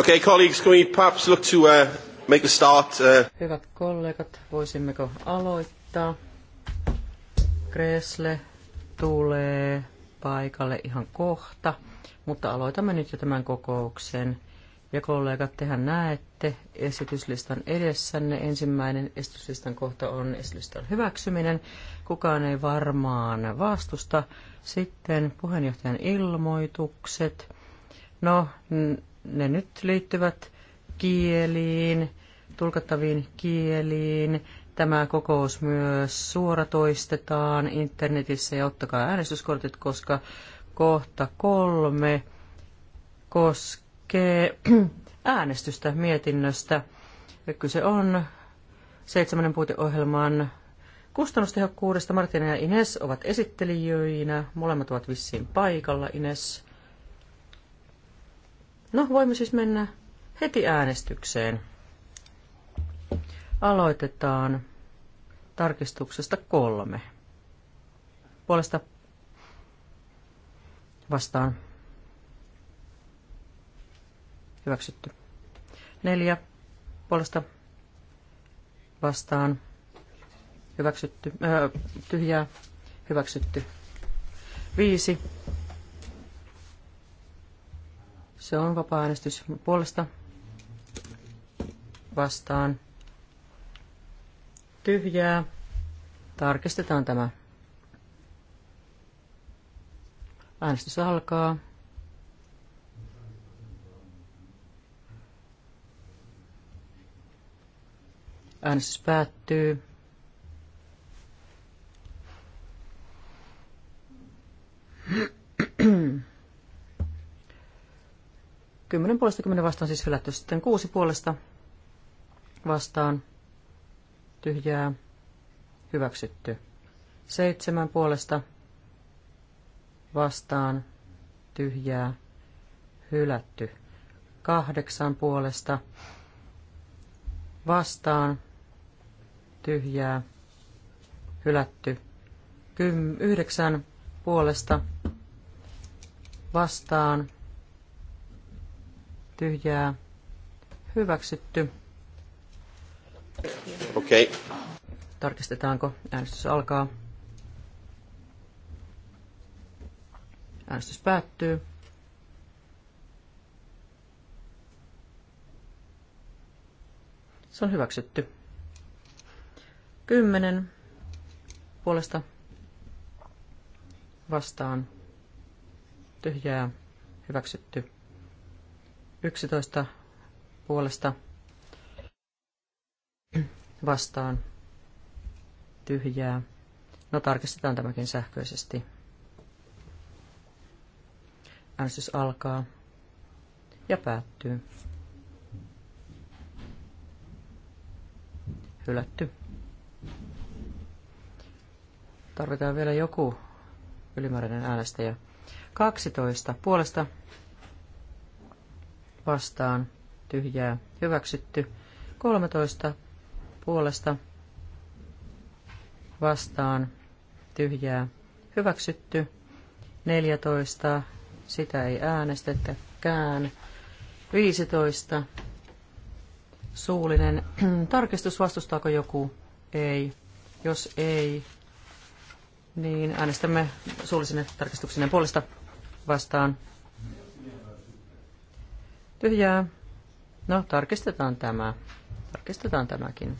Okay, colleagues, can we perhaps look to uh, make a start? Uh... Hyvät kollegat, voisimmeko aloittaa? Kresle tulee paikalle ihan kohta, mutta aloitamme nyt jo tämän kokouksen ja kollegat, tehän näette esityslistan edessänne. Ensimmäinen esityslistan kohta on esityslistan hyväksyminen. Kukaan ei varmaan vastusta. Sitten puheenjohtajan ilmoitukset. No, ne nyt liittyvät kieliin, tulkattaviin kieliin. Tämä kokous myös suoratoistetaan internetissä ja ottakaa äänestyskortit, koska kohta kolme koska koskee äänestystä mietinnöstä. Kyse on seitsemännen puiteohjelman kustannustehokkuudesta. Martina ja Ines ovat esittelijöinä. Molemmat ovat vissiin paikalla, Ines. No, voimme siis mennä heti äänestykseen. Aloitetaan tarkistuksesta kolme. Puolesta vastaan hyväksytty. Neljä puolesta vastaan hyväksytty, öö, tyhjää hyväksytty. Viisi. Se on vapaa-äänestys puolesta vastaan tyhjää. Tarkistetaan tämä. Äänestys alkaa. Äänestys päättyy. Kymmenen puolesta kymmenen vastaan siis hylätty. Sitten kuusi puolesta vastaan tyhjää hyväksytty. Seitsemän puolesta vastaan tyhjää hylätty. Kahdeksan puolesta vastaan tyhjää, hylätty. Kym, yhdeksän puolesta vastaan, tyhjää, hyväksytty. Okei. Okay. Tarkistetaanko? Äänestys alkaa. Äänestys päättyy. Se on hyväksytty. Kymmenen puolesta vastaan tyhjää hyväksytty. 11 puolesta vastaan tyhjää. No tarkistetaan tämäkin sähköisesti. Äänestys alkaa ja päättyy. Hylätty. Tarvitaan vielä joku ylimääräinen äänestäjä. 12 puolesta vastaan tyhjää hyväksytty. 13 puolesta vastaan tyhjää hyväksytty. 14 sitä ei äänestetäkään. 15 suullinen tarkistus vastustaako joku? Ei. Jos ei, niin äänestämme suullisine tarkistuksen puolesta vastaan. Tyhjää. No, tarkistetaan tämä. Tarkistetaan tämäkin.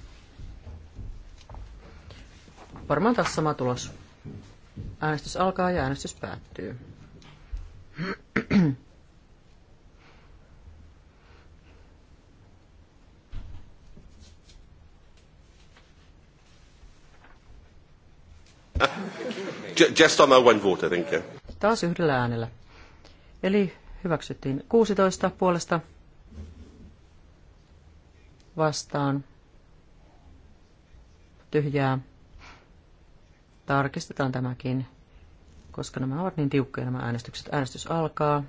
Varmaan taas sama tulos. Äänestys alkaa ja äänestys päättyy. just on one vote, I think. Taas yhdellä äänellä. Eli hyväksyttiin 16 puolesta vastaan tyhjää. Tarkistetaan tämäkin, koska nämä ovat niin tiukkoja nämä äänestykset. Äänestys alkaa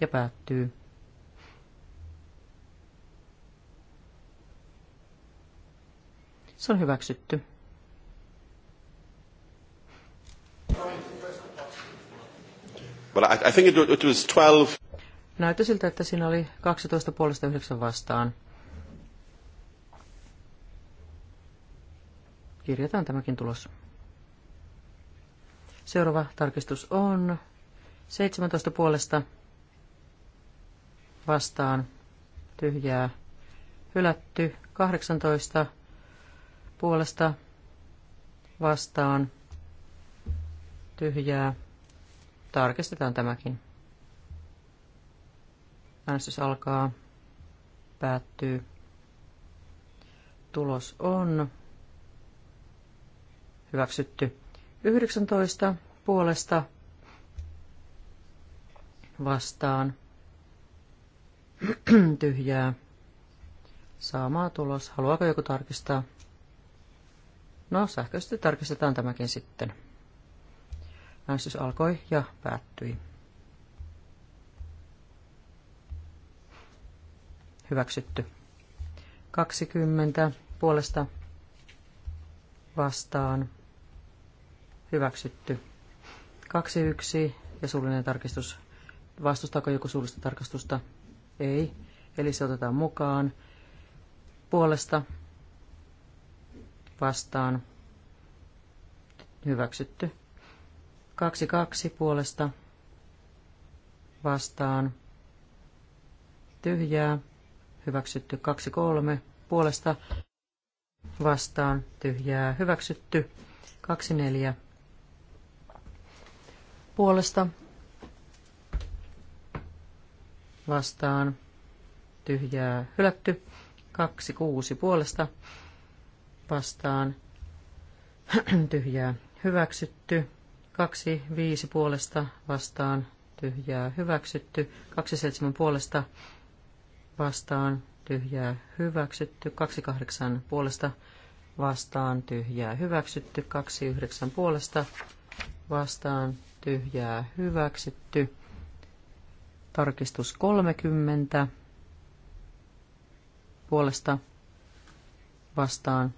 ja päättyy. Se on hyväksytty. Well, I, I think it, it was 12. Näytti siltä, että siinä oli 12 puolesta 9 vastaan. Kirjataan tämäkin tulos. Seuraava tarkistus on 17 puolesta vastaan tyhjää hylätty 18 puolesta vastaan tyhjää Tarkistetaan tämäkin. Äänestys alkaa. Päättyy. Tulos on hyväksytty. 19 puolesta vastaan tyhjää. Saamaa tulos. Haluaako joku tarkistaa? No, sähköisesti tarkistetaan tämäkin sitten. Äänestys alkoi ja päättyi. Hyväksytty. 20 puolesta vastaan. Hyväksytty. 21 ja suullinen tarkistus. Vastustaako joku suullista tarkastusta? Ei. Eli se otetaan mukaan. Puolesta vastaan. Hyväksytty. Kaksi kaksi puolesta vastaan tyhjää. Hyväksytty kaksi kolme puolesta vastaan tyhjää. Hyväksytty kaksi neljä puolesta vastaan tyhjää. Hylätty kaksi kuusi puolesta vastaan tyhjää. Hyväksytty 2, 5 puolesta vastaan tyhjää hyväksytty. 2, 7 puolesta vastaan tyhjää hyväksytty. 2, 8 puolesta vastaan tyhjää hyväksytty. 2, 9 puolesta vastaan tyhjää hyväksytty. Tarkistus 30 puolesta vastaan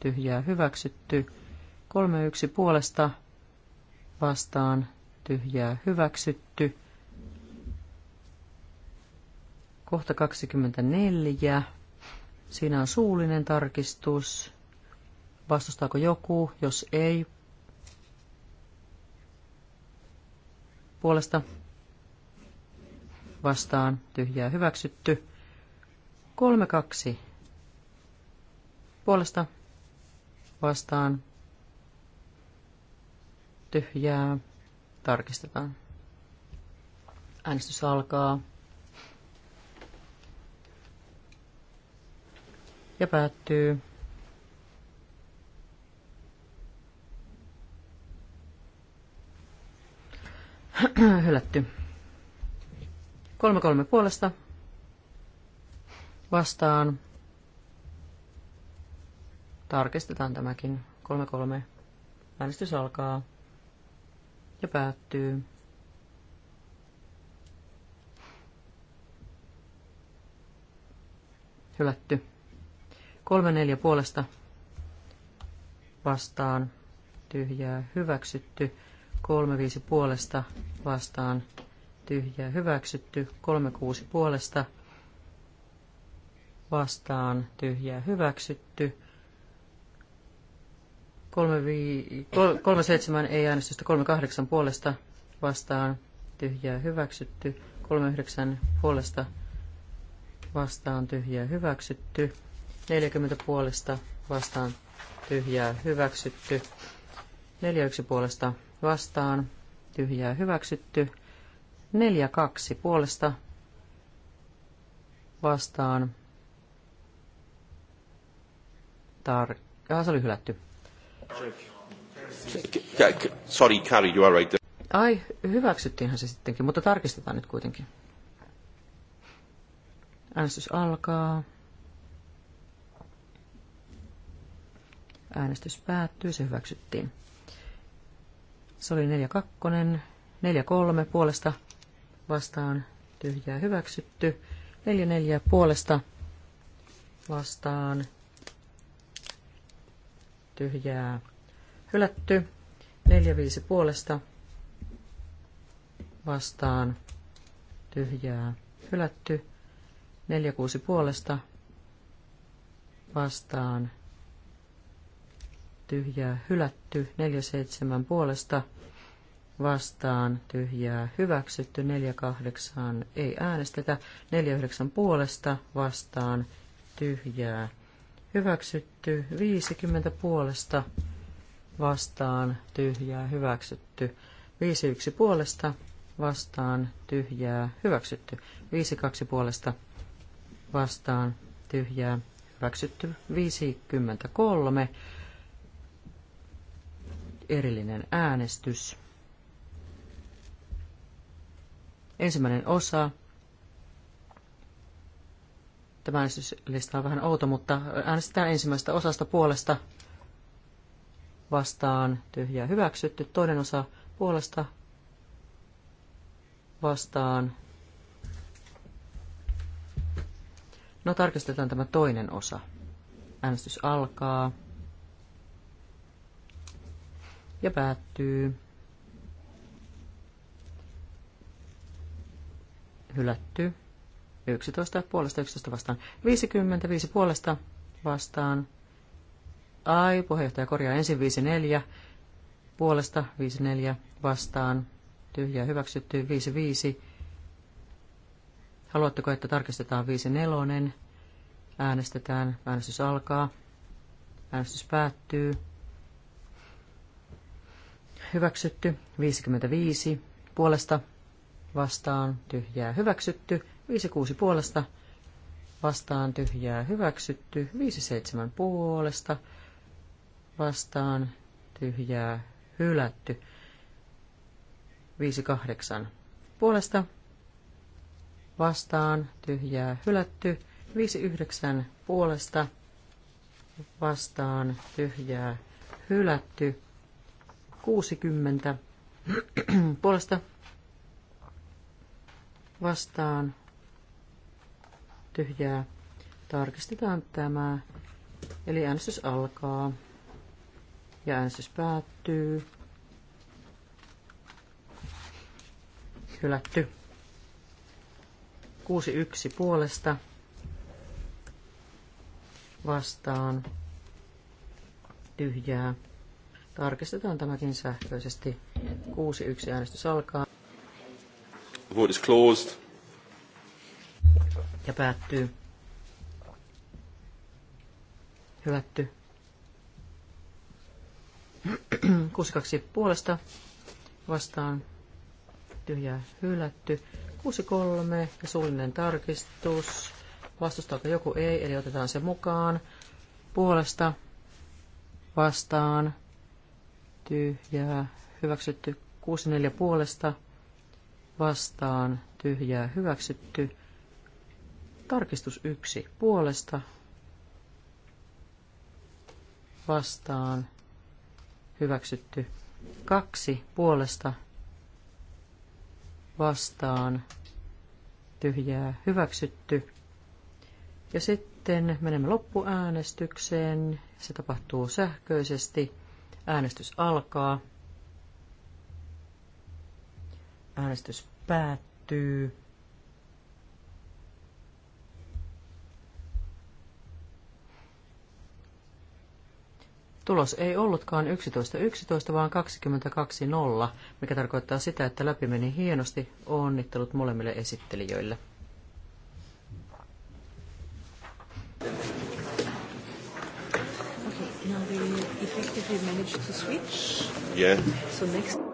tyhjää hyväksytty. 31 puolesta vastaan vastaan tyhjää hyväksytty. Kohta 24. Siinä on suullinen tarkistus. Vastustaako joku? Jos ei, puolesta vastaan tyhjää hyväksytty. 3-2 puolesta vastaan tyhjää. Tarkistetaan. Äänestys alkaa. Ja päättyy. Hylätty. Kolme kolme puolesta. Vastaan. Tarkistetaan tämäkin. Kolme kolme. Äänestys alkaa ja päättyy. Hylätty. Kolme neljä puolesta vastaan tyhjää hyväksytty. Kolme viisi puolesta vastaan tyhjää hyväksytty. Kolme kuusi puolesta vastaan tyhjää hyväksytty. 37 ei äänestystä 38 puolesta vastaan tyhjää hyväksytty. 39 puolesta vastaan tyhjää hyväksytty. 40 puolesta vastaan tyhjää hyväksytty. 41 puolesta vastaan tyhjää hyväksytty. 42 puolesta vastaan. Tar- ah, se oli hylätty. Sorry, Carrie, you are right. Ai, hyväksyttiinhän se sittenkin, mutta tarkistetaan nyt kuitenkin. Äänestys alkaa. Äänestys päättyy, se hyväksyttiin. Se oli 4-2, 4-3 puolesta vastaan tyhjää hyväksytty, 4-4 puolesta vastaan tyhjää hylätty. 4-5 puolesta vastaan tyhjää hylätty. 4-6 puolesta vastaan tyhjää hylätty. 4-7 puolesta vastaan tyhjää hyväksytty. 4-8 ei äänestetä. 4-9 puolesta vastaan tyhjää hyväksytty 50 puolesta vastaan tyhjää hyväksytty 51 puolesta vastaan tyhjää hyväksytty 52 puolesta vastaan tyhjää hyväksytty 53 erillinen äänestys ensimmäinen osa Tämä äänestyslista on vähän outo, mutta äänestetään ensimmäisestä osasta puolesta vastaan tyhjää hyväksytty. Toinen osa puolesta vastaan. No tarkistetaan tämä toinen osa. Äänestys alkaa ja päättyy. Hylätty. 11 puolesta, 11 vastaan. 55 puolesta vastaan. Ai, puheenjohtaja korjaa ensin 54 puolesta, 54 vastaan. Tyhjä hyväksytty, 55. Haluatteko, että tarkistetaan 54? Äänestetään. Äänestys alkaa. Äänestys päättyy. Hyväksytty 55. Puolesta vastaan tyhjää hyväksytty 56 puolesta vastaan tyhjää hyväksytty. 57 puolesta vastaan tyhjää hylätty. 58 puolesta vastaan tyhjää hylätty. 59 puolesta vastaan tyhjää hylätty. 60 puolesta vastaan tyhjää. Tarkistetaan tämä. Eli äänestys alkaa ja äänestys päättyy. Hylätty. 6-1 puolesta vastaan tyhjää. Tarkistetaan tämäkin sähköisesti. 6-1 äänestys alkaa. Vote is closed ja päättyy. Hylätty. kaksi puolesta vastaan tyhjää hylätty. kolme ja suullinen tarkistus. Vastustaako joku ei, eli otetaan se mukaan. Puolesta vastaan tyhjää hyväksytty. Kuusi neljä puolesta vastaan tyhjää hyväksytty. Tarkistus yksi puolesta vastaan hyväksytty. Kaksi puolesta vastaan tyhjää hyväksytty. Ja sitten menemme loppuäänestykseen. Se tapahtuu sähköisesti. Äänestys alkaa. Äänestys päättyy. Tulos ei ollutkaan 11.11, vaan 22.0, mikä tarkoittaa sitä, että läpi meni hienosti. Onnittelut molemmille esittelijöille. Okay, now we effectively managed to switch. Yeah. So next...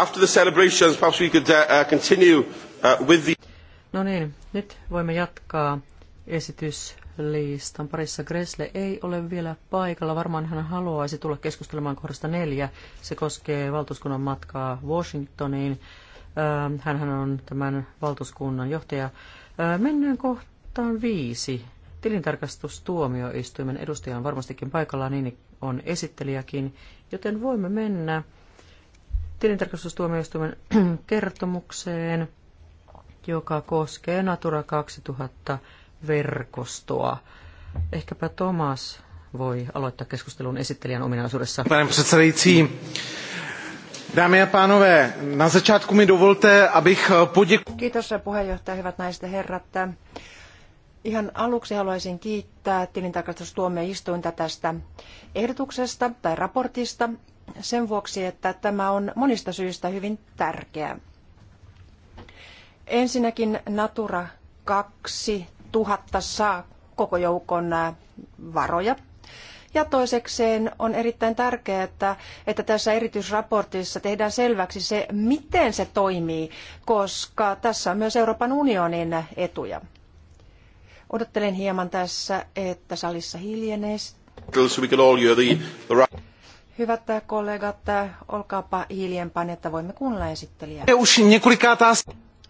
After the celebrations, perhaps we could uh, uh, continue uh, with the... No niin, nyt voimme jatkaa esityslistan parissa. Gresle ei ole vielä paikalla. Varmaan hän haluaisi tulla keskustelemaan kohdasta neljä. Se koskee valtuuskunnan matkaa Washingtoniin. Ähm, hänhän on tämän valtuuskunnan johtaja. Äh, mennään kohtaan viisi. Tilintarkastustuomioistuimen edustaja on varmastikin paikalla, niin on esittelijäkin, joten voimme mennä tilintarkastustuomioistuimen kertomukseen, joka koskee Natura 2000 verkostoa. Ehkäpä Tomas voi aloittaa keskustelun esittelijän ominaisuudessa. Pane předsedající, dámy a pánové, na začátku mi dovolte, abych eh, poděkoval. Kiitos puheenjohtaja, hyvät naiset ja herrat. Ihan aluksi haluaisin kiittää tilintarkastustuomioistuinta tästä ehdotuksesta tai raportista sen vuoksi, että tämä on monista syistä hyvin tärkeä. Ensinnäkin Natura 2000 saa koko joukon varoja. Ja toisekseen on erittäin tärkeää, että, että tässä erityisraportissa tehdään selväksi se, miten se toimii, koska tässä on myös Euroopan unionin etuja. Odottelen hieman tässä, että salissa hiljenee. So Hyvät kollegat, olkaapa hiljempään, että voimme kuunnella esittelijää.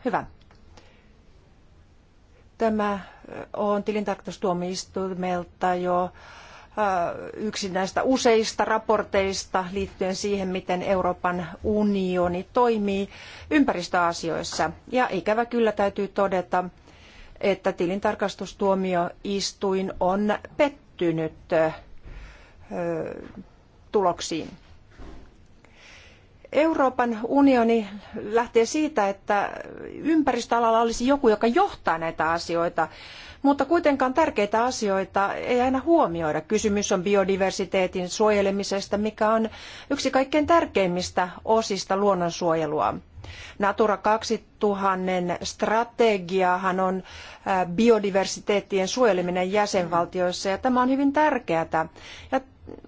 Hyvä. Tämä on tilintarkastustuomioistuimelta jo yksi näistä useista raporteista liittyen siihen, miten Euroopan unioni toimii ympäristöasioissa. Ja ikävä kyllä täytyy todeta, että tilintarkastustuomioistuin on pettynyt tuloksiin. Euroopan unioni lähtee siitä, että ympäristöalalla olisi joku, joka johtaa näitä asioita, mutta kuitenkaan tärkeitä asioita ei aina huomioida. Kysymys on biodiversiteetin suojelemisesta, mikä on yksi kaikkein tärkeimmistä osista luonnonsuojelua. Natura 2000 strategiahan on äh, biodiversiteettien suojeleminen jäsenvaltioissa ja tämä on hyvin tärkeää. Ja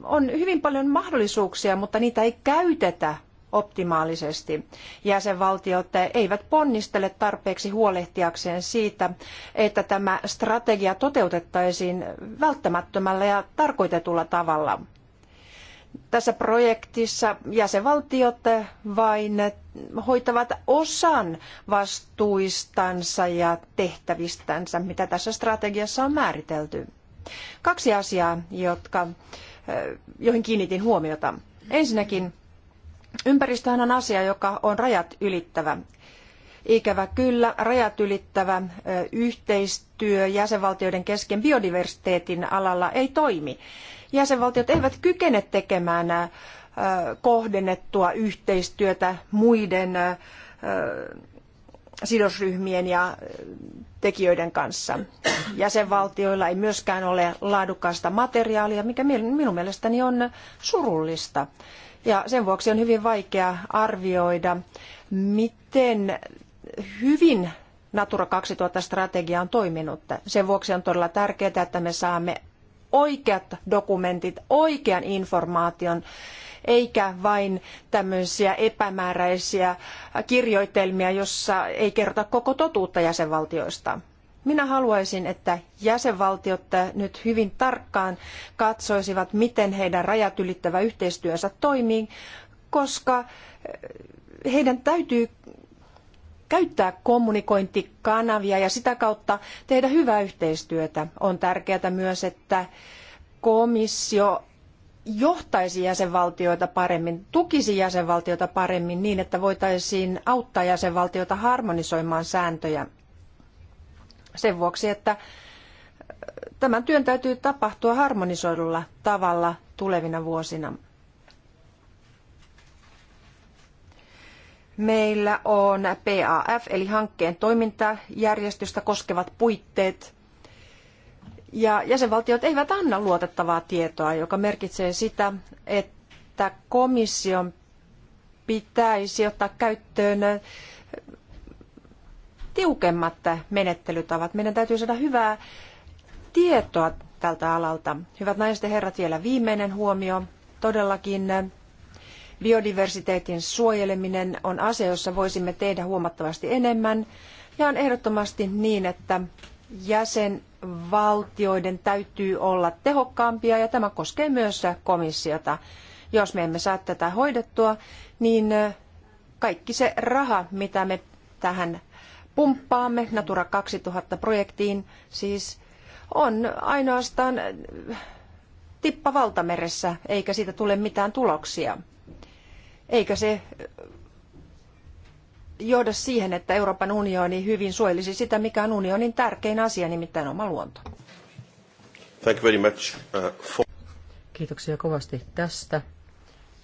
on hyvin paljon mahdollisuuksia, mutta niitä ei käytetä optimaalisesti. Jäsenvaltiot eivät ponnistele tarpeeksi huolehtiakseen siitä, että tämä strategia toteutettaisiin välttämättömällä ja tarkoitetulla tavalla. Tässä projektissa jäsenvaltiot vain hoitavat osan vastuistansa ja tehtävistänsä, mitä tässä strategiassa on määritelty. Kaksi asiaa, jotka joihin kiinnitin huomiota. Ensinnäkin ympäristöhän on asia, joka on rajat ylittävä. Ikävä kyllä, rajat ylittävä yhteistyö jäsenvaltioiden kesken biodiversiteetin alalla ei toimi. Jäsenvaltiot eivät kykene tekemään kohdennettua yhteistyötä muiden sidosryhmien ja tekijöiden kanssa. Jäsenvaltioilla ei myöskään ole laadukasta materiaalia, mikä minun mielestäni on surullista. Ja sen vuoksi on hyvin vaikea arvioida, miten hyvin Natura 2000-strategia on toiminut. Sen vuoksi on todella tärkeää, että me saamme oikeat dokumentit, oikean informaation eikä vain tämmöisiä epämääräisiä kirjoitelmia, jossa ei kerrota koko totuutta jäsenvaltioista. Minä haluaisin, että jäsenvaltiot nyt hyvin tarkkaan katsoisivat, miten heidän rajat ylittävä yhteistyönsä toimii, koska eh, heidän täytyy käyttää kommunikointikanavia ja sitä kautta tehdä hyvää yhteistyötä. On tärkeää myös, että komissio johtaisi jäsenvaltioita paremmin, tukisi jäsenvaltioita paremmin niin, että voitaisiin auttaa jäsenvaltioita harmonisoimaan sääntöjä sen vuoksi, että äh, tämän työn täytyy tapahtua harmonisoidulla tavalla tulevina vuosina. Meillä on PAF eli hankkeen toimintajärjestystä koskevat puitteet – ja jäsenvaltiot eivät anna luotettavaa tietoa, joka merkitsee sitä, että komission pitäisi ottaa käyttöön tiukemmat menettelytavat. Meidän täytyy saada hyvää tietoa tältä alalta. Hyvät naiset ja herrat, vielä viimeinen huomio. Todellakin biodiversiteetin suojeleminen on asia, jossa voisimme tehdä huomattavasti enemmän. Ja on ehdottomasti niin, että jäsenvaltioiden täytyy olla tehokkaampia ja tämä koskee myös komissiota. Jos me emme saa tätä hoidettua, niin kaikki se raha, mitä me tähän pumppaamme Natura 2000-projektiin, siis on ainoastaan tippa valtameressä, eikä siitä tule mitään tuloksia. Eikä se johda siihen, että Euroopan unioni hyvin suojelisi sitä, mikä on unionin tärkein asia, nimittäin oma luonto. Thank you very much, uh, for... Kiitoksia kovasti tästä.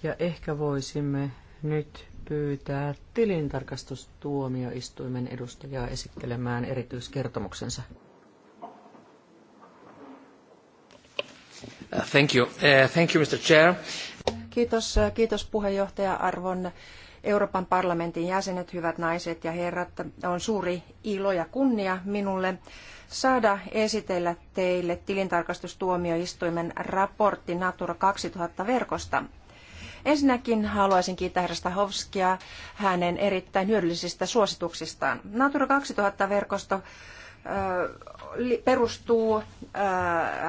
Ja ehkä voisimme nyt pyytää tilintarkastustuomioistuimen edustajaa esittelemään erityiskertomuksensa. Uh, thank you. Uh, thank you, Mr. Chair. Kiitos, kiitos puheenjohtaja Arvon Euroopan parlamentin jäsenet, hyvät naiset ja herrat, on suuri ilo ja kunnia minulle saada esitellä teille tilintarkastustuomioistuimen raportti Natura 2000-verkosta. Ensinnäkin haluaisin kiittää herra Stahovskia hänen erittäin hyödyllisistä suosituksistaan. Natura 2000-verkosto perustuu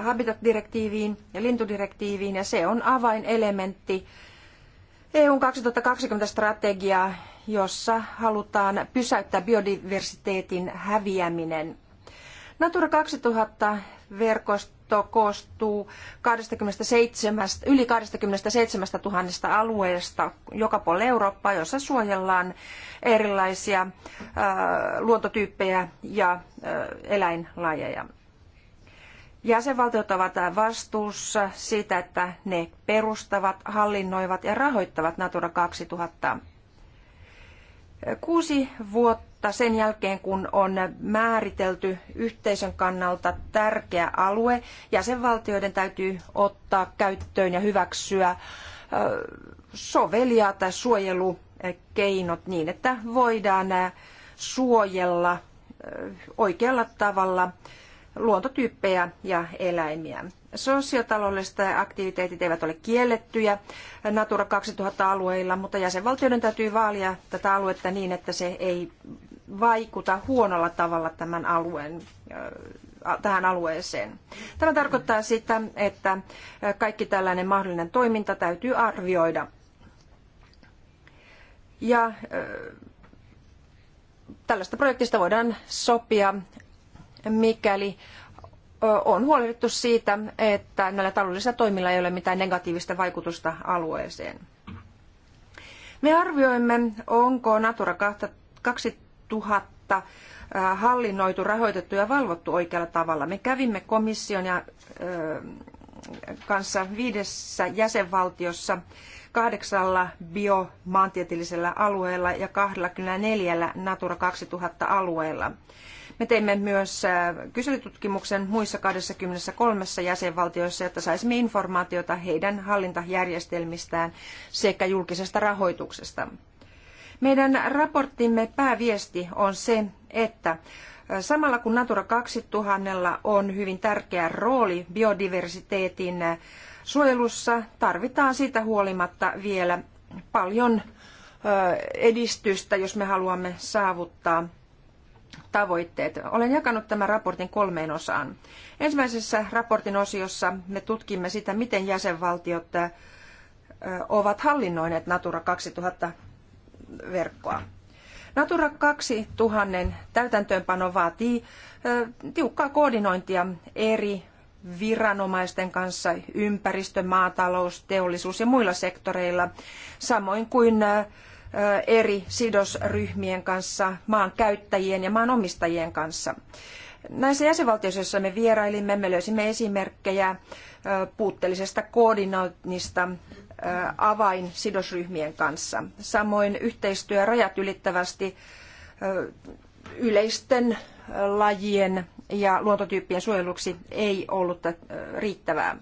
Habitat-direktiiviin ja lintudirektiiviin ja se on avainelementti EUn 2020-strategia, jossa halutaan pysäyttää biodiversiteetin häviäminen. Natura 2000-verkosto koostuu 27, yli 27 000 alueesta joka puolella Eurooppaa, jossa suojellaan erilaisia luontotyyppejä ja ää, eläinlajeja. Jäsenvaltiot ovat vastuussa siitä, että ne perustavat, hallinnoivat ja rahoittavat Natura 2000. Kuusi vuotta sen jälkeen, kun on määritelty yhteisön kannalta tärkeä alue, jäsenvaltioiden täytyy ottaa käyttöön ja hyväksyä soveliaat suojelukeinot niin, että voidaan suojella oikealla tavalla – luontotyyppejä ja eläimiä. Sosiotaloudelliset aktiviteetit eivät ole kiellettyjä Natura 2000-alueilla, mutta jäsenvaltioiden täytyy vaalia tätä aluetta niin, että se ei vaikuta huonolla tavalla tämän alueen äh, tähän alueeseen. Tämä tarkoittaa sitä, että kaikki tällainen mahdollinen toiminta täytyy arvioida. Ja äh, tällaista projektista voidaan sopia mikäli on huolehdittu siitä, että näillä taloudellisilla toimilla ei ole mitään negatiivista vaikutusta alueeseen. Me arvioimme, onko Natura 2000 hallinnoitu, rahoitettu ja valvottu oikealla tavalla. Me kävimme komission ja, kanssa viidessä jäsenvaltiossa kahdeksalla biomaantieteellisellä alueella ja 24 Natura 2000 alueella. Me teimme myös äh, kyselytutkimuksen muissa 23 jäsenvaltioissa, jotta saisimme informaatiota heidän hallintajärjestelmistään sekä julkisesta rahoituksesta. Meidän raporttimme pääviesti on se, että äh, samalla kun Natura 2000 on hyvin tärkeä rooli biodiversiteetin äh, suojelussa, tarvitaan siitä huolimatta vielä paljon edistystä, jos me haluamme saavuttaa tavoitteet. Olen jakanut tämän raportin kolmeen osaan. Ensimmäisessä raportin osiossa me tutkimme sitä, miten jäsenvaltiot ovat hallinnoineet Natura 2000 verkkoa. Natura 2000 täytäntöönpano vaatii tiukkaa koordinointia eri viranomaisten kanssa ympäristö, maatalous, teollisuus ja muilla sektoreilla, samoin kuin eri sidosryhmien kanssa, maan käyttäjien ja omistajien kanssa. Näissä jäsenvaltioissa, joissa me vierailimme, me löysimme esimerkkejä puutteellisesta koordinoinnista avain sidosryhmien kanssa. Samoin yhteistyö rajat ylittävästi yleisten lajien ja luontotyyppien suojeluksi ei ollut riittävää.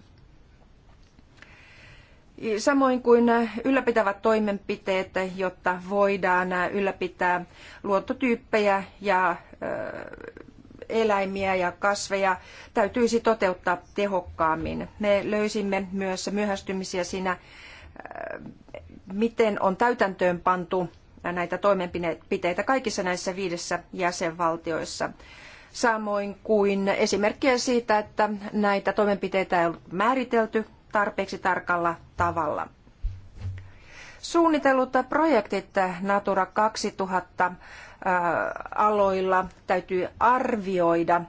Samoin kuin ylläpitävät toimenpiteet, jotta voidaan ylläpitää luontotyyppejä ja eläimiä ja kasveja täytyisi toteuttaa tehokkaammin. Me löysimme myös myöhästymisiä siinä, miten on täytäntöön pantu näitä toimenpiteitä kaikissa näissä viidessä jäsenvaltioissa. Samoin kuin esimerkkejä siitä, että näitä toimenpiteitä ei ollut määritelty tarpeeksi tarkalla tavalla. Suunnitellut projektit Natura 2000 aloilla täytyy arvioida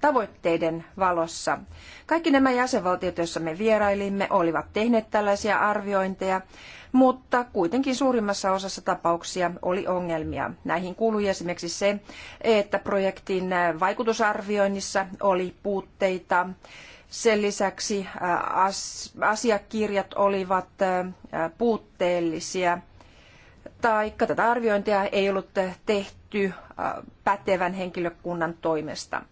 tavoitteiden valossa. Kaikki nämä jäsenvaltiot, joissa me vierailimme, olivat tehneet tällaisia arviointeja mutta kuitenkin suurimmassa osassa tapauksia oli ongelmia. Näihin kuului esimerkiksi se, että projektin äh, vaikutusarvioinnissa oli puutteita. Sen lisäksi äh, asiakirjat olivat äh, puutteellisia tai tätä arviointia ei ollut tehty pätevän henkilökunnan toimesta.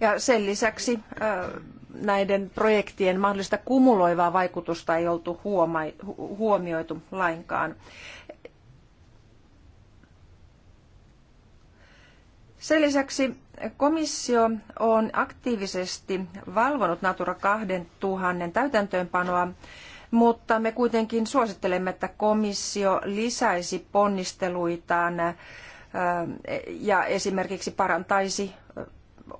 Ja sen lisäksi näiden projektien mahdollista kumuloivaa vaikutusta ei oltu huomioitu lainkaan. Sen lisäksi komissio on aktiivisesti valvonut Natura 2000 täytäntöönpanoa, mutta me kuitenkin suosittelemme, että komissio lisäisi ponnisteluitaan ja esimerkiksi parantaisi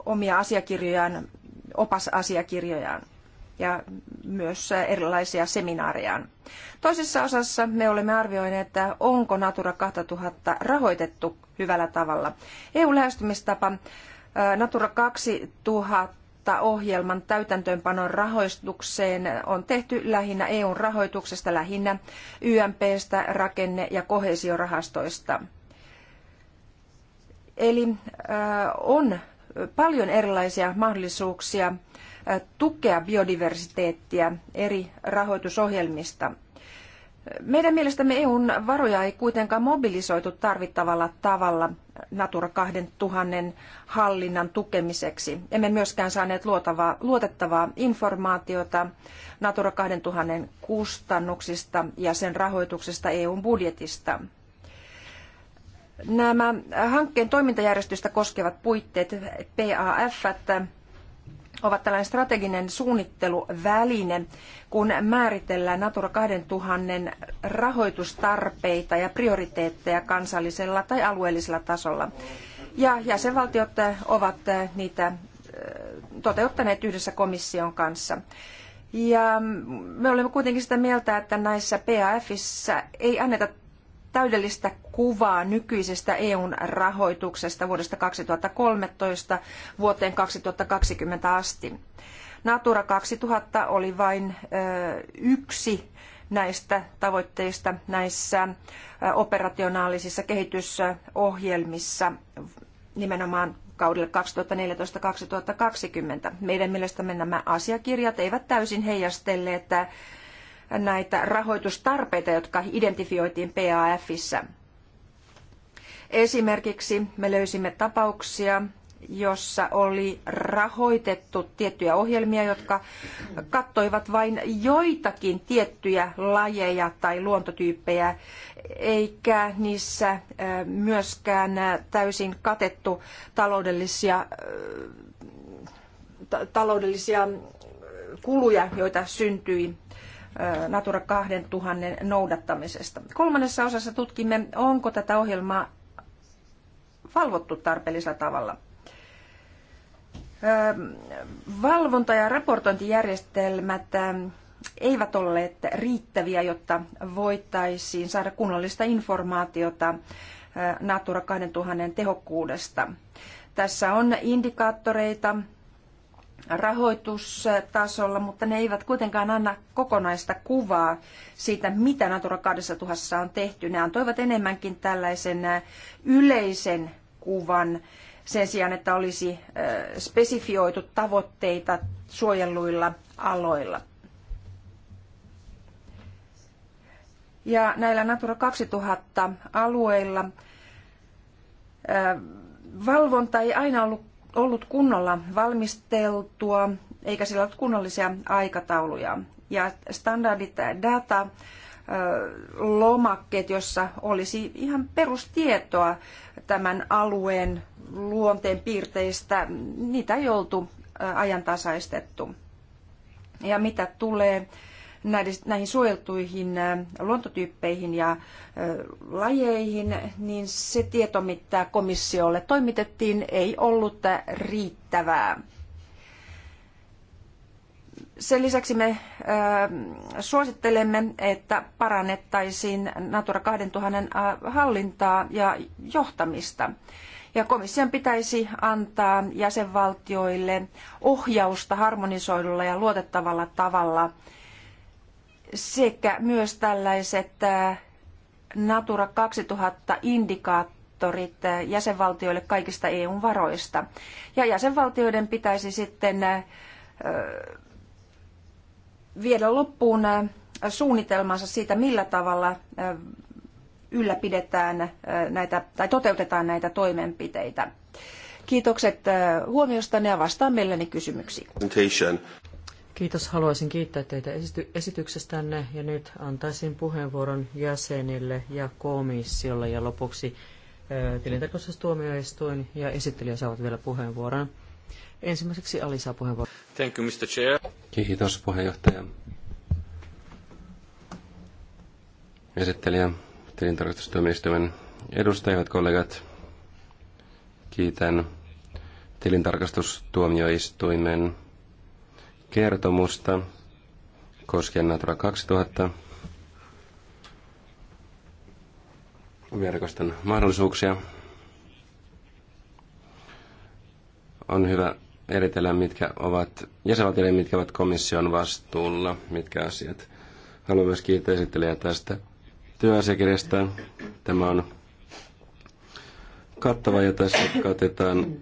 omia asiakirjojaan opasasiakirjojaan ja myös erilaisia seminaarejaan. Toisessa osassa me olemme arvioineet, että onko Natura 2000 rahoitettu hyvällä tavalla. EU-lähestymistapa äh, Natura 2000 ohjelman täytäntöönpanon rahoitukseen on tehty lähinnä EUn rahoituksesta, lähinnä YMPstä, rakenne- ja kohesiorahastoista. Eli äh, on paljon erilaisia mahdollisuuksia tukea biodiversiteettiä eri rahoitusohjelmista. Meidän mielestämme EUn varoja ei kuitenkaan mobilisoitu tarvittavalla tavalla Natura 2000 hallinnan tukemiseksi. Emme myöskään saaneet luotavaa, luotettavaa informaatiota Natura 2000 kustannuksista ja sen rahoituksesta EUn budjetista. Nämä hankkeen toimintajärjestystä koskevat puitteet, PAF, ovat tällainen strateginen suunnitteluväline, kun määritellään Natura 2000 rahoitustarpeita ja prioriteetteja kansallisella tai alueellisella tasolla. Ja jäsenvaltiot ovat niitä eh, toteuttaneet yhdessä komission kanssa. Ja me olemme kuitenkin sitä mieltä, että näissä PAFissa ei anneta täydellistä kuvaa nykyisestä EUn rahoituksesta vuodesta 2013 vuoteen 2020 asti. Natura 2000 oli vain yksi näistä tavoitteista näissä operationaalisissa kehitysohjelmissa nimenomaan kaudelle 2014-2020. Meidän mielestämme nämä asiakirjat eivät täysin heijastelleet näitä rahoitustarpeita, jotka identifioitiin PAFissa. Esimerkiksi me löysimme tapauksia, jossa oli rahoitettu tiettyjä ohjelmia, jotka kattoivat vain joitakin tiettyjä lajeja tai luontotyyppejä, eikä niissä myöskään täysin katettu taloudellisia, taloudellisia kuluja, joita syntyi Natura 2000 noudattamisesta. Kolmannessa osassa tutkimme, onko tätä ohjelmaa valvottu tarpeellisella tavalla. Valvonta- ja raportointijärjestelmät eivät olleet riittäviä, jotta voitaisiin saada kunnollista informaatiota Natura 2000 tehokkuudesta. Tässä on indikaattoreita, rahoitustasolla, mutta ne eivät kuitenkaan anna kokonaista kuvaa siitä, mitä Natura 2000 on tehty. Ne antoivat enemmänkin tällaisen äh, yleisen kuvan sen sijaan, että olisi äh, spesifioitu tavoitteita suojelluilla aloilla. Ja näillä Natura 2000 alueilla äh, valvonta ei aina ollut ollut kunnolla valmisteltua, eikä sillä ollut kunnollisia aikatauluja. Ja standardit data lomakkeet, jossa olisi ihan perustietoa tämän alueen luonteen piirteistä, niitä ei oltu ajantasaistettu. Ja mitä tulee näihin suojeltuihin äh, luontotyyppeihin ja äh, lajeihin, niin se tieto, mitä komissiolle toimitettiin, ei ollut riittävää. Sen lisäksi me äh, suosittelemme, että parannettaisiin Natura 2000 hallintaa ja johtamista ja komission pitäisi antaa jäsenvaltioille ohjausta harmonisoidulla ja luotettavalla tavalla sekä myös tällaiset Natura 2000 indikaattorit jäsenvaltioille kaikista EUn varoista. Ja jäsenvaltioiden pitäisi sitten viedä loppuun suunnitelmansa siitä, millä tavalla ylläpidetään näitä, tai toteutetaan näitä toimenpiteitä. Kiitokset huomiostanne ja vastaan mielelläni kysymyksiin. Kiitos. Haluaisin kiittää teitä esity- esityksestänne ja nyt antaisin puheenvuoron jäsenille ja komissiolle ja lopuksi tilintarkastustuomioistuin ja esittelijä saavat vielä puheenvuoron. Ensimmäiseksi Ali saa puheenvuoron. Thank you, Mr. Chair. Kiitos puheenjohtaja. Esittelijä, tilintarkastustuomioistuimen edustajat, kollegat, kiitän tilintarkastustuomioistuimen kertomusta koskien Natura 2000 verkoston mahdollisuuksia. On hyvä eritellä, mitkä ovat jäsenvaltioille, mitkä ovat komission vastuulla, mitkä asiat. Haluan myös kiittää esittelijää tästä työasiakirjasta. Tämä on kattava ja tässä katetaan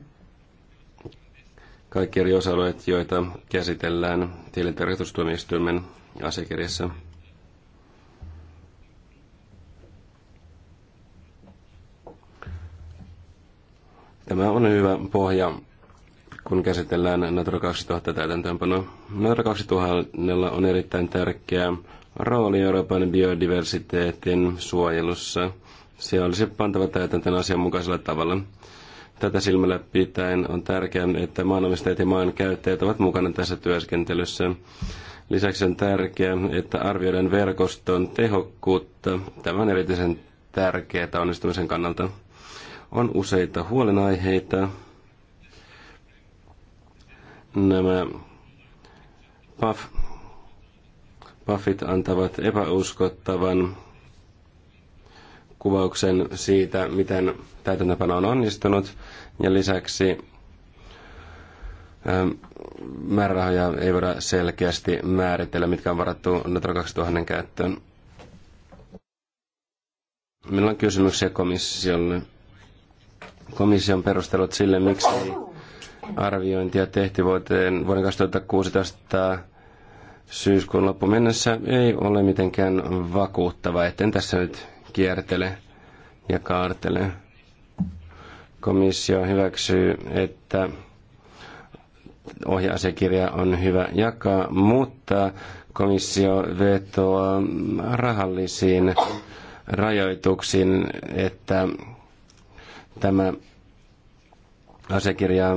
kaikki eri osa-alueet, joita käsitellään tilintarkastustuomioistuimen asiakirjassa. Tämä on hyvä pohja, kun käsitellään Natura 2000 täytäntöönpanoa. Natura 2000 on erittäin tärkeä rooli Euroopan biodiversiteetin suojelussa. Se olisi pantava täytäntöön asianmukaisella tavalla. Tätä silmällä pitäen on tärkeää, että maanomistajat ja maan käyttäjät ovat mukana tässä työskentelyssä. Lisäksi on tärkeää, että arvioidaan verkoston tehokkuutta. Tämä on erityisen tärkeää onnistumisen kannalta. On useita huolenaiheita. Nämä PAF, PAFit antavat epäuskottavan kuvauksen siitä, miten täytäntöpano on onnistunut. Ja lisäksi ähm, määrärahoja ei voida selkeästi määritellä, mitkä on varattu Natura 2000 käyttöön. Meillä on kysymyksiä komissiolle. Komission perustelut sille, miksi ei arviointia tehty vuoteen, vuoden 2016 syyskuun loppu mennessä, ei ole mitenkään vakuuttava. Etten tässä nyt kiertele ja kaartele. Komissio hyväksyy, että ohjaasekirja on hyvä jakaa, mutta komissio vetoaa rahallisiin rajoituksiin, että tämä asiakirja,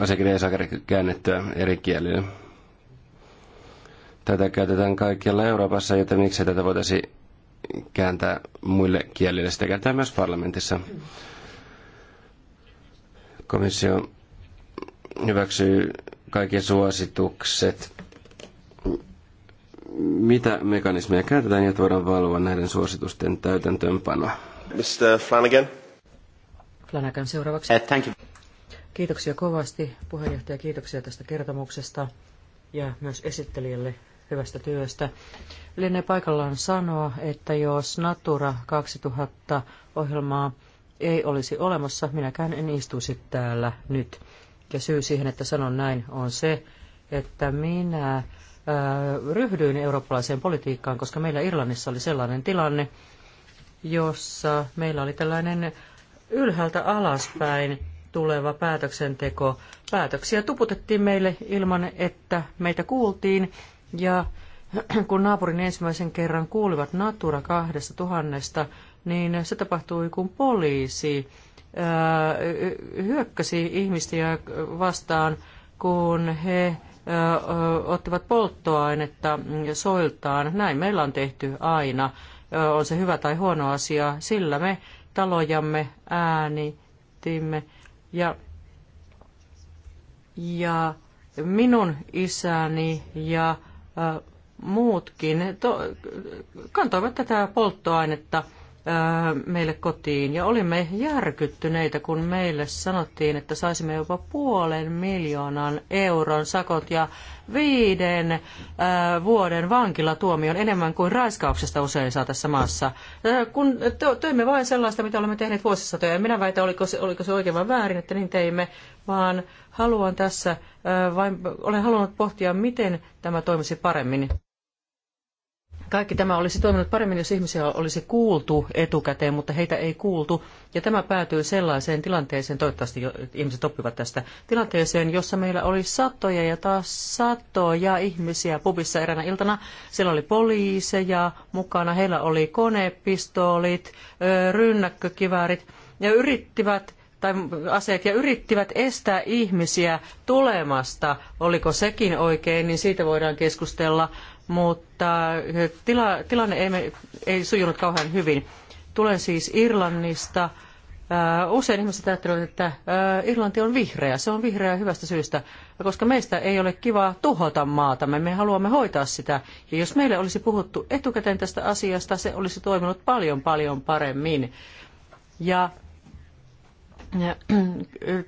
asiakirja ei saa käännettyä eri kielillä. Tätä käytetään kaikkialla Euroopassa, joten miksi tätä voitaisiin kääntää muille kielille. Sitä kääntää myös parlamentissa. Komissio hyväksyy kaikki suositukset. Mitä mekanismeja käytetään, jotta voidaan valvoa näiden suositusten täytäntöönpanoa? Mr. Flanagan. Flanagan seuraavaksi. Uh, thank you. Kiitoksia kovasti puheenjohtaja, kiitoksia tästä kertomuksesta ja myös esittelijälle hyvästä työstä. Lienee paikallaan sanoa, että jos Natura 2000-ohjelmaa ei olisi olemassa, minäkään en istuisi täällä nyt. Ja syy siihen, että sanon näin, on se, että minä äh, ryhdyin eurooppalaiseen politiikkaan, koska meillä Irlannissa oli sellainen tilanne, jossa meillä oli tällainen ylhäältä alaspäin tuleva päätöksenteko. Päätöksiä tuputettiin meille ilman, että meitä kuultiin, ja kun naapurin ensimmäisen kerran kuulivat Natura 2000, niin se tapahtui, kun poliisi ää, äh, hyökkäsi ihmisiä vastaan, kun he ää, äh, ottivat polttoainetta soiltaan. Näin meillä on tehty aina. Ää, äh, on se hyvä tai huono asia. Sillä me talojamme äänitimme. Ja, ja minun isäni ja muutkin to, kantoivat tätä polttoainetta meille kotiin ja olimme järkyttyneitä, kun meille sanottiin, että saisimme jopa puolen miljoonan euron sakot ja viiden vuoden vankilatuomion enemmän kuin raiskauksesta usein saa tässä maassa. kun teimme vain sellaista, mitä olemme tehneet vuosisatoja, ja minä väitän, oliko se, oliko se oikein vai väärin, että niin teimme, vaan Haluan tässä, vain, olen halunnut pohtia, miten tämä toimisi paremmin. Kaikki tämä olisi toiminut paremmin, jos ihmisiä olisi kuultu etukäteen, mutta heitä ei kuultu. Ja tämä päätyy sellaiseen tilanteeseen, toivottavasti ihmiset oppivat tästä, tilanteeseen, jossa meillä oli satoja ja taas satoja ihmisiä pubissa eräänä iltana. Siellä oli poliiseja mukana, heillä oli konepistoolit, rynnäkkökiväärit ja yrittivät tai aseet ja yrittivät estää ihmisiä tulemasta. Oliko sekin oikein, niin siitä voidaan keskustella, mutta eh, tila, tilanne ei, ei sujunut kauhean hyvin. Tulen siis Irlannista. Eh, usein ihmiset ajattelevat, että eh, Irlanti on vihreä. Se on vihreä hyvästä syystä, koska meistä ei ole kivaa tuhota maatamme. Me haluamme hoitaa sitä. Ja jos meille olisi puhuttu etukäteen tästä asiasta, se olisi toiminut paljon paljon paremmin. Ja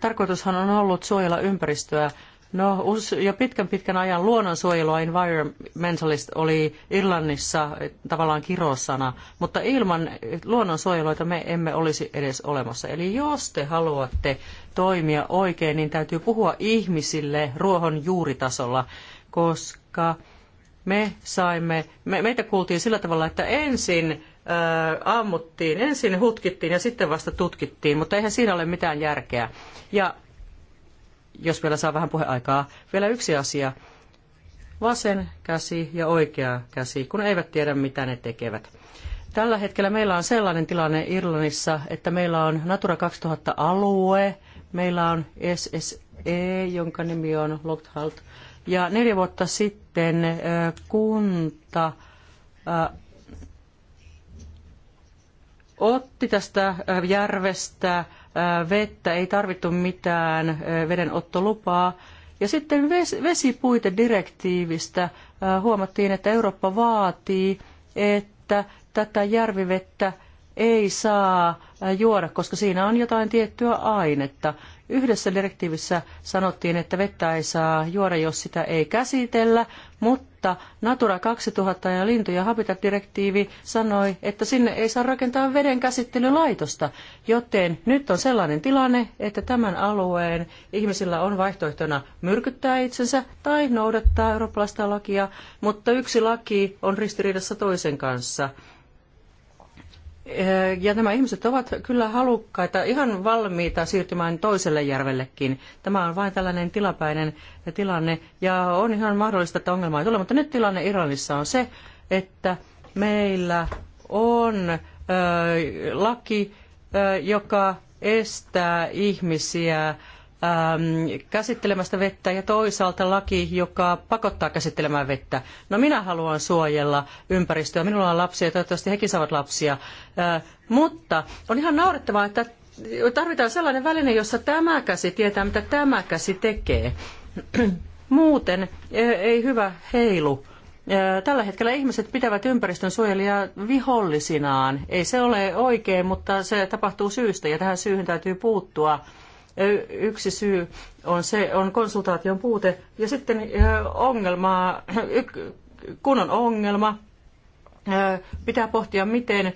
Tarkoitushan on ollut suojella ympäristöä. No, jo pitkän pitkän ajan luonnonsuojelua environmentalist oli Irlannissa eh, tavallaan kirosana, mutta ilman eh, luonnonsuojeluita me emme olisi edes olemassa. Eli jos te haluatte toimia oikein, niin täytyy puhua ihmisille ruohon juuritasolla, koska me saimme, me, meitä kuultiin sillä tavalla, että ensin ammuttiin. Ensin hutkittiin ja sitten vasta tutkittiin, mutta eihän siinä ole mitään järkeä. Ja jos vielä saa vähän puheaikaa, vielä yksi asia. Vasen käsi ja oikea käsi, kun eivät tiedä mitä ne tekevät. Tällä hetkellä meillä on sellainen tilanne Irlannissa, että meillä on Natura 2000-alue, meillä on SSE, jonka nimi on Lockhart, ja neljä vuotta sitten kunta otti tästä äh, järvestä äh, vettä, ei tarvittu mitään äh, vedenottolupaa. Ja sitten vesipuitedirektiivistä huomattiin, että Eurooppa vaatii, että tätä järvivettä ei saa juoda, koska siinä on jotain tiettyä ainetta. Yhdessä direktiivissä sanottiin, että vettä ei saa juoda, jos sitä ei käsitellä, mutta Natura 2000 ja lintu- ja habitat-direktiivi sanoi, että sinne ei saa rakentaa vedenkäsittelylaitosta, joten nyt on sellainen tilanne, että tämän alueen ihmisillä on vaihtoehtona myrkyttää itsensä tai noudattaa eurooppalaista lakia, mutta yksi laki on ristiriidassa toisen kanssa – ja nämä ihmiset ovat kyllä halukkaita, ihan valmiita siirtymään toiselle järvellekin. Tämä on vain tällainen tilapäinen tilanne ja on ihan mahdollista, että ongelmaa ei tule. Mutta nyt tilanne Iranissa on se, että meillä on ö, laki, ö, joka estää ihmisiä Ähm, käsittelemästä vettä ja toisaalta laki, joka pakottaa käsittelemään vettä. No minä haluan suojella ympäristöä, minulla on lapsia ja toivottavasti hekin saavat lapsia. Äh, mutta on ihan naurettavaa, että tarvitaan sellainen väline, jossa tämä käsi tietää, mitä tämä käsi tekee. Muuten e, ei hyvä heilu. Äh, tällä hetkellä ihmiset pitävät ympäristön suojelijaa vihollisinaan. Ei se ole oikein, mutta se tapahtuu syystä ja tähän syyhyn täytyy puuttua Yksi syy on, se, on konsultaation puute ja sitten ongelma kun on ongelma, pitää pohtia, miten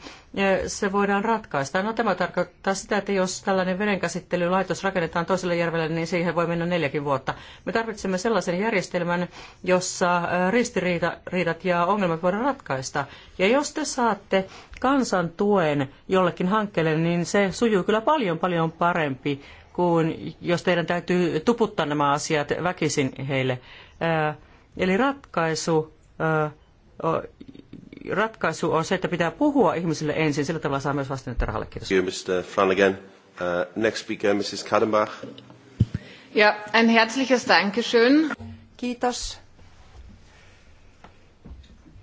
se voidaan ratkaista. No tämä tarkoittaa sitä, että jos tällainen vedenkäsittelylaitos rakennetaan toiselle järvelle, niin siihen voi mennä neljäkin vuotta. Me tarvitsemme sellaisen järjestelmän, jossa ristiriidat ja ongelmat voidaan ratkaista. Ja jos te saatte kansan tuen jollekin hankkeelle, niin se sujuu kyllä paljon paljon parempi kuin jos teidän täytyy tuputtaa nämä asiat väkisin heille. Eli ratkaisu, ratkaisu on se, että pitää puhua ihmisille ensin, sillä tavalla saa myös vastineet rahalle. Kiitos. You, Mr. Flanagan. Uh, next speaker, Mrs. Kadenbach. Ja, ein herzliches Dankeschön. Kiitos.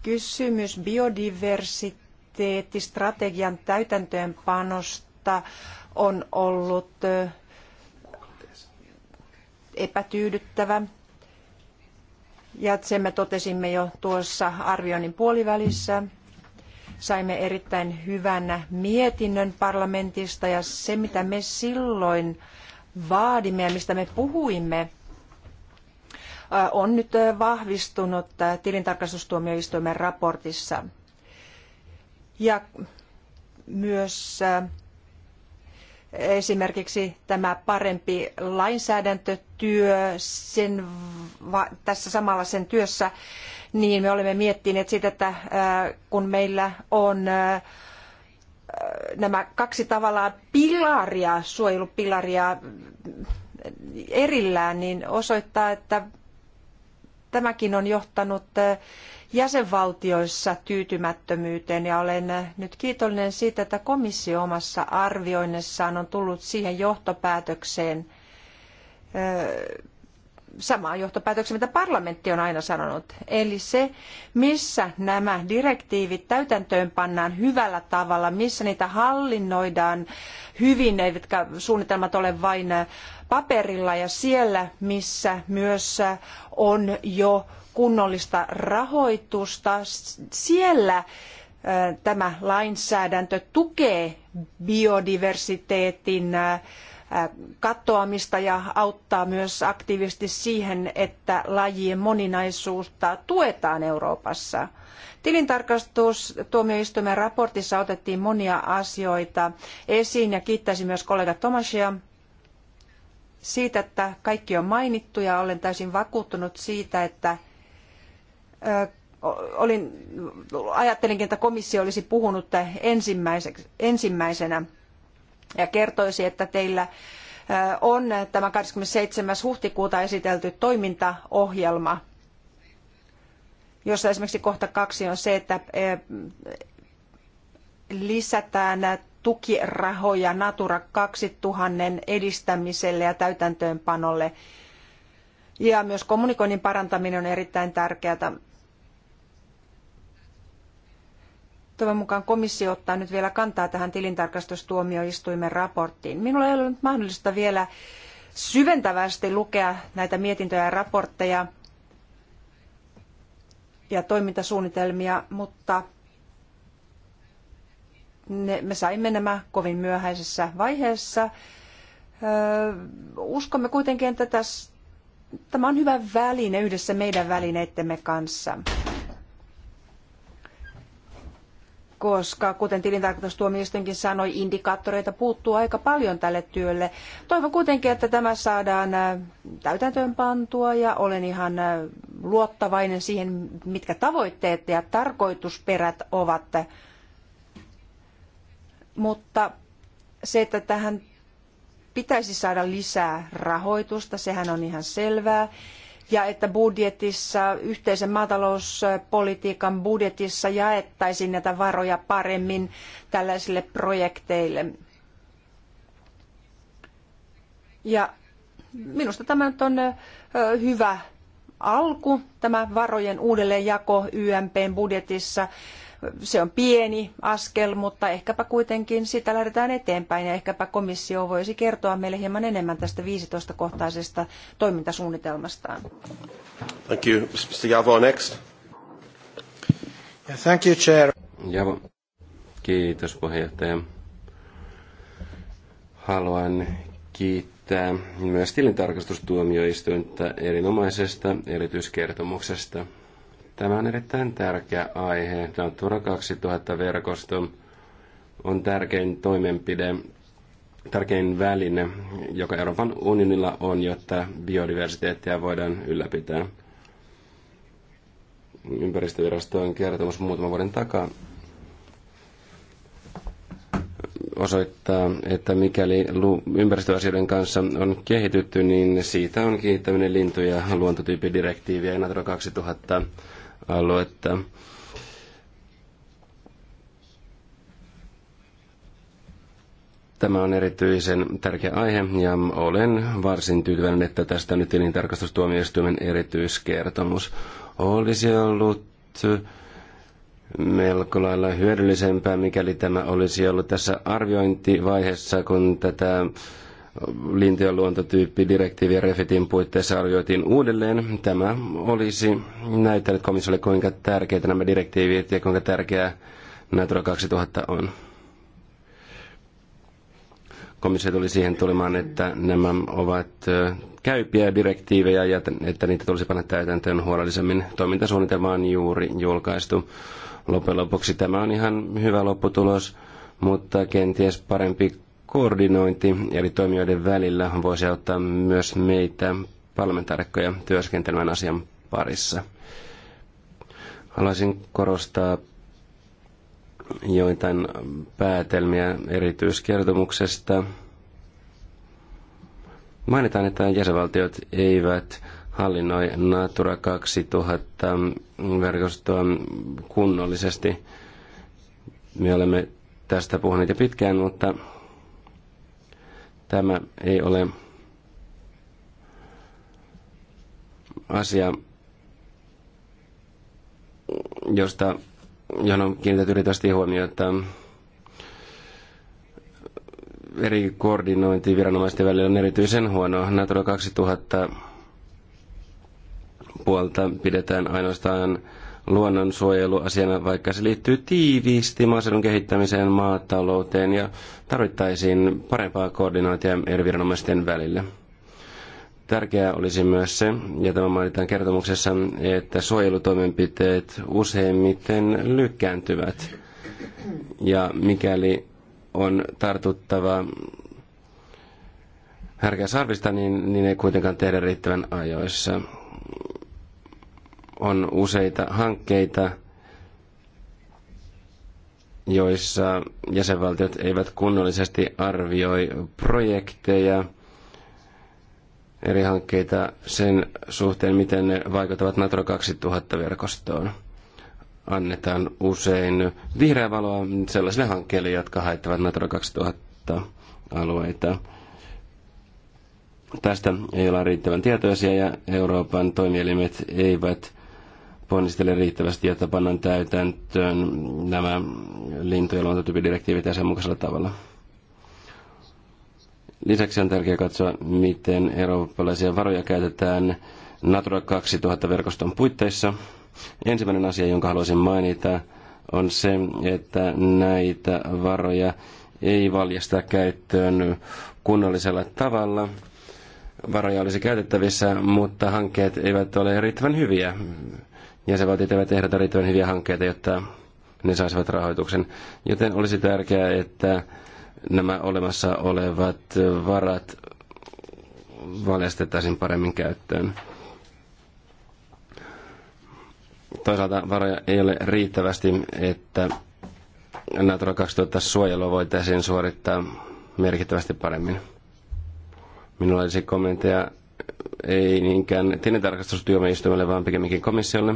Kysymys biodiversiteettistrategian täytäntöönpanosta on ollut epätyydyttävä. Ja sen me totesimme jo tuossa arvioinnin puolivälissä. Saimme erittäin hyvän mietinnön parlamentista ja se, mitä me silloin vaadimme ja mistä me puhuimme, on nyt vahvistunut tilintarkastustuomioistuimen raportissa. Ja myös esimerkiksi tämä parempi lainsäädäntötyö sen, tässä samalla sen työssä, niin me olemme miettineet sitä, että äh, kun meillä on äh, nämä kaksi tavallaan pilaria, suojelupilaria äh, erillään, niin osoittaa, että tämäkin on johtanut eh, jäsenvaltioissa tyytymättömyyteen ja olen eh, nyt kiitollinen siitä, että komissio omassa arvioinnissaan on tullut siihen johtopäätökseen eh, samaan johtopäätöksen, mitä parlamentti on aina sanonut. Eli se, missä nämä direktiivit täytäntöön pannaan hyvällä tavalla, missä niitä hallinnoidaan hyvin, eivätkä suunnitelmat ole vain paperilla ja siellä, missä myös on jo kunnollista rahoitusta, siellä tämä lainsäädäntö tukee biodiversiteetin kattoamista ja auttaa myös aktiivisesti siihen, että lajien moninaisuutta tuetaan Euroopassa. Tilintarkastustuomioistuimen raportissa otettiin monia asioita esiin ja kiittäisin myös kollega Tomasia siitä, että kaikki on mainittu ja olen täysin vakuuttunut siitä, että olin, ajattelinkin, että komissio olisi puhunut ensimmäisenä ja kertoisi, että teillä on tämä 27. huhtikuuta esitelty toimintaohjelma, jossa esimerkiksi kohta kaksi on se, että lisätään tukirahoja Natura 2000 edistämiselle ja täytäntöönpanolle. Ja myös kommunikoinnin parantaminen on erittäin tärkeää. Toivon mukaan komissio ottaa nyt vielä kantaa tähän tilintarkastustuomioistuimen raporttiin. Minulla ei ole mahdollista vielä syventävästi lukea näitä mietintöjä ja raportteja ja toimintasuunnitelmia, mutta ne, me saimme nämä kovin myöhäisessä vaiheessa. Öö, uskomme kuitenkin, että tässä, tämä on hyvä väline yhdessä meidän välineittemme kanssa koska kuten tilintarkastustuomioistuinkin sanoi, indikaattoreita puuttuu aika paljon tälle työlle. Toivon kuitenkin, että tämä saadaan äh, täytäntöön pantua ja olen ihan äh, luottavainen siihen, mitkä tavoitteet ja tarkoitusperät ovat. Mutta se, että tähän pitäisi saada lisää rahoitusta, sehän on ihan selvää ja että budjetissa, yhteisen maatalouspolitiikan budjetissa jaettaisiin näitä varoja paremmin tällaisille projekteille. Ja minusta tämä nyt on hyvä alku, tämä varojen uudelleenjako YMPn budjetissa se on pieni askel, mutta ehkäpä kuitenkin sitä lähdetään eteenpäin ja ehkäpä komissio voisi kertoa meille hieman enemmän tästä 15-kohtaisesta toimintasuunnitelmastaan. Thank you. Mr. Javo, next. Yeah, thank you, Chair. Javo. Kiitos puheenjohtaja. Haluan kiittää myös tilintarkastustuomioistuinta erinomaisesta erityiskertomuksesta. Tämä on erittäin tärkeä aihe. Natura 2000 verkosto on tärkein toimenpide, tärkein väline, joka Euroopan unionilla on, jotta biodiversiteettiä voidaan ylläpitää. Ympäristövirastojen kertomus muutaman vuoden takaa osoittaa, että mikäli ympäristöasioiden kanssa on kehitytty, niin siitä on kiittäminen lintuja luontotyyppidirektiiviä ja Natura 2000 aluetta. Tämä on erityisen tärkeä aihe ja olen varsin tyytyväinen, että tästä nyt tilintarkastustuomioistuimen erityiskertomus olisi ollut melko lailla hyödyllisempää, mikäli tämä olisi ollut tässä arviointivaiheessa, kun tätä lintujen luontotyyppi direktiivi ja Refitin puitteissa arvioitiin uudelleen. Tämä olisi näyttänyt komissiolle, kuinka tärkeitä nämä direktiivit ja kuinka tärkeää Natura 2000 on. Komissio tuli siihen tulemaan, että nämä ovat käypiä direktiivejä ja että niitä tulisi panna täytäntöön huolellisemmin. Toimintasuunnitelma on juuri julkaistu. Loppujen lopuksi tämä on ihan hyvä lopputulos, mutta kenties parempi koordinointi eri toimijoiden välillä voisi auttaa myös meitä parlamentaarikkoja työskentelemään asian parissa. Haluaisin korostaa joitain päätelmiä erityiskertomuksesta. Mainitaan, että jäsenvaltiot eivät hallinnoi Natura 2000 verkostoa kunnollisesti. Me olemme tästä puhuneet jo pitkään, mutta Tämä ei ole asia, josta, johon on kiinnitetty riittävästi huomiota. Eri koordinointi viranomaisten välillä on erityisen huono. Natura 2000 puolta pidetään ainoastaan luonnonsuojeluasiana, vaikka se liittyy tiiviisti maaseudun kehittämiseen, maatalouteen ja tarvittaisiin parempaa koordinaatia eri viranomaisten välillä. Tärkeää olisi myös se, ja tämä mainitaan kertomuksessa, että suojelutoimenpiteet useimmiten lykkääntyvät. Ja mikäli on tartuttava härkää sarvista, niin, niin ei kuitenkaan tehdä riittävän ajoissa on useita hankkeita, joissa jäsenvaltiot eivät kunnollisesti arvioi projekteja, eri hankkeita sen suhteen, miten ne vaikuttavat Natura 2000-verkostoon. Annetaan usein vihreää valoa sellaisille hankkeille, jotka haittavat Natura 2000-alueita. Tästä ei olla riittävän tietoisia ja Euroopan toimielimet eivät ponnistele riittävästi, jotta pannaan täytäntöön nämä lintu- ja luontotyypidirektiivit mukaisella tavalla. Lisäksi on tärkeää katsoa, miten eurooppalaisia varoja käytetään Natura 2000-verkoston puitteissa. Ensimmäinen asia, jonka haluaisin mainita, on se, että näitä varoja ei valjasta käyttöön kunnollisella tavalla. Varoja olisi käytettävissä, mutta hankkeet eivät ole riittävän hyviä jäsenvaltiot eivät ehdota riittävän hyviä hankkeita, jotta ne saisivat rahoituksen. Joten olisi tärkeää, että nämä olemassa olevat varat valjastettaisiin paremmin käyttöön. Toisaalta varoja ei ole riittävästi, että Natura 2000 suojelua voitaisiin suorittaa merkittävästi paremmin. Minulla olisi kommentteja ei niinkään tilintarkastustyömeistuimelle, vaan pikemminkin komissiolle.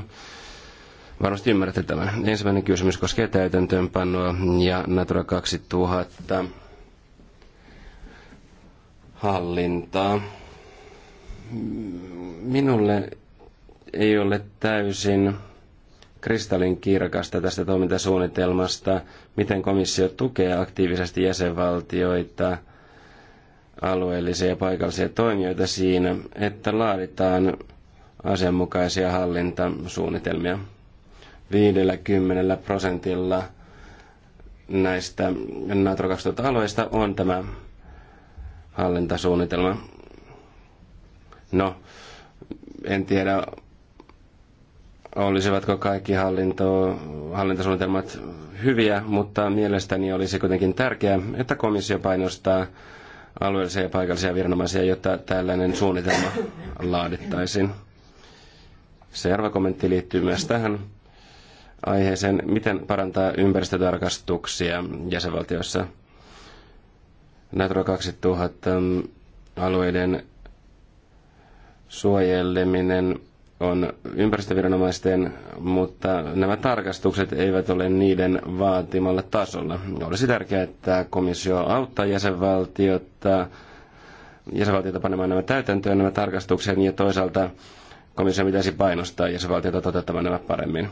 Varmasti ymmärrätte tämän. Ensimmäinen kysymys koskee täytäntöönpanoa ja Natura 2000 hallintaa. Minulle ei ole täysin kristallin kirkasta tästä toimintasuunnitelmasta, miten komissio tukee aktiivisesti jäsenvaltioita – alueellisia ja paikallisia toimijoita siinä, että laaditaan asianmukaisia hallintasuunnitelmia. 50 prosentilla näistä Natura 2000 alueista on tämä hallintasuunnitelma. No, en tiedä, olisivatko kaikki hallinto, hallintasuunnitelmat hyviä, mutta mielestäni olisi kuitenkin tärkeää, että komissio painostaa alueellisia ja paikallisia viranomaisia, jotta tällainen suunnitelma laadittaisiin. Seuraava kommentti liittyy myös tähän aiheeseen, miten parantaa ympäristötarkastuksia jäsenvaltioissa. Natura 2000 alueiden suojeleminen on ympäristöviranomaisten, mutta nämä tarkastukset eivät ole niiden vaatimalla tasolla. Olisi tärkeää, että komissio auttaa jäsenvaltiota, jäsenvaltiota panemaan nämä täytäntöön nämä tarkastukset ja toisaalta komissio pitäisi painostaa jäsenvaltiota toteuttamaan nämä paremmin.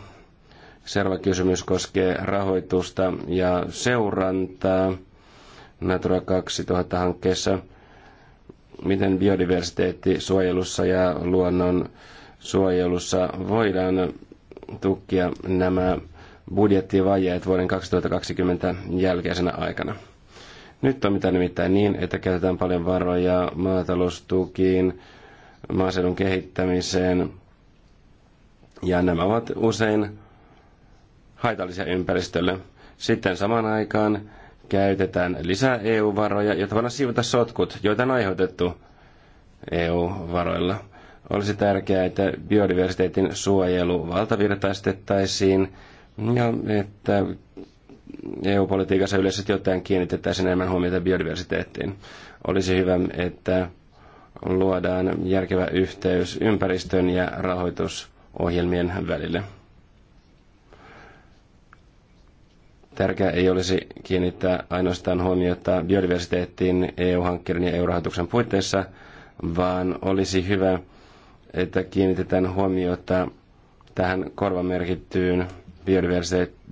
Seuraava kysymys koskee rahoitusta ja seurantaa Natura 2000-hankkeessa. Miten biodiversiteetti suojelussa ja luonnon suojelussa voidaan tukkia nämä budjettivajeet vuoden 2020 jälkeisenä aikana. Nyt on mitä nimittäin niin, että käytetään paljon varoja maataloustukiin, maaseudun kehittämiseen, ja nämä ovat usein haitallisia ympäristölle. Sitten samaan aikaan käytetään lisää EU-varoja, jotta voidaan siivota sotkut, joita on aiheutettu EU-varoilla. Olisi tärkeää, että biodiversiteetin suojelu valtavirtaistettaisiin ja että EU-politiikassa yleisesti jotain kiinnitettäisiin enemmän huomiota biodiversiteettiin. Olisi hyvä, että luodaan järkevä yhteys ympäristön ja rahoitusohjelmien välille. Tärkeää ei olisi kiinnittää ainoastaan huomiota biodiversiteettiin EU-hankkeiden ja EU-rahoituksen puitteissa, vaan olisi hyvä että kiinnitetään huomiota tähän korvamerkittyyn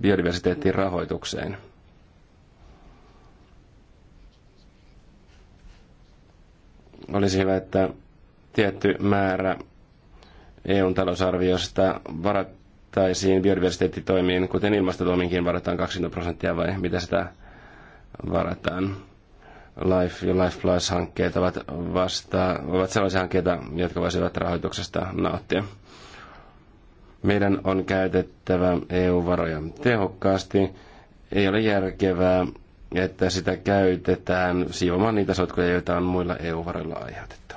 biodiversiteettiin rahoitukseen. Olisi hyvä, että tietty määrä EUn talousarviosta varattaisiin biodiversiteettitoimiin, kuten ilmastotoimiinkin varataan 20 prosenttia vai mitä sitä varataan. Life ja Life Plus-hankkeet ovat, vasta, ovat sellaisia hankkeita, jotka voisivat rahoituksesta nauttia. Meidän on käytettävä EU-varoja tehokkaasti. Ei ole järkevää, että sitä käytetään siivomaan niitä sotkuja, joita on muilla EU-varoilla aiheutettu.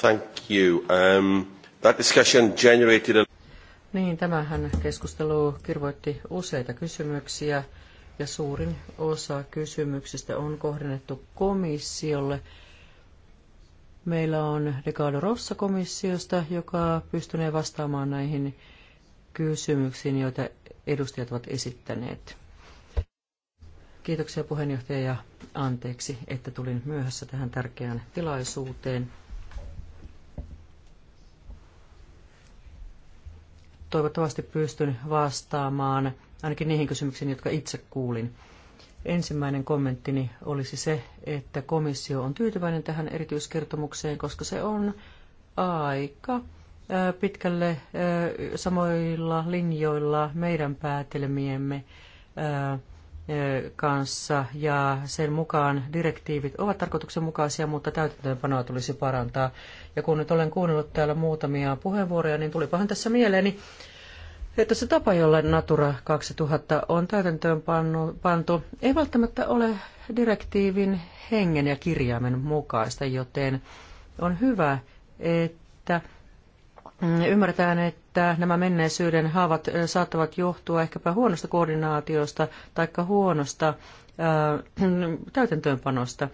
Thank you. Um, that discussion generated a... Niin, tämähän keskustelu kirvoitti useita kysymyksiä ja suurin osa kysymyksistä on kohdennettu komissiolle. Meillä on Ricardo Rossa komissiosta, joka pystynee vastaamaan näihin kysymyksiin, joita edustajat ovat esittäneet. Kiitoksia puheenjohtaja ja anteeksi, että tulin myöhässä tähän tärkeään tilaisuuteen. Toivottavasti pystyn vastaamaan ainakin niihin kysymyksiin, jotka itse kuulin. Ensimmäinen kommenttini olisi se, että komissio on tyytyväinen tähän erityiskertomukseen, koska se on aika pitkälle samoilla linjoilla meidän päätelmiemme kanssa ja sen mukaan direktiivit ovat tarkoituksenmukaisia, mutta täytäntöönpanoa tulisi parantaa. Ja kun nyt olen kuunnellut täällä muutamia puheenvuoroja, niin tulipahan tässä mieleeni että se tapa, jolla Natura 2000 on täytäntöön pantu, ei välttämättä ole direktiivin hengen ja kirjaimen mukaista, joten on hyvä, että mm, ymmärretään, että nämä menneisyyden haavat saattavat johtua ehkäpä huonosta koordinaatiosta tai huonosta ää, täytäntöönpanosta.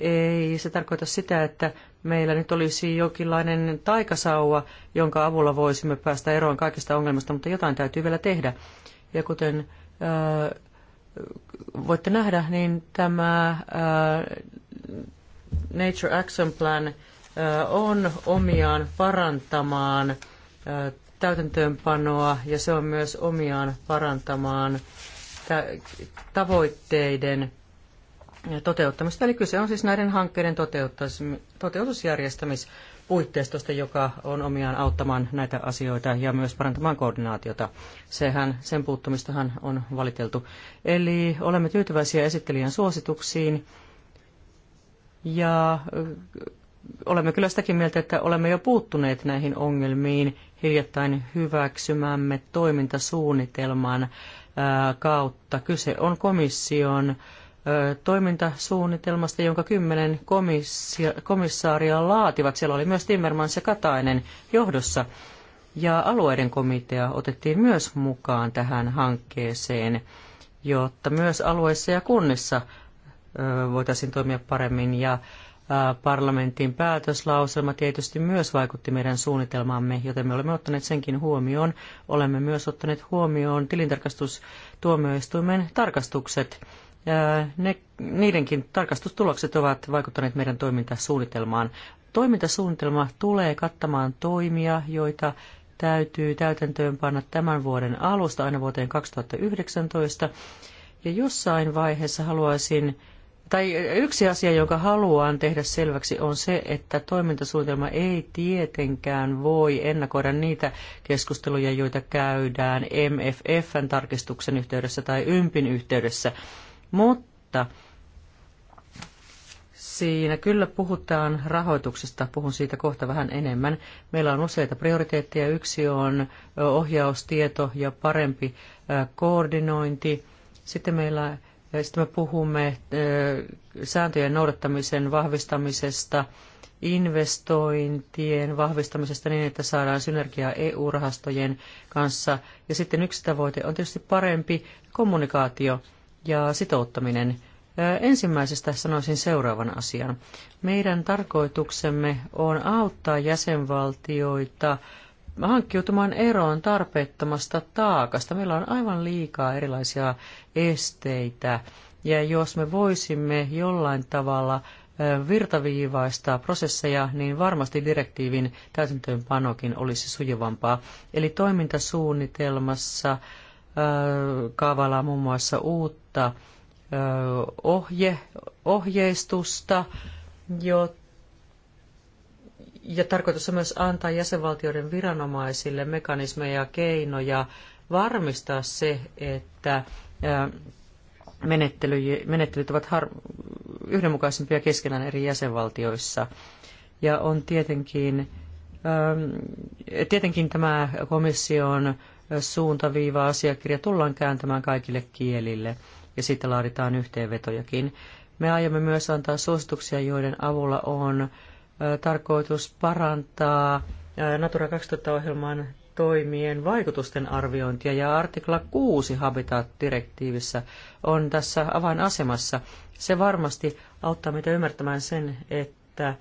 Ei se tarkoita sitä, että meillä nyt olisi jokinlainen taikasauva, jonka avulla voisimme päästä eroon kaikista ongelmista, mutta jotain täytyy vielä tehdä. Ja kuten ää, äh, voitte nähdä, niin tämä ää, äh, Nature Action Plan ää, äh, on omiaan parantamaan ää, täytäntöönpanoa ja se on myös omiaan parantamaan tavoitteiden toteuttamista. Eli kyse on siis näiden hankkeiden toteutusjärjestämispuitteistosta, joka on omiaan auttamaan näitä asioita ja myös parantamaan koordinaatiota. Sehän, sen puuttumistahan on valiteltu. Eli olemme tyytyväisiä esittelijän suosituksiin ja olemme kyllä sitäkin mieltä, että olemme jo puuttuneet näihin ongelmiin hiljattain hyväksymämme toimintasuunnitelman kautta. Kyse on komission toimintasuunnitelmasta, jonka kymmenen komissaaria laativat. Siellä oli myös Timmermans ja Katainen johdossa. Ja alueiden komitea otettiin myös mukaan tähän hankkeeseen, jotta myös alueissa ja kunnissa voitaisiin toimia paremmin. Ja parlamentin päätöslauselma tietysti myös vaikutti meidän suunnitelmaamme, joten me olemme ottaneet senkin huomioon. Olemme myös ottaneet huomioon tilintarkastustuomioistuimen tarkastukset ne, niidenkin tarkastustulokset ovat vaikuttaneet meidän toimintasuunnitelmaan. Toimintasuunnitelma tulee kattamaan toimia, joita täytyy täytäntöönpanna tämän vuoden alusta aina vuoteen 2019. Ja jossain vaiheessa haluaisin, tai yksi asia, jonka haluan tehdä selväksi, on se, että toimintasuunnitelma ei tietenkään voi ennakoida niitä keskusteluja, joita käydään MFFn tarkistuksen yhteydessä tai ympin yhteydessä. Mutta Siinä kyllä puhutaan rahoituksesta, puhun siitä kohta vähän enemmän. Meillä on useita prioriteetteja. Yksi on ohjaustieto ja parempi koordinointi. Sitten meillä sitten me puhumme sääntöjen noudattamisen vahvistamisesta, investointien vahvistamisesta niin, että saadaan synergiaa EU-rahastojen kanssa. Ja sitten yksi tavoite on tietysti parempi kommunikaatio ja sitouttaminen. Ensimmäisestä sanoisin seuraavan asian. Meidän tarkoituksemme on auttaa jäsenvaltioita hankkiutumaan eroon tarpeettomasta taakasta. Meillä on aivan liikaa erilaisia esteitä, ja jos me voisimme jollain tavalla virtaviivaistaa prosesseja, niin varmasti direktiivin täytäntöönpanokin olisi sujuvampaa. Eli toimintasuunnitelmassa kavala muun muassa uutta ohje, ohjeistusta, jotta ja tarkoitus on myös antaa jäsenvaltioiden viranomaisille mekanismeja ja keinoja varmistaa se, että menettelyt ovat har- yhdenmukaisempia keskenään eri jäsenvaltioissa. Ja on tietenkin, tietenkin tämä komission suuntaviiva-asiakirja tullaan kääntämään kaikille kielille ja siitä laaditaan yhteenvetojakin. Me aiomme myös antaa suosituksia, joiden avulla on tarkoitus parantaa Natura 2000-ohjelman toimien vaikutusten arviointia ja artikla 6 Habitat-direktiivissä on tässä avainasemassa. Se varmasti auttaa meitä ymmärtämään sen, että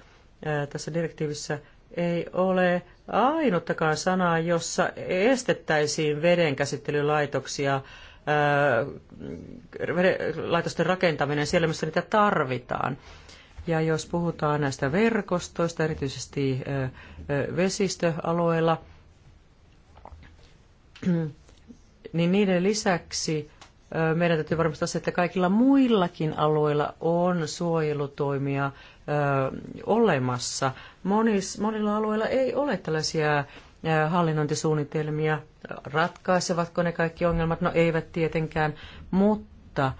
tässä direktiivissä ei ole ainuttakaan sanaa, jossa estettäisiin vedenkäsittelylaitoksia, laitosten rakentaminen siellä, missä niitä tarvitaan. Ja jos puhutaan näistä verkostoista, erityisesti vesistöalueilla, niin niiden lisäksi meidän täytyy varmistaa se, että kaikilla muillakin alueilla on suojelutoimia olemassa. Monis, monilla alueilla ei ole tällaisia hallinnointisuunnitelmia. Ratkaisevatko ne kaikki ongelmat? No eivät tietenkään, mutta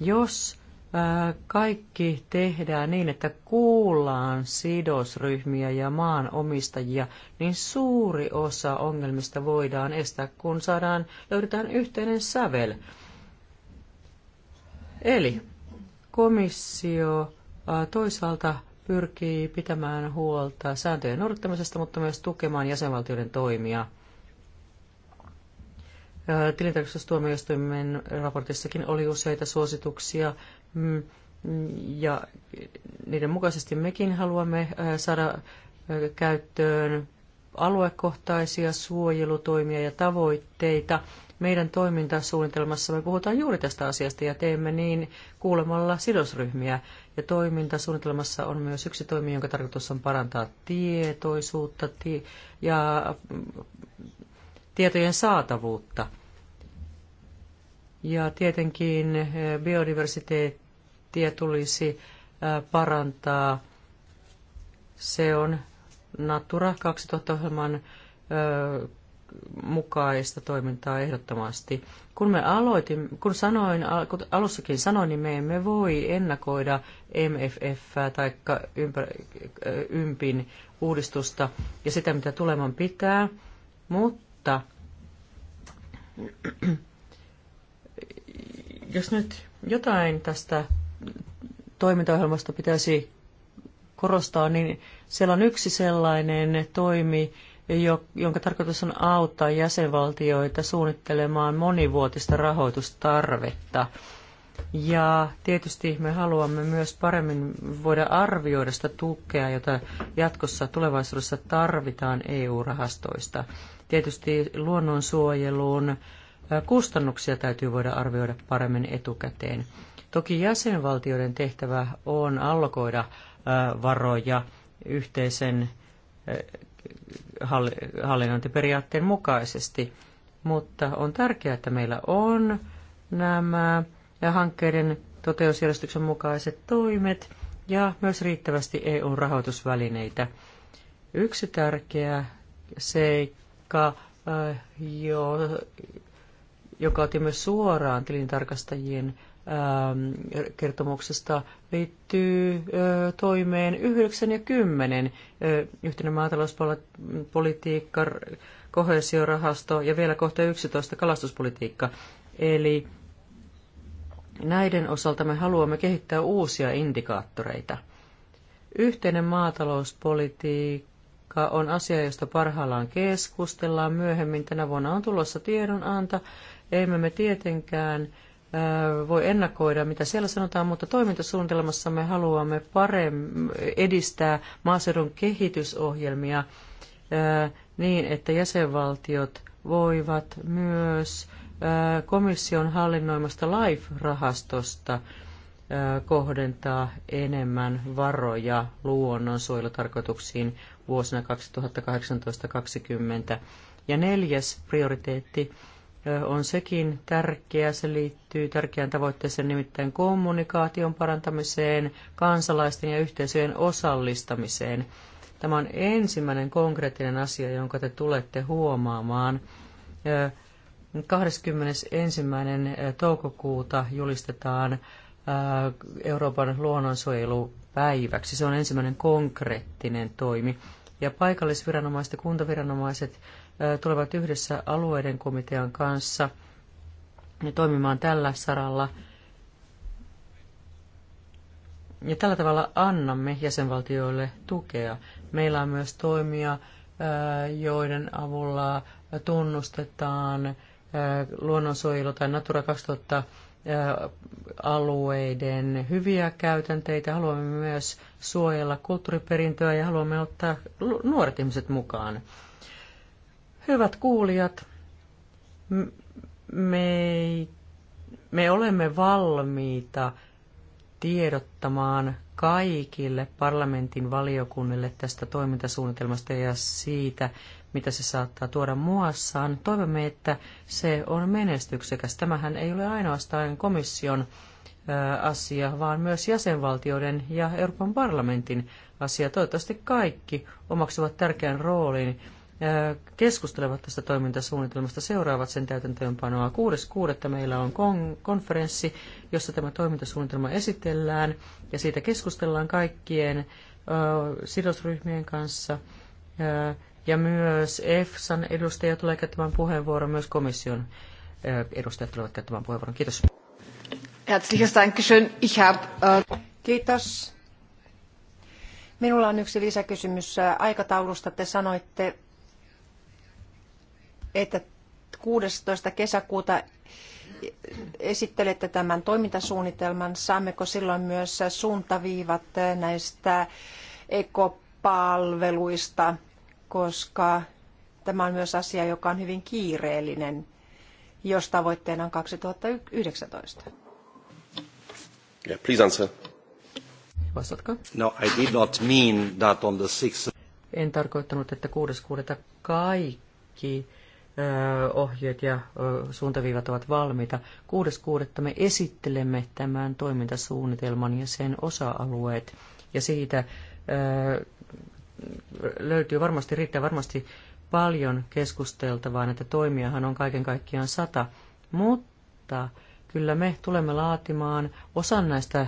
jos kaikki tehdään niin, että kuullaan sidosryhmiä ja maanomistajia, niin suuri osa ongelmista voidaan estää, kun saadaan, löydetään yhteinen sävel. Eli komissio toisaalta pyrkii pitämään huolta sääntöjen noudattamisesta, mutta myös tukemaan jäsenvaltioiden toimia. Tilintarkastustuomioistuimen raportissakin oli useita suosituksia, mm, ja niiden mukaisesti mekin haluamme saada käyttöön aluekohtaisia suojelutoimia ja tavoitteita meidän toimintasuunnitelmassamme puhutaan juuri tästä asiasta ja teemme niin kuulemalla sidosryhmiä. Ja toimintasuunnitelmassa on myös yksi toimi, jonka tarkoitus on parantaa tietoisuutta ja mm, tietojen saatavuutta. Ja tietenkin eh, biodiversiteettiä tulisi eh, parantaa. Se on Natura 2000-ohjelman mukaista toimintaa ehdottomasti. Kun, me aloitin, kun, sanoin, kun alussakin sanoin, niin me emme voi ennakoida MFF tai ympin uudistusta ja sitä, mitä tuleman pitää, mutta jos nyt jotain tästä toimintaohjelmasta pitäisi korostaa, niin siellä on yksi sellainen toimi, jonka tarkoitus on auttaa jäsenvaltioita suunnittelemaan monivuotista rahoitustarvetta. Ja tietysti me haluamme myös paremmin voida arvioida sitä tukea, jota jatkossa tulevaisuudessa tarvitaan EU-rahastoista. Tietysti luonnonsuojeluun kustannuksia täytyy voida arvioida paremmin etukäteen. Toki jäsenvaltioiden tehtävä on allokoida varoja yhteisen hallinnointiperiaatteen mukaisesti. Mutta on tärkeää, että meillä on nämä hankkeiden toteusjärjestyksen mukaiset toimet ja myös riittävästi EU-rahoitusvälineitä. Yksi tärkeä seikka, äh, jo, joka myös suoraan tilintarkastajien Ähm, kertomuksesta liittyy toimeen 9 ja 10 yhtenä maatalouspolitiikka, kohesiorahasto ja vielä kohta 11 kalastuspolitiikka. Eli näiden osalta me haluamme kehittää uusia indikaattoreita. Yhteinen maatalouspolitiikka on asia, josta parhaillaan keskustellaan. Myöhemmin tänä vuonna on tulossa tiedonanta. Emme me tietenkään voi ennakoida, mitä siellä sanotaan, mutta toimintasuunnitelmassa me haluamme parem- edistää maaseudun kehitysohjelmia niin, että jäsenvaltiot voivat myös komission hallinnoimasta LIFE-rahastosta kohdentaa enemmän varoja luonnonsuojelutarkoituksiin vuosina 2018-2020. Ja neljäs prioriteetti on sekin tärkeä. Se liittyy tärkeään tavoitteeseen nimittäin kommunikaation parantamiseen, kansalaisten ja yhteisöjen osallistamiseen. Tämä on ensimmäinen konkreettinen asia, jonka te tulette huomaamaan. 21. toukokuuta julistetaan Euroopan luonnonsuojelupäiväksi. Se on ensimmäinen konkreettinen toimi. Ja paikallisviranomaiset ja kuntaviranomaiset tulevat yhdessä alueiden komitean kanssa toimimaan tällä saralla. Ja tällä tavalla annamme jäsenvaltioille tukea. Meillä on myös toimia, joiden avulla tunnustetaan luonnonsuojelu- tai Natura 2000 alueiden hyviä käytänteitä. Haluamme myös suojella kulttuuriperintöä ja haluamme ottaa nuoret ihmiset mukaan Hyvät kuulijat, me, me olemme valmiita tiedottamaan kaikille parlamentin valiokunnille tästä toimintasuunnitelmasta ja siitä, mitä se saattaa tuoda muassaan. Toivomme, että se on menestyksekäs. Tämähän ei ole ainoastaan komission asia, vaan myös jäsenvaltioiden ja Euroopan parlamentin asia. Toivottavasti kaikki omaksuvat tärkeän roolin keskustelevat tästä toimintasuunnitelmasta, seuraavat sen täytäntöönpanoa. 6.6. meillä on konferenssi, jossa tämä toimintasuunnitelma esitellään ja siitä keskustellaan kaikkien sidosryhmien kanssa. Ja myös EFSAn edustaja tulee käyttämään puheenvuoron, myös komission edustajat tulevat käyttämään puheenvuoron. Kiitos. Herzliches Dankeschön. Ich äh, Kiitos. Minulla on yksi lisäkysymys aikataulusta. Te sanoitte, että 16. kesäkuuta esittelette tämän toimintasuunnitelman. Saammeko silloin myös suuntaviivat näistä ekopalveluista, koska tämä on myös asia, joka on hyvin kiireellinen, jos tavoitteena on 2019? Yeah, please answer. Vastatko? No, I did not mean that on the sixth. En tarkoittanut, että 6.6. kaikki ohjeet ja suuntaviivat ovat valmiita. 6.6. me esittelemme tämän toimintasuunnitelman ja sen osa-alueet. Ja siitä löytyy varmasti, riittää varmasti paljon keskusteltavaa, että toimijahan on kaiken kaikkiaan sata, mutta kyllä me tulemme laatimaan osan näistä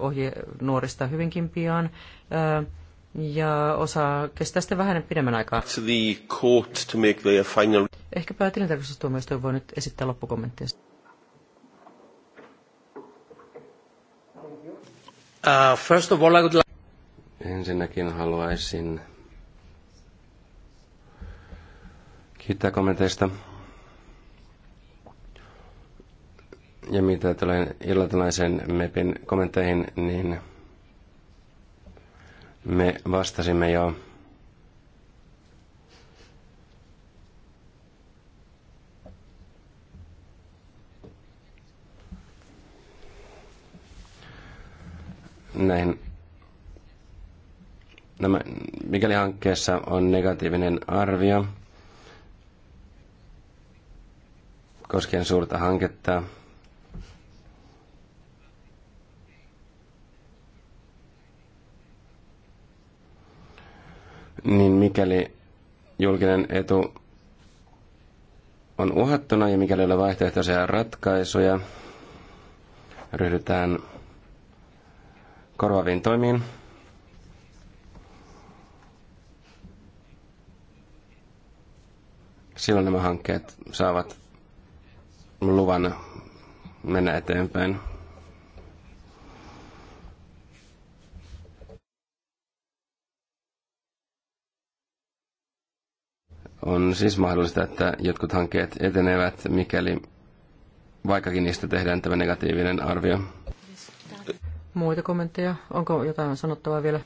ohje nuorista hyvinkin pian ja osa kestää sitten vähän pidemmän aikaa. To the court to make their final... Ehkäpä tilintarkastustuomioistuin voi nyt esittää loppukommenttia. Uh, first of all, I would like... Ensinnäkin haluaisin kiittää kommenteista. Ja mitä tulee illatilaisen MEPin kommentteihin, niin me vastasimme jo näihin nämä, mikäli hankkeessa on negatiivinen arvio koskien suurta hanketta, niin mikäli julkinen etu on uhattuna ja mikäli ei ole vaihtoehtoisia ratkaisuja, ryhdytään korvaaviin toimiin. Silloin nämä hankkeet saavat luvan mennä eteenpäin. On siis mahdollista, että jotkut hankkeet etenevät, mikäli vaikkakin niistä tehdään tämä negatiivinen arvio. Muita kommentteja? Onko jotain sanottavaa vielä?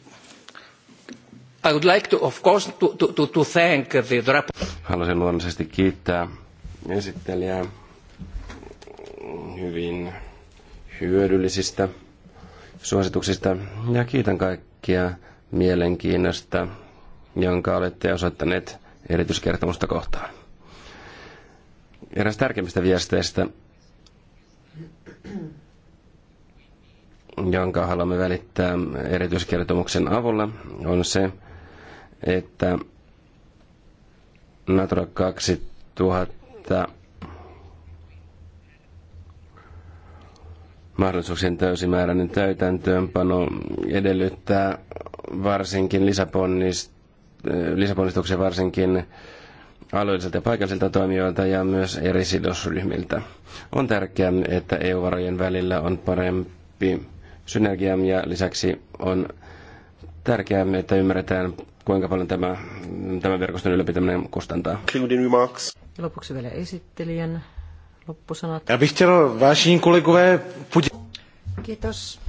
I would like to, of course, to, to, to thank the Haluaisin luonnollisesti kiittää esittelijää hyvin hyödyllisistä suosituksista ja kiitän kaikkia mielenkiinnosta, jonka olette osoittaneet erityiskertomusta kohtaan. Eräs tärkeimmistä viesteistä, jonka haluamme välittää erityiskertomuksen avulla, on se, että Natura 2000 mahdollisuuksien täysimääräinen täytäntöönpano edellyttää varsinkin lisäponnista lisäponnistuksia varsinkin alueellisilta ja paikallisilta toimijoilta ja myös eri sidosryhmiltä. On tärkeää, että EU-varojen välillä on parempi synergia ja lisäksi on tärkeää, että ymmärretään, kuinka paljon tämä, tämä verkoston ylläpitäminen kustantaa. Ja lopuksi vielä esittelijän loppusanat. Ja chtěl, vážení kolegové, Kiitos.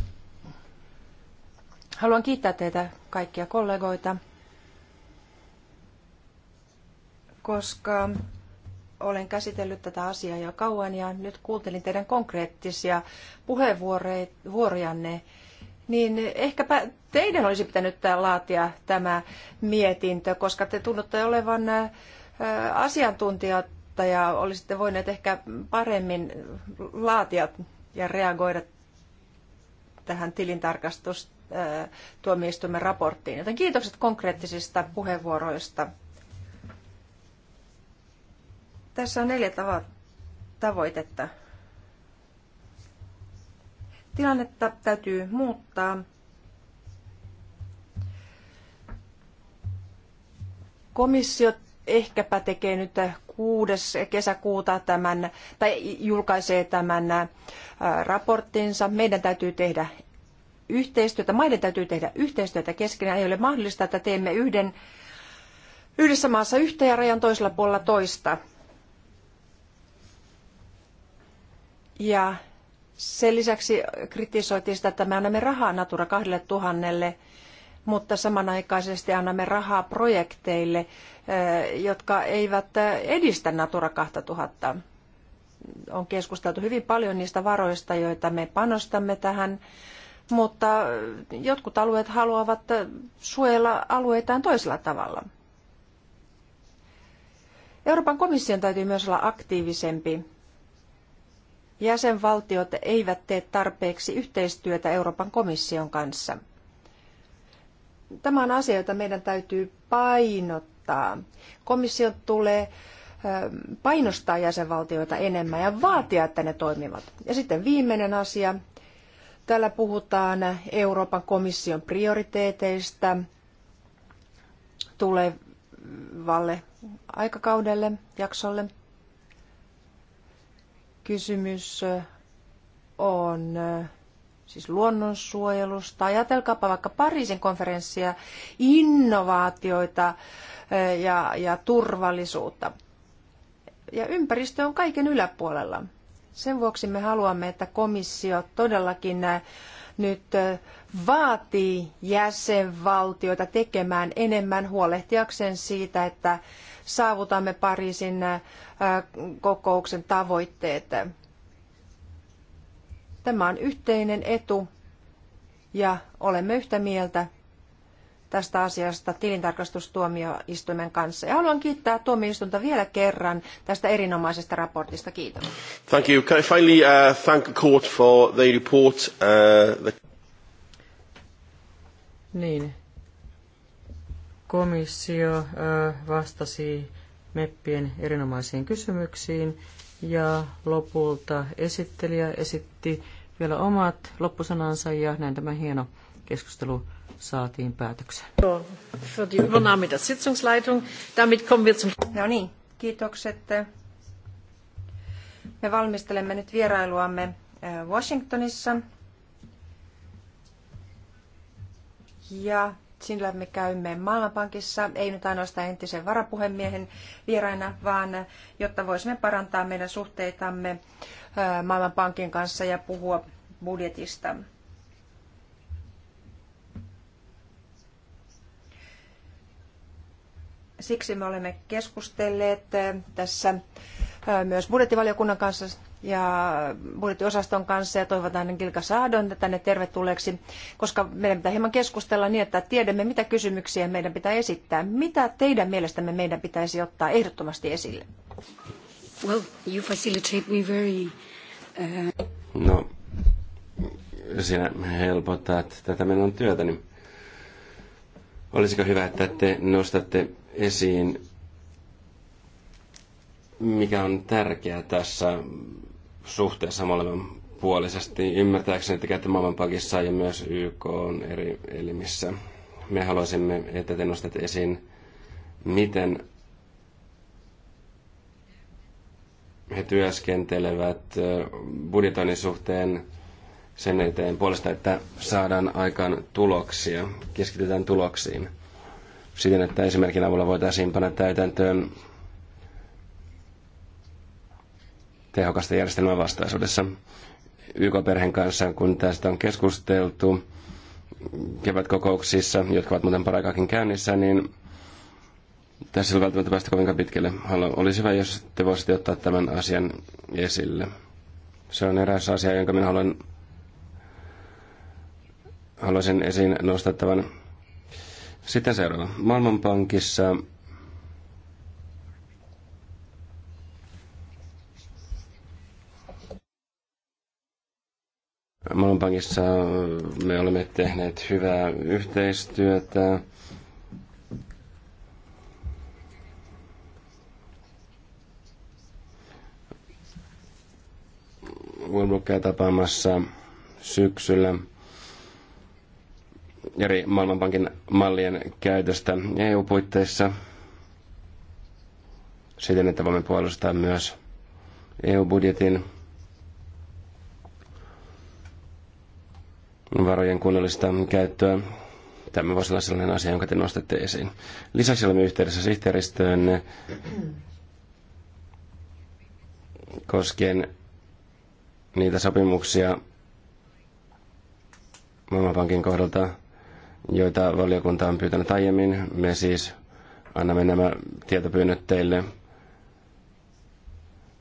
Haluan kiittää teitä kaikkia kollegoita koska olen käsitellyt tätä asiaa jo kauan ja nyt kuuntelin teidän konkreettisia puheenvuorojanne, niin ehkäpä teidän olisi pitänyt laatia tämä mietintö, koska te tunnutte olevan asiantuntijat ja olisitte voineet ehkä paremmin laatia ja reagoida tähän tilintarkastustuomioistuimen raporttiin. Joten kiitokset konkreettisista puheenvuoroista. Tässä on neljä tavo- tavoitetta. Tilannetta täytyy muuttaa. Komissio ehkäpä tekee nyt 6. kesäkuuta tämän, tai julkaisee tämän raporttinsa. Meidän täytyy tehdä yhteistyötä, maiden täytyy tehdä yhteistyötä keskenään. Ei ole mahdollista, että teemme yhden, yhdessä maassa yhtä ja rajan toisella puolella toista. Ja sen lisäksi kritisoitiin sitä, että me annamme rahaa Natura 2000, mutta samanaikaisesti annamme rahaa projekteille, eh, jotka eivät eh, edistä Natura 2000. On keskusteltu hyvin paljon niistä varoista, joita me panostamme tähän, mutta jotkut alueet haluavat eh, suojella alueitaan toisella tavalla. Euroopan komission täytyy myös olla aktiivisempi jäsenvaltiot eivät tee tarpeeksi yhteistyötä Euroopan komission kanssa. Tämä on asia, jota meidän täytyy painottaa. Komission tulee ähm, painostaa jäsenvaltioita enemmän ja vaatia, että ne toimivat. Ja sitten viimeinen asia. Täällä puhutaan Euroopan komission prioriteeteista tulevalle aikakaudelle, jaksolle – kysymys on siis luonnonsuojelusta. Ajatelkaapa vaikka Pariisin konferenssia, innovaatioita ja, ja turvallisuutta. Ja ympäristö on kaiken yläpuolella. Sen vuoksi me haluamme, että komissio todellakin nyt vaatii jäsenvaltioita tekemään enemmän huolehtiakseen siitä, että saavutamme Pariisin kokouksen tavoitteet. Tämä on yhteinen etu ja olemme yhtä mieltä tästä asiasta tilintarkastustuomioistuimen kanssa. Ja haluan kiittää tuomioistuinta vielä kerran tästä erinomaisesta raportista. Kiitos. Thank you. Can I finally uh, thank the court for the report? Uh, the... Niin. Komissio uh, vastasi meppien erinomaisiin kysymyksiin ja lopulta esittelijä esitti vielä omat loppusanansa ja näin tämä hieno keskustelu saatiin päätökseen. No niin, kiitokset. Me valmistelemme nyt vierailuamme äh, Washingtonissa. Ja sillä me käymme Maailmanpankissa, ei nyt ainoastaan entisen varapuhemiehen vieraina, vaan jotta voisimme parantaa meidän suhteitamme äh, Maailmanpankin kanssa ja puhua budjetista. Siksi me olemme keskustelleet tässä myös budjettivaliokunnan kanssa ja budjettiosaston kanssa ja toivotan Kilka Saadon tänne tervetulleeksi, koska meidän pitää hieman keskustella niin, että tiedämme mitä kysymyksiä meidän pitää esittää. Mitä teidän mielestämme meidän pitäisi ottaa ehdottomasti esille? Well, you facilitate me very... Uh... No, sinä helpotat tätä minun työtäni. Olisiko hyvä, että te nostatte esiin, mikä on tärkeää tässä suhteessa molemmin puolisesti. Ymmärtääkseni että käytte Maailmanpankissa ja myös YK on eri elimissä. Me haluaisimme, että te nostatte esiin, miten he työskentelevät budjetoinnin suhteen sen eteen puolesta, että saadaan aikaan tuloksia, keskitytään tuloksiin siten, että esimerkin avulla voitaisiin panna täytäntöön tehokasta järjestelmää vastaisuudessa. YK-perheen kanssa, kun tästä on keskusteltu kevätkokouksissa, jotka ovat muuten paraikaakin käynnissä, niin tässä ei välttämättä päästä kovinkaan pitkälle. Haluan, olisi hyvä, jos te voisitte ottaa tämän asian esille. Se on eräs asia, jonka minä haluan, haluaisin esiin nostaa tämän sitten seuraava. Maailmanpankissa Maailmanpankissa me olemme tehneet hyvää yhteistyötä. Wilbrookia tapaamassa syksyllä eri Maailmanpankin mallien käytöstä EU-puitteissa siten, että voimme puolustaa myös EU-budjetin varojen kunnollista käyttöä. Tämä voisi olla sellainen asia, jonka te nostatte esiin. Lisäksi olemme yhteydessä sihteeristöön koskien niitä sopimuksia Maailmanpankin kohdalta, joita valiokunta on pyytänyt aiemmin. Me siis annamme nämä tietopyynnöt teille.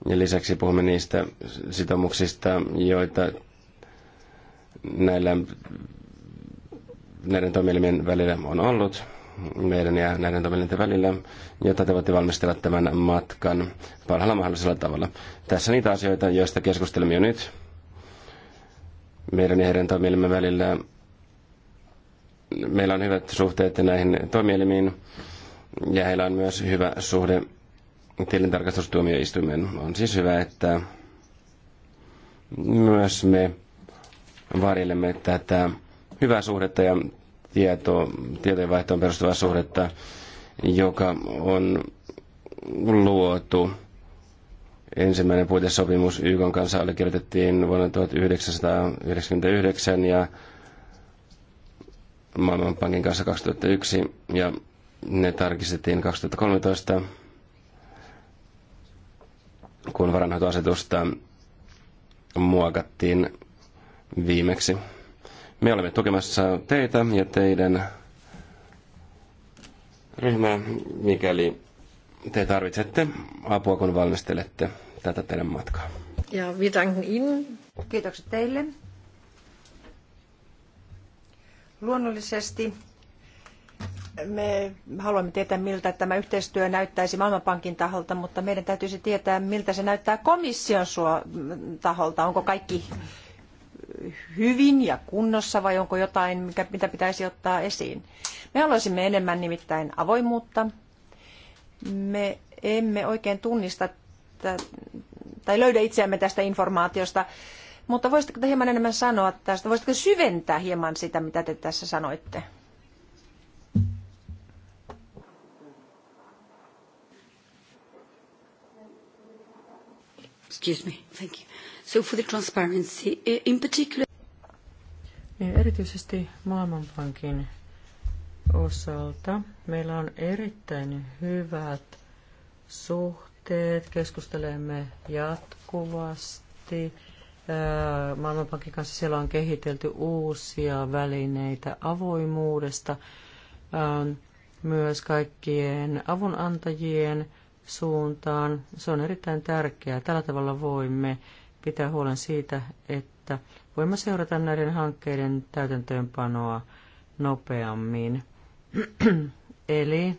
Ja lisäksi puhumme niistä sitoumuksista, joita näillä, näiden toimielimien välillä on ollut meidän ja näiden toimielinten välillä, jotta te voitte valmistella tämän matkan parhaalla mahdollisella tavalla. Tässä niitä asioita, joista keskustelemme jo nyt meidän ja heidän toimielimien välillä meillä on hyvät suhteet näihin toimielimiin ja heillä on myös hyvä suhde tilintarkastustuomioistuimeen. On siis hyvä, että myös me varjelemme tätä hyvää suhdetta ja tieto, tietojenvaihtoon perustuvaa suhdetta, joka on luotu. Ensimmäinen puitesopimus YK kanssa allekirjoitettiin vuonna 1999 ja Maailmanpankin kanssa 2001 ja ne tarkistettiin 2013, kun varanhoitoasetusta muokattiin viimeksi. Me olemme tukemassa teitä ja teidän ryhmää, mikäli te tarvitsette apua, kun valmistelette tätä teidän matkaa. Ja vitankin. Kiitokset teille. Luonnollisesti me haluamme tietää, miltä tämä yhteistyö näyttäisi Maailmanpankin taholta, mutta meidän täytyisi tietää, miltä se näyttää komission taholta. Onko kaikki hyvin ja kunnossa vai onko jotain, mikä, mitä pitäisi ottaa esiin. Me haluaisimme enemmän nimittäin avoimuutta. Me emme oikein tunnista tai löydä itseämme tästä informaatiosta mutta voisitteko te hieman enemmän sanoa tästä? Voisitteko syventää hieman sitä, mitä te tässä sanoitte? Excuse me, thank you. So for the transparency, in particular... Niin, erityisesti Maailmanpankin osalta meillä on erittäin hyvät suhteet, keskustelemme jatkuvasti Maailmanpankin kanssa siellä on kehitelty uusia välineitä avoimuudesta myös kaikkien avunantajien suuntaan. Se on erittäin tärkeää. Tällä tavalla voimme pitää huolen siitä, että voimme seurata näiden hankkeiden täytäntöönpanoa nopeammin. Eli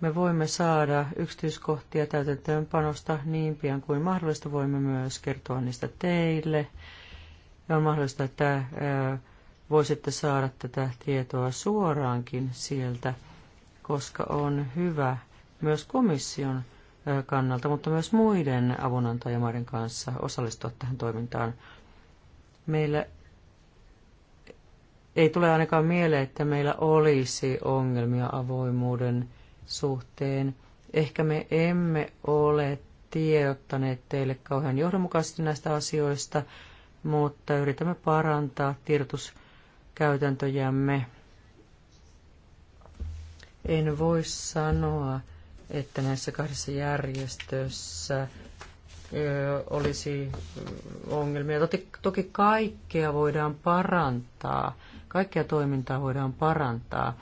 me voimme saada yksityiskohtia täytäntöönpanosta niin pian kuin mahdollista. Voimme myös kertoa niistä teille. Ja on mahdollista, että voisitte saada tätä tietoa suoraankin sieltä, koska on hyvä myös komission kannalta, mutta myös muiden avunantajamaiden kanssa osallistua tähän toimintaan. Meillä ei tule ainakaan mieleen, että meillä olisi ongelmia avoimuuden suhteen. Ehkä me emme ole tiedottaneet teille kauhean johdonmukaisesti näistä asioista, mutta yritämme parantaa tiedotuskäytäntöjämme. En voi sanoa, että näissä kahdessa järjestössä olisi ongelmia. Toki, toki kaikkea voidaan parantaa, kaikkea toimintaa voidaan parantaa,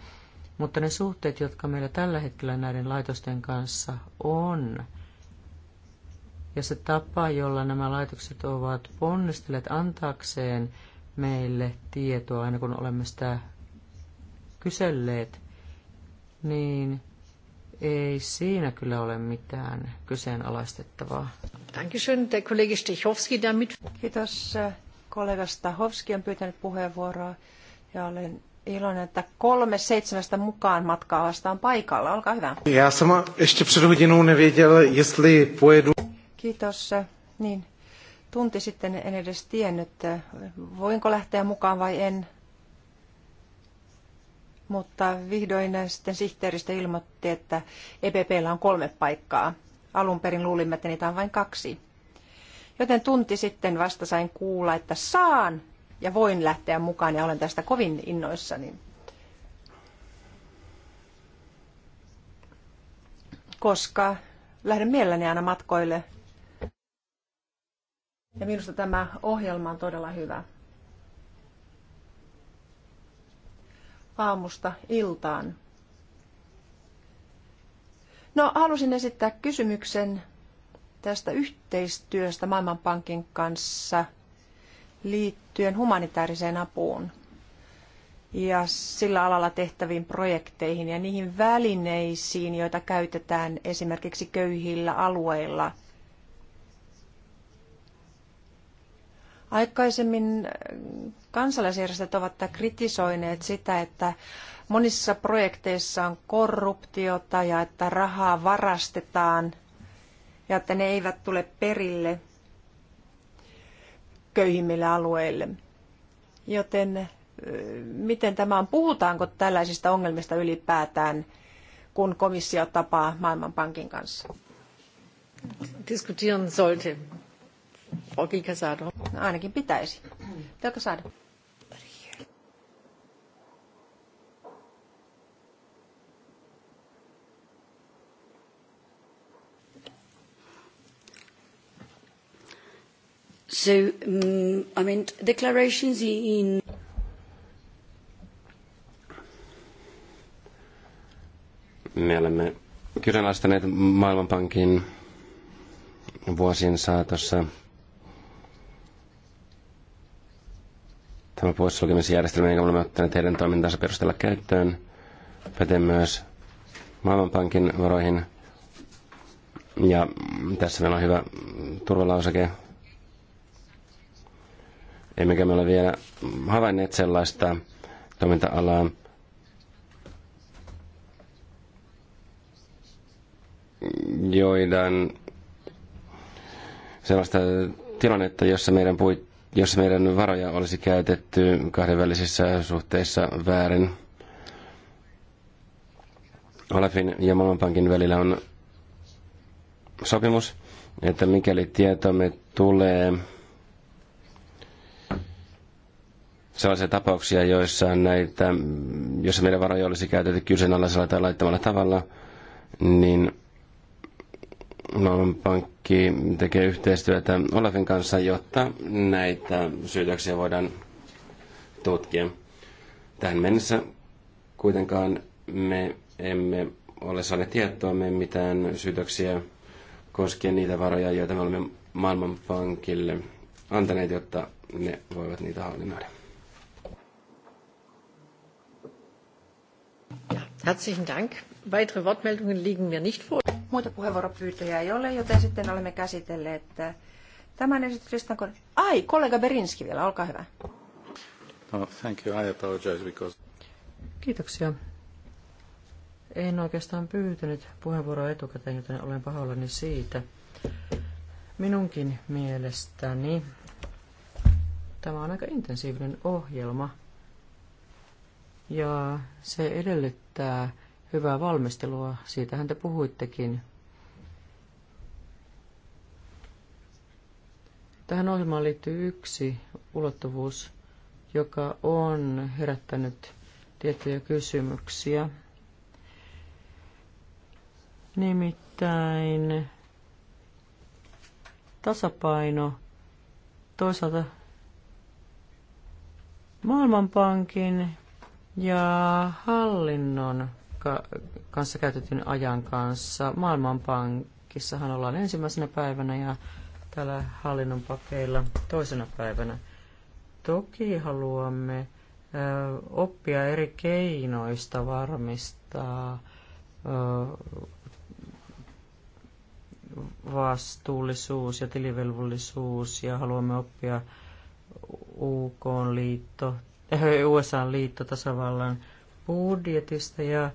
mutta ne suhteet, jotka meillä tällä hetkellä näiden laitosten kanssa on, ja se tapa, jolla nämä laitokset ovat ponnistelleet antaakseen meille tietoa, aina kun olemme sitä kyselleet, niin ei siinä kyllä ole mitään kyseenalaistettavaa. Kiitos kollega Stahovski on pyytänyt puheenvuoroa ja olen iloinen, että kolme seitsemästä mukaan matkaavasta on paikalla. Olkaa hyvä. Ja sama ještě před hodinou nevěděl, jestli pojedu. Kiitos. Niin, tunti sitten en edes tiennyt, voinko lähteä mukaan vai en. Mutta vihdoin sitten sihteeristä ilmoitti, että EPPllä on kolme paikkaa. Alun perin luulimme, että niitä on vain kaksi. Joten tunti sitten vasta sain kuulla, että saan ja voin lähteä mukaan ja olen tästä kovin innoissani. Koska lähden mielelläni aina matkoille. Ja minusta tämä ohjelma on todella hyvä. Aamusta iltaan. No, halusin esittää kysymyksen tästä yhteistyöstä Maailmanpankin kanssa – liittyen humanitaariseen apuun ja sillä alalla tehtäviin projekteihin ja niihin välineisiin, joita käytetään esimerkiksi köyhillä alueilla. Aikaisemmin kansalaisjärjestöt ovat kritisoineet sitä, että monissa projekteissa on korruptiota ja että rahaa varastetaan ja että ne eivät tule perille – köyhimmille alueille. Joten miten tämä on, puhutaanko tällaisista ongelmista ylipäätään, kun komissio tapaa Maailmanpankin kanssa? Diskutieren sollte. Frau Casado. No, ainakin pitäisi. Casado. So, um, I mean, declarations in... Me olemme kyseenalaistaneet Maailmanpankin vuosien saatossa tämä poissulkemisjärjestelmä, jonka olemme ottaneet heidän toimintansa perusteella käyttöön, pätee myös Maailmanpankin varoihin. Ja tässä meillä on hyvä turvalauseke emmekä me ole vielä havainneet sellaista toiminta-alaa, joiden sellaista tilannetta, jossa meidän, puit, jossa meidän varoja olisi käytetty kahdenvälisissä suhteissa väärin. Olafin ja Maailmanpankin välillä on sopimus, että mikäli tietomme tulee sellaisia tapauksia, joissa, näitä, joissa meidän varoja olisi käytetty kyseenalaisella tai laittamalla tavalla, niin Maailmanpankki tekee yhteistyötä Olafin kanssa, jotta näitä syytöksiä voidaan tutkia. Tähän mennessä kuitenkaan me emme ole saaneet tietoa me mitään syytöksiä koskien niitä varoja, joita me olemme Maailmanpankille antaneet, jotta ne voivat niitä hallinnoida. Herzlichen Dank. Weitere Wortmeldungen liegen mir nicht vor. Muita puheenvuoropyyntöjä ei ole, joten sitten olemme käsitelleet äh, tämän esityslistan. Ai, kollega Berinski vielä, olkaa hyvä. No, thank you. I apologize because... Kiitoksia. En oikeastaan pyytänyt puheenvuoroa etukäteen, joten olen pahoillani siitä. Minunkin mielestäni tämä on aika intensiivinen ohjelma ja se edellyttää hyvää valmistelua. Siitähän te puhuittekin. Tähän ohjelmaan liittyy yksi ulottuvuus, joka on herättänyt tiettyjä kysymyksiä. Nimittäin tasapaino toisaalta Maailmanpankin ja hallinnon kanssa käytetyn ajan kanssa. Maailmanpankissahan ollaan ensimmäisenä päivänä ja täällä hallinnon pakeilla toisena päivänä. Toki haluamme oppia eri keinoista varmistaa vastuullisuus ja tilivelvollisuus ja haluamme oppia UK-liitto USA-liittotasavallan budjetista ja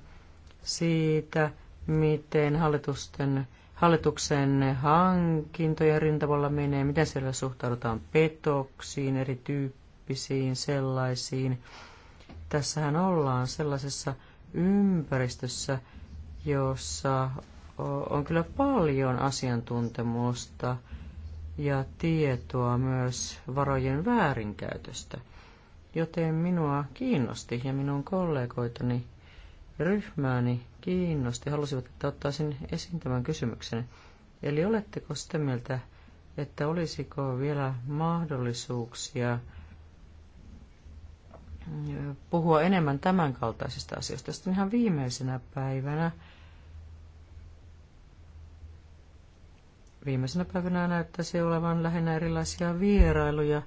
siitä, miten hallitusten, hallituksen hankintojen rintavalla menee, miten siellä suhtaudutaan petoksiin, erityyppisiin sellaisiin. Tässähän ollaan sellaisessa ympäristössä, jossa on kyllä paljon asiantuntemusta ja tietoa myös varojen väärinkäytöstä – joten minua kiinnosti ja minun kollegoitani ryhmääni kiinnosti, halusivat, että ottaisin esiin tämän kysymyksen. Eli oletteko sitä mieltä, että olisiko vielä mahdollisuuksia puhua enemmän tämänkaltaisista asioista. Sitten ihan viimeisenä päivänä, viimeisenä päivänä näyttäisi olevan lähinnä erilaisia vierailuja,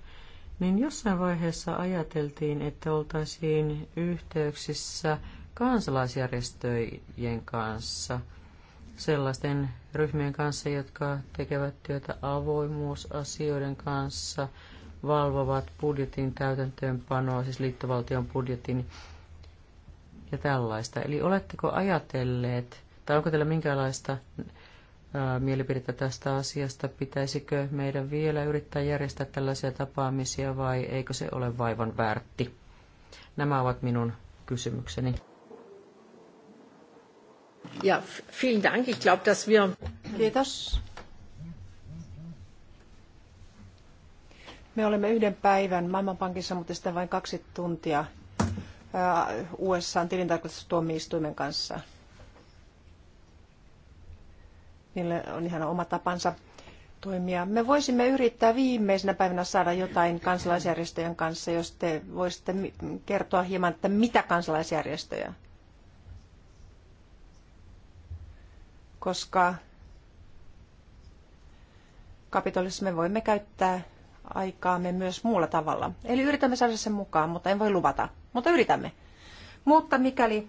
niin jossain vaiheessa ajateltiin, että oltaisiin yhteyksissä kansalaisjärjestöjen kanssa, sellaisten ryhmien kanssa, jotka tekevät työtä avoimuusasioiden kanssa, valvovat budjetin täytäntöönpanoa, siis liittovaltion budjetin ja tällaista. Eli oletteko ajatelleet, tai onko teillä minkälaista mielipidettä tästä asiasta. Pitäisikö meidän vielä yrittää järjestää tällaisia tapaamisia vai eikö se ole vaivan väärti? Nämä ovat minun kysymykseni. Ja, vielen Dank. Ich glaube, dass wir... Kiitos. Me olemme yhden päivän Maailmanpankissa, mutta sitä vain kaksi tuntia USA tilintarkastustuomioistuimen kanssa niillä on ihan oma tapansa toimia. Me voisimme yrittää viimeisenä päivänä saada jotain kansalaisjärjestöjen kanssa, jos te voisitte kertoa hieman, että mitä kansalaisjärjestöjä. Koska kapitolissa me voimme käyttää aikaamme myös muulla tavalla. Eli yritämme saada sen mukaan, mutta en voi luvata. Mutta yritämme. Mutta mikäli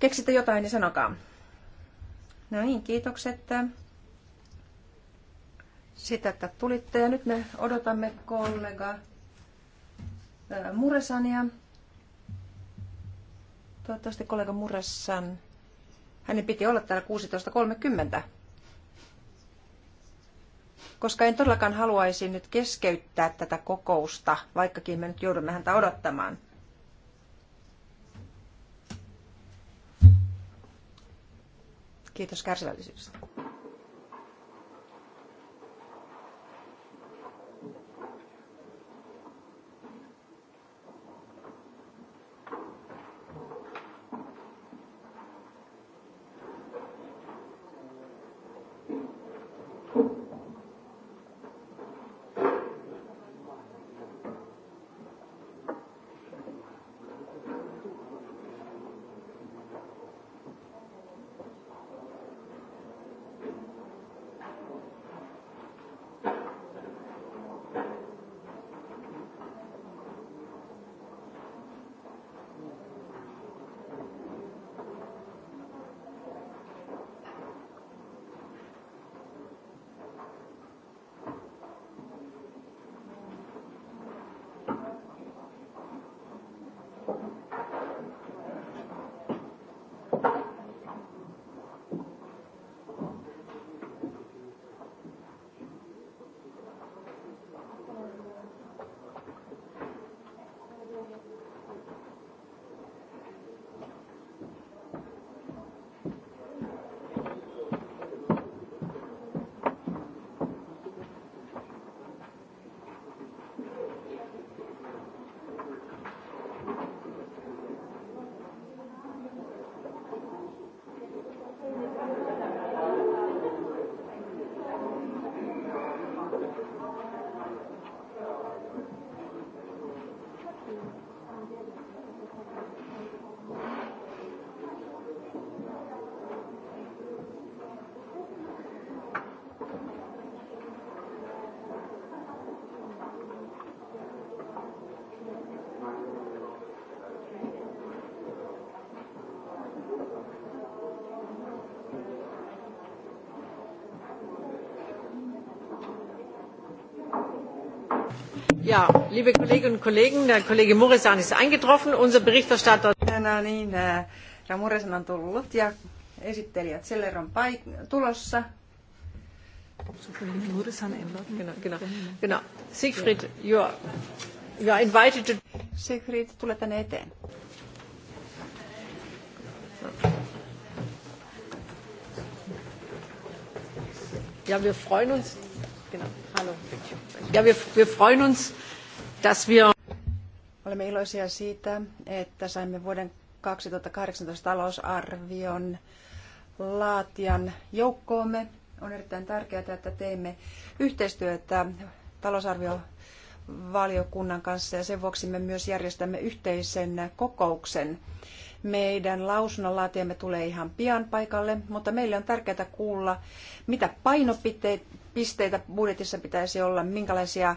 keksitte jotain, niin sanokaa. No niin, kiitokset sitä, että tulitte. Ja nyt me odotamme kollega Muresania. Toivottavasti kollega Muresan. Hänen piti olla täällä 16.30. Koska en todellakaan haluaisi nyt keskeyttää tätä kokousta, vaikkakin me nyt joudumme häntä odottamaan. Kiitos kärsivällisyydestä. Ja, liebe Kolleginnen und Kollegen, der Kollege Muresan ist eingetroffen, unser Berichterstatter. No niin, äh, ja Muresan on tullut ja esittelijät Seller on paik- tulossa. Genau, genau, genau. Siegfried, you are, you are invited to... Siegfried, tule tänne eteen. Ja, wir freuen uns. Ja wir, wir freuen uns, dass wir... Olemme iloisia siitä, että saimme vuoden 2018 talousarvion laatijan joukkoomme. On erittäin tärkeää, että teemme yhteistyötä talousarviovaliokunnan kanssa ja sen vuoksi me myös järjestämme yhteisen kokouksen meidän lausunnonlaatiamme tulee ihan pian paikalle, mutta meille on tärkeää kuulla, mitä painopisteitä budjetissa pitäisi olla, minkälaisia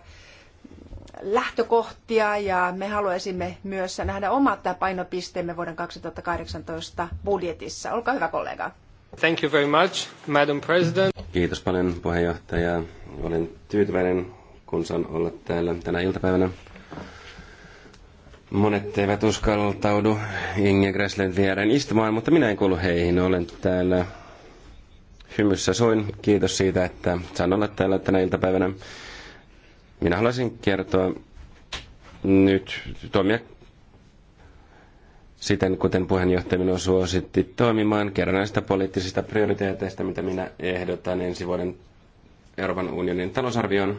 lähtökohtia ja me haluaisimme myös nähdä omat painopisteemme vuoden 2018 budjetissa. Olkaa hyvä kollega. Thank you very much, Madam President. Kiitos paljon puheenjohtaja. Olen tyytyväinen, kun saan olla täällä tänä iltapäivänä Monet eivät uskaltaudu Inge Gräslen viereen istumaan, mutta minä en kuulu heihin. Olen täällä hymyssä soin. Kiitos siitä, että saan olla täällä tänä iltapäivänä. Minä haluaisin kertoa nyt toimia siten, kuten puheenjohtaja minua suositti toimimaan kerran näistä poliittisista prioriteeteista, mitä minä ehdotan ensi vuoden Euroopan unionin talousarvioon.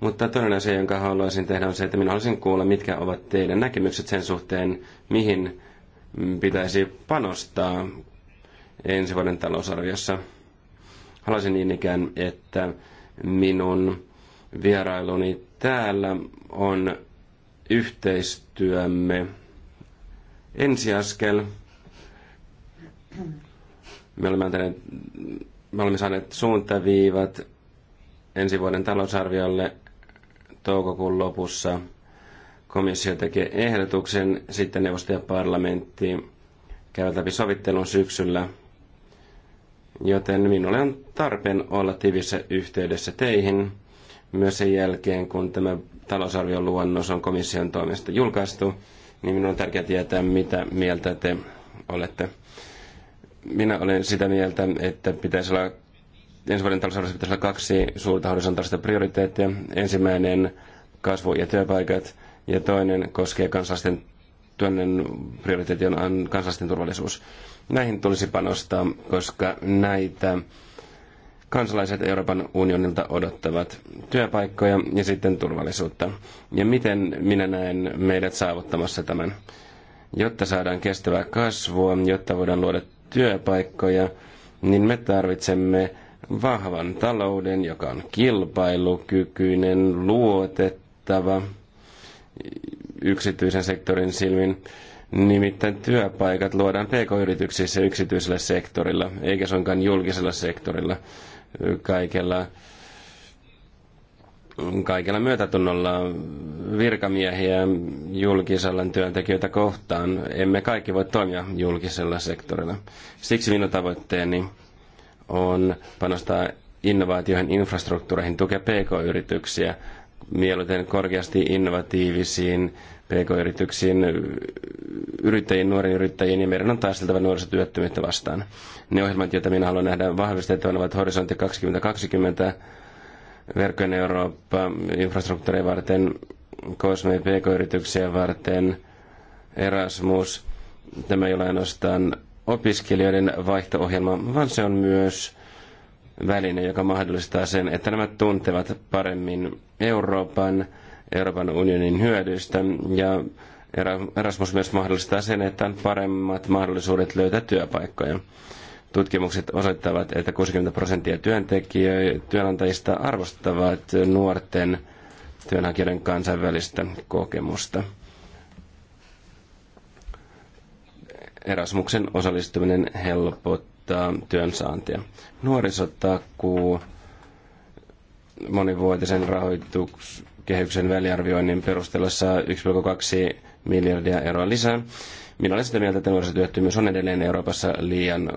Mutta toinen asia, jonka haluaisin tehdä, on se, että minä haluaisin kuulla, mitkä ovat teidän näkemykset sen suhteen, mihin pitäisi panostaa ensi vuoden talousarviossa. Haluaisin niin ikään, että minun vierailuni täällä on yhteistyömme ensiaskel. Me olemme, antaneet, me olemme saaneet suuntaviivat ensi vuoden talousarviolle toukokuun lopussa komissio tekee ehdotuksen, sitten neuvosto ja parlamentti käyvät läpi sovittelun syksyllä, joten minulle on tarpeen olla tiivissä yhteydessä teihin myös sen jälkeen, kun tämä talousarvion luonnos on komission toimesta julkaistu, niin minun on tärkeää tietää, mitä mieltä te olette. Minä olen sitä mieltä, että pitäisi olla ensi vuoden talousarviossa pitäisi olla kaksi suurta horisontaalista prioriteettia. Ensimmäinen kasvu ja työpaikat ja toinen koskee kansalaisten toinen prioriteetti on kansalaisten turvallisuus. Näihin tulisi panostaa, koska näitä kansalaiset Euroopan unionilta odottavat työpaikkoja ja sitten turvallisuutta. Ja miten minä näen meidät saavuttamassa tämän? Jotta saadaan kestävää kasvua, jotta voidaan luoda työpaikkoja, niin me tarvitsemme vahvan talouden, joka on kilpailukykyinen, luotettava yksityisen sektorin silmin. Nimittäin työpaikat luodaan pk-yrityksissä yksityisellä sektorilla, eikä suinkaan julkisella sektorilla kaikella kaikella myötätunnolla virkamiehiä julkisalan työntekijöitä kohtaan. Emme kaikki voi toimia julkisella sektorilla. Siksi minun tavoitteeni on panostaa innovaatioihin, infrastruktuureihin, tukea pk-yrityksiä, mieluiten korkeasti innovatiivisiin pk-yrityksiin, yrittäjiin, nuoriin yrittäjiin, ja meidän on taisteltava nuorisotyöttömyyttä vastaan. Ne ohjelmat, joita minä haluan nähdä vahvistettavan, ovat Horisontti 2020, Verkkojen Eurooppa, infrastruktuuria varten, Cosme pk-yrityksiä varten, Erasmus. Tämä ei ole ainoastaan opiskelijoiden vaihto-ohjelma, vaan se on myös väline, joka mahdollistaa sen, että nämä tuntevat paremmin Euroopan, Euroopan unionin hyödyistä ja Erasmus myös mahdollistaa sen, että on paremmat mahdollisuudet löytää työpaikkoja. Tutkimukset osoittavat, että 60 prosenttia työnantajista arvostavat nuorten työnhakijoiden kansainvälistä kokemusta. Erasmuksen osallistuminen helpottaa työnsaantia. Nuorisotakuu monivuotisen rahoituskehyksen väliarvioinnin perusteella saa 1,2 miljardia euroa lisää. Minä olen sitä mieltä, että nuorisotyöttömyys on edelleen Euroopassa liian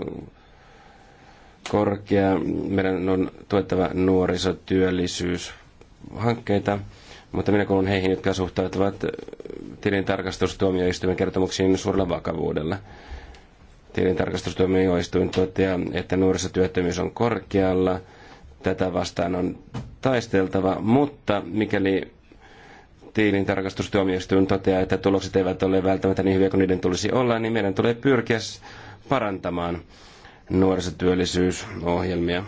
korkea. Meidän on tuettava nuorisotyöllisyyshankkeita mutta minä kuulun heihin, jotka suhtautuvat äh, tilintarkastustuomioistuimen kertomuksiin suurella vakavuudella. Tilintarkastustuomioistuin toteaa, että nuorisotyöttömyys on korkealla, tätä vastaan on taisteltava, mutta mikäli tilintarkastustuomioistuin toteaa, että tulokset eivät ole välttämättä niin hyviä kuin niiden tulisi olla, niin meidän tulee pyrkiä parantamaan nuorisotyöllisyysohjelmia.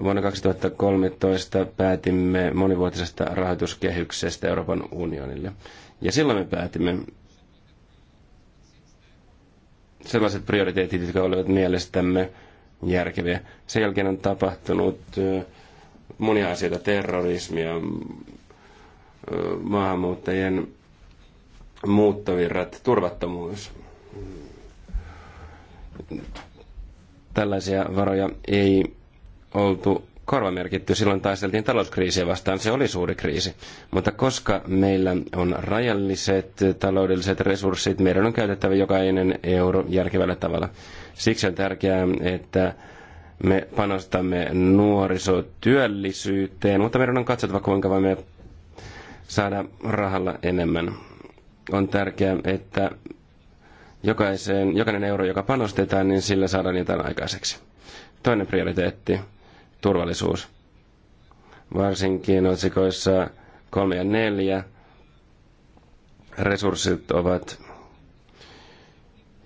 Vuonna 2013 päätimme monivuotisesta rahoituskehyksestä Euroopan unionille. Ja silloin me päätimme sellaiset prioriteetit, jotka olivat mielestämme järkeviä. Sen jälkeen on tapahtunut monia asioita, terrorismia, maahanmuuttajien muuttovirrat, turvattomuus. Tällaisia varoja ei oltu korvamerkitty. Silloin taisteltiin talouskriisiä vastaan. Se oli suuri kriisi. Mutta koska meillä on rajalliset taloudelliset resurssit, meidän on käytettävä jokainen euro järkevällä tavalla. Siksi on tärkeää, että me panostamme nuorisotyöllisyyteen, mutta meidän on katsottava, kuinka voimme saada rahalla enemmän. On tärkeää, että jokainen euro, joka panostetaan, niin sillä saadaan jotain aikaiseksi. Toinen prioriteetti – turvallisuus. Varsinkin otsikoissa 3 ja 4 resurssit ovat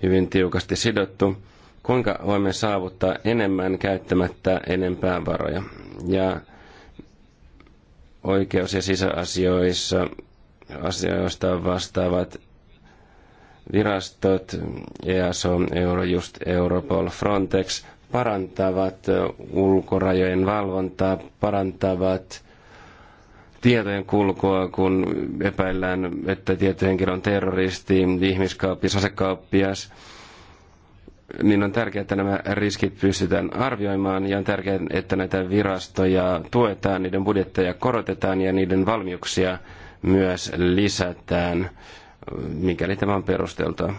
hyvin tiukasti sidottu. Kuinka voimme saavuttaa enemmän käyttämättä enempää varoja? Ja oikeus- ja sisäasioissa asioista vastaavat virastot, EASO, Eurojust, Europol, Frontex parantavat ulkorajojen valvontaa, parantavat tietojen kulkua, kun epäillään, että tietty henkilö on terroristi, ihmiskauppias, asekauppias, niin on tärkeää, että nämä riskit pystytään arvioimaan ja on tärkeää, että näitä virastoja tuetaan, niiden budjetteja korotetaan ja niiden valmiuksia myös lisätään, mikäli tämä on perusteltua.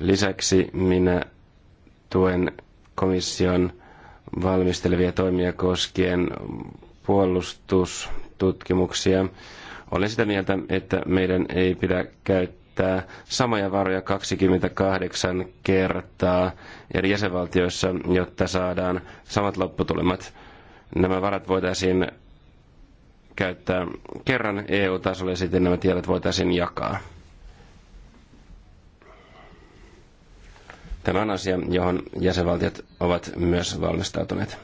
Lisäksi minä tuen komission valmistelevia toimia koskien puolustustutkimuksia. Olen sitä mieltä, että meidän ei pidä käyttää samoja varoja 28 kertaa eri jäsenvaltioissa, jotta saadaan samat lopputulemat. Nämä varat voitaisiin käyttää kerran EU-tasolle ja sitten nämä tiedot voitaisiin jakaa. Tämä on asia, johon jäsenvaltiot ovat myös valmistautuneet.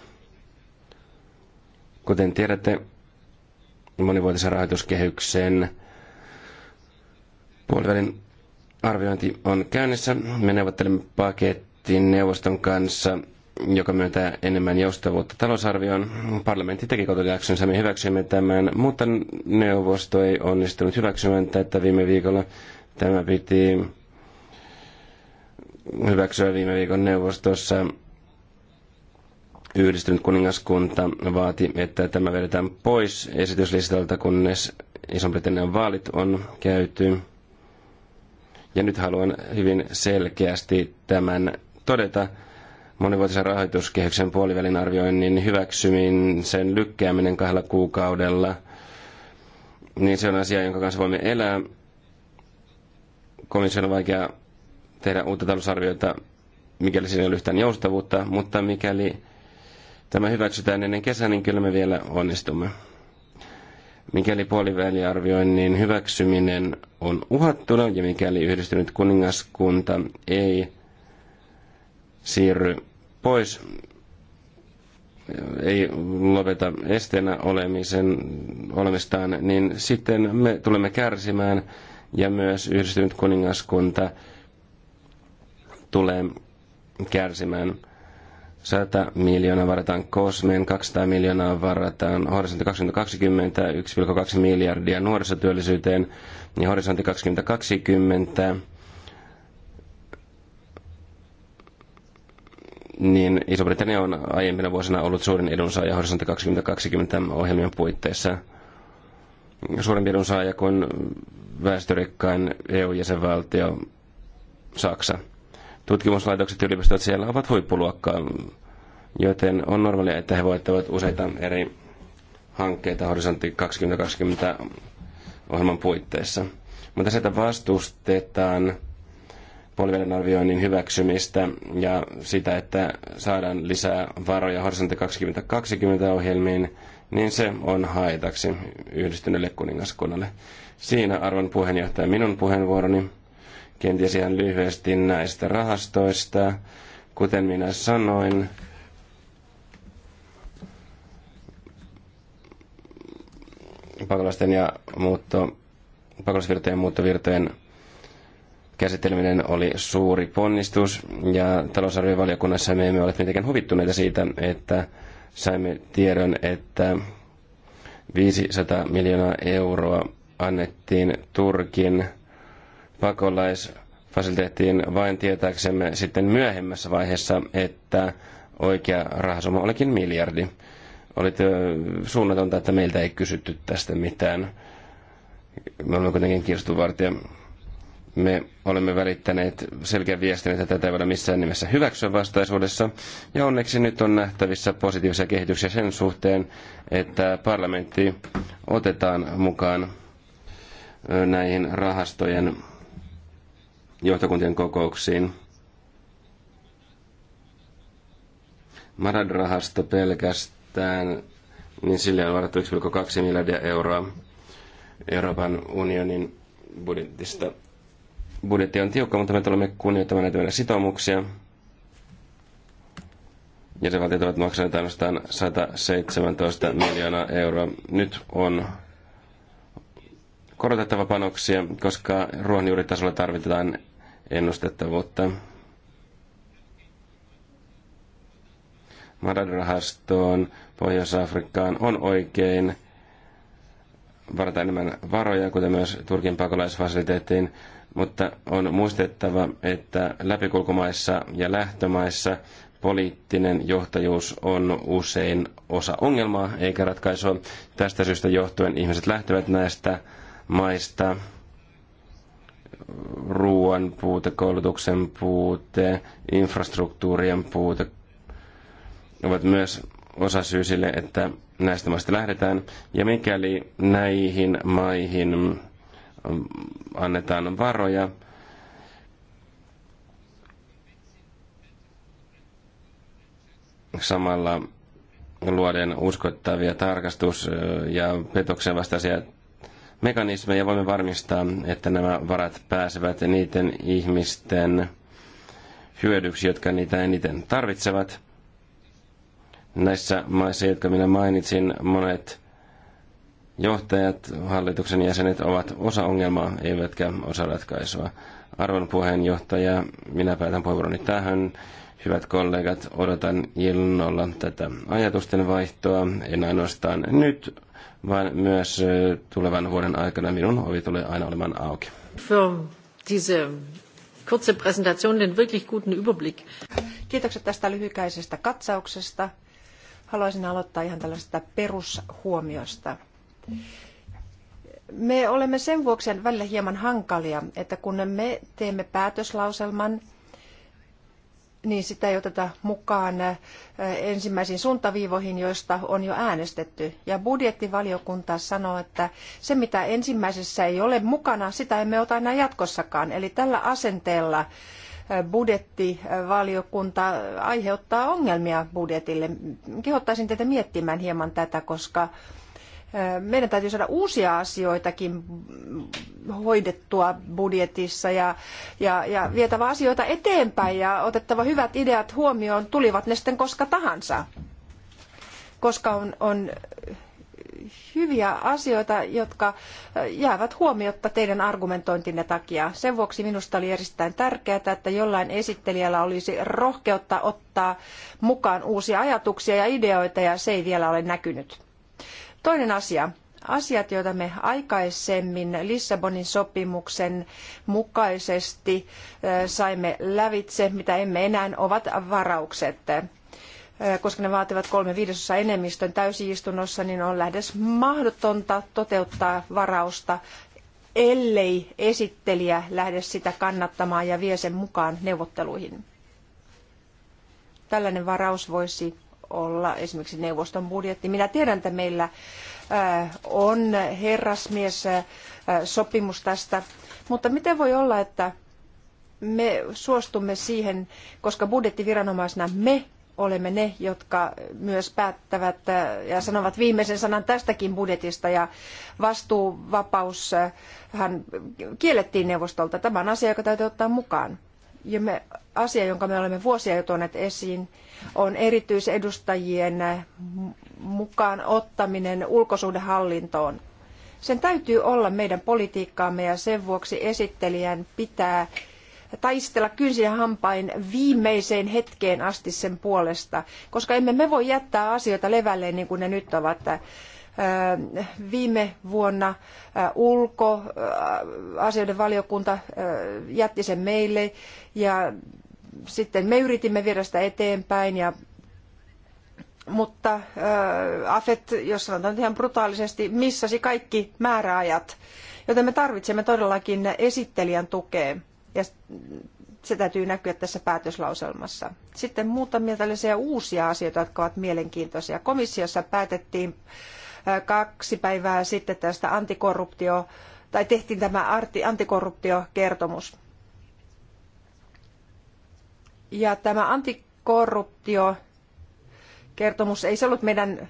Kuten tiedätte, monivuotisen rahoituskehyksen puolivälin arviointi on käynnissä. Me neuvottelemme pakettiin neuvoston kanssa, joka myöntää enemmän joustavuutta talousarvioon. Parlamentti teki kotiläksynsä, me hyväksyimme tämän, mutta neuvosto ei onnistunut hyväksymään tätä viime viikolla. Tämä piti hyväksyä viime viikon neuvostossa. Yhdistynyt kuningaskunta vaati, että tämä vedetään pois esityslistalta, kunnes Iso-Britannian vaalit on käyty. Ja nyt haluan hyvin selkeästi tämän todeta. Monivuotisen rahoituskehyksen puolivälin arvioinnin hyväksymin sen lykkääminen kahdella kuukaudella, niin se on asia, jonka kanssa voimme elää. Komission on vaikea tehdä uutta talousarviota, mikäli siinä ei ole yhtään joustavuutta, mutta mikäli tämä hyväksytään ennen kesää, niin kyllä me vielä onnistumme. Mikäli puoliväliarvioinnin hyväksyminen on uhattuna ja mikäli yhdistynyt kuningaskunta ei siirry pois, ei lopeta esteenä olemisen, olemistaan, niin sitten me tulemme kärsimään ja myös yhdistynyt kuningaskunta – tulee kärsimään. 100 miljoonaa varataan Kosmeen, 200 miljoonaa varataan Horisontti 2020, 1,2 miljardia nuorisotyöllisyyteen ja Horisontti 2020 niin Iso-Britannia on aiempina vuosina ollut suurin edunsaaja Horisontti 2020 ohjelmien puitteissa. Suurempi edunsaaja kuin väestörikkain EU-jäsenvaltio Saksa tutkimuslaitokset ja yliopistot siellä ovat huippuluokkaa, joten on normaalia, että he voittavat useita eri hankkeita Horisontti 2020 ohjelman puitteissa. Mutta se, että vastustetaan puolivälin arvioinnin hyväksymistä ja sitä, että saadaan lisää varoja Horisontti 2020 ohjelmiin, niin se on haitaksi yhdistyneelle kuningaskunnalle. Siinä arvon puheenjohtaja minun puheenvuoroni. Kenties ihan lyhyesti näistä rahastoista. Kuten minä sanoin, pakolaisten ja muutto, pakolaisvirtojen muuttovirtojen käsitteleminen oli suuri ponnistus ja talousarviovaliokunnassa me emme ole mitenkään huvittuneita siitä, että saimme tiedon, että 500 miljoonaa euroa annettiin Turkin pakolaisfasiliteettiin vain tietääksemme sitten myöhemmässä vaiheessa, että oikea rahasumma olikin miljardi. Oli suunnatonta, että meiltä ei kysytty tästä mitään. Me olemme kuitenkin kirstuvartija. Me olemme välittäneet selkeän viestin, että tätä ei voida missään nimessä hyväksyä vastaisuudessa. Ja onneksi nyt on nähtävissä positiivisia kehityksiä sen suhteen, että parlamentti otetaan mukaan näihin rahastojen johtokuntien kokouksiin. Maradrahasto rahasto pelkästään, niin sille on varattu 1,2 miljardia euroa Euroopan unionin budjetista. Budjetti on tiukka, mutta me tulemme kunnioittamaan näitä meidän sitoumuksia. Jäsenvaltiot ovat maksaneet ainoastaan 117 miljoonaa euroa. Nyt on korotettava panoksia, koska ruohonjuuritasolla tarvitaan ennustettavuutta. Madad-rahastoon Pohjois-Afrikkaan on oikein varata enemmän varoja, kuten myös Turkin pakolaisfasiliteettiin, mutta on muistettava, että läpikulkumaissa ja lähtömaissa poliittinen johtajuus on usein osa ongelmaa eikä ratkaisua. Tästä syystä johtuen ihmiset lähtevät näistä maista ruoan puute, koulutuksen puute, infrastruktuurien puute ovat myös syy sille, että näistä maista lähdetään. Ja mikäli näihin maihin mm, annetaan varoja, samalla luoden uskottavia tarkastus- ja petoksen vastaisia mekanismeja voimme varmistaa, että nämä varat pääsevät niiden ihmisten hyödyksi, jotka niitä eniten tarvitsevat. Näissä maissa, jotka minä mainitsin, monet johtajat, hallituksen jäsenet ovat osa ongelmaa, eivätkä osa ratkaisua. Arvon puheenjohtaja, minä päätän puheenvuoroni tähän. Hyvät kollegat, odotan innolla tätä ajatusten vaihtoa, en ainoastaan nyt, vaan myös tulevan vuoden aikana minun ovi tulee aina olemaan auki. Kurze Präsentation, den wirklich guten Überblick. Kiitokset tästä lyhykäisestä katsauksesta. Haluaisin aloittaa ihan tällaisesta perushuomiosta. Me olemme sen vuoksi välillä hieman hankalia, että kun me teemme päätöslauselman, niin sitä ei oteta mukaan äh, ensimmäisiin suuntaviivoihin, joista on jo äänestetty. Ja budjettivaliokunta sanoo, että se mitä ensimmäisessä ei ole mukana, sitä emme ota enää jatkossakaan. Eli tällä asenteella äh, budjettivaliokunta aiheuttaa ongelmia budjetille. Kehottaisin teitä miettimään hieman tätä, koska meidän täytyy saada uusia asioitakin hoidettua budjetissa ja, ja, ja vietävä asioita eteenpäin ja otettava hyvät ideat huomioon, tulivat ne sitten koska tahansa. Koska on, on hyviä asioita, jotka jäävät huomiotta teidän argumentointinne takia. Sen vuoksi minusta oli erittäin tärkeää, että jollain esittelijällä olisi rohkeutta ottaa mukaan uusia ajatuksia ja ideoita, ja se ei vielä ole näkynyt. Toinen asia. Asiat, joita me aikaisemmin Lissabonin sopimuksen mukaisesti saimme lävitse, mitä emme enää, ovat varaukset koska ne vaativat kolme viidesosaa enemmistön täysistunnossa, niin on lähes mahdotonta toteuttaa varausta, ellei esittelijä lähde sitä kannattamaan ja vie sen mukaan neuvotteluihin. Tällainen varaus voisi olla esimerkiksi neuvoston budjetti. Minä tiedän, että meillä äh, on herrasmies äh, sopimus tästä, mutta miten voi olla, että me suostumme siihen, koska budjettiviranomaisena me olemme ne, jotka myös päättävät äh, ja sanovat viimeisen sanan tästäkin budjetista ja vastuuvapaushan kiellettiin neuvostolta. Tämä on asia, joka täytyy ottaa mukaan ja me, asia, jonka me olemme vuosia jo tuoneet esiin, on erityisedustajien mukaan ottaminen ulkosuhdehallintoon. Sen täytyy olla meidän politiikkaamme ja sen vuoksi esittelijän pitää taistella kynsin hampain viimeiseen hetkeen asti sen puolesta, koska emme me voi jättää asioita levälleen niin kuin ne nyt ovat. Viime vuonna ulkoasioiden valiokunta jätti sen meille ja sitten me yritimme viedä sitä eteenpäin ja mutta äh, AFET, jos sanotaan ihan brutaalisesti, missasi kaikki määräajat. Joten me tarvitsemme todellakin esittelijän tukea ja se täytyy näkyä tässä päätöslauselmassa. Sitten muutamia tällaisia uusia asioita, jotka ovat mielenkiintoisia. Komissiossa päätettiin äh, kaksi päivää sitten tästä antikorruptio, tai tehtiin tämä antikorruptiokertomus. Ja tämä antikorruptiokertomus ei se ollut meidän äh,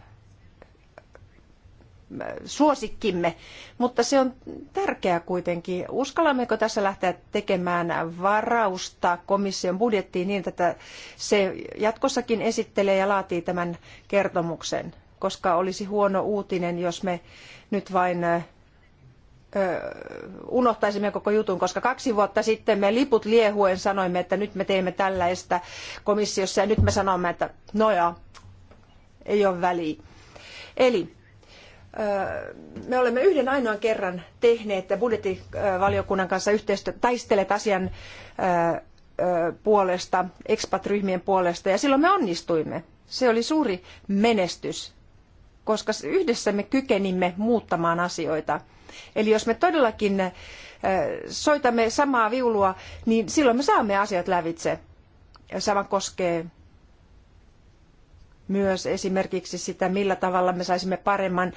suosikkimme, mutta se on tärkeää kuitenkin. Uskallammeko tässä lähteä tekemään varausta komission budjettiin niin, että se jatkossakin esittelee ja laatii tämän kertomuksen? koska olisi huono uutinen, jos me nyt vain unohtaisimme koko jutun, koska kaksi vuotta sitten me liput liehuen sanoimme, että nyt me teemme tällaista komissiossa ja nyt me sanomme, että no ja, ei ole väliä. Eli me olemme yhden ainoan kerran tehneet budjettivaliokunnan kanssa yhteistyötä, taistelleet asian puolesta, expat-ryhmien puolesta ja silloin me onnistuimme. Se oli suuri menestys koska yhdessä me kykenimme muuttamaan asioita. Eli jos me todellakin soitamme samaa viulua, niin silloin me saamme asiat lävitse. Sama koskee myös esimerkiksi sitä, millä tavalla me saisimme paremman,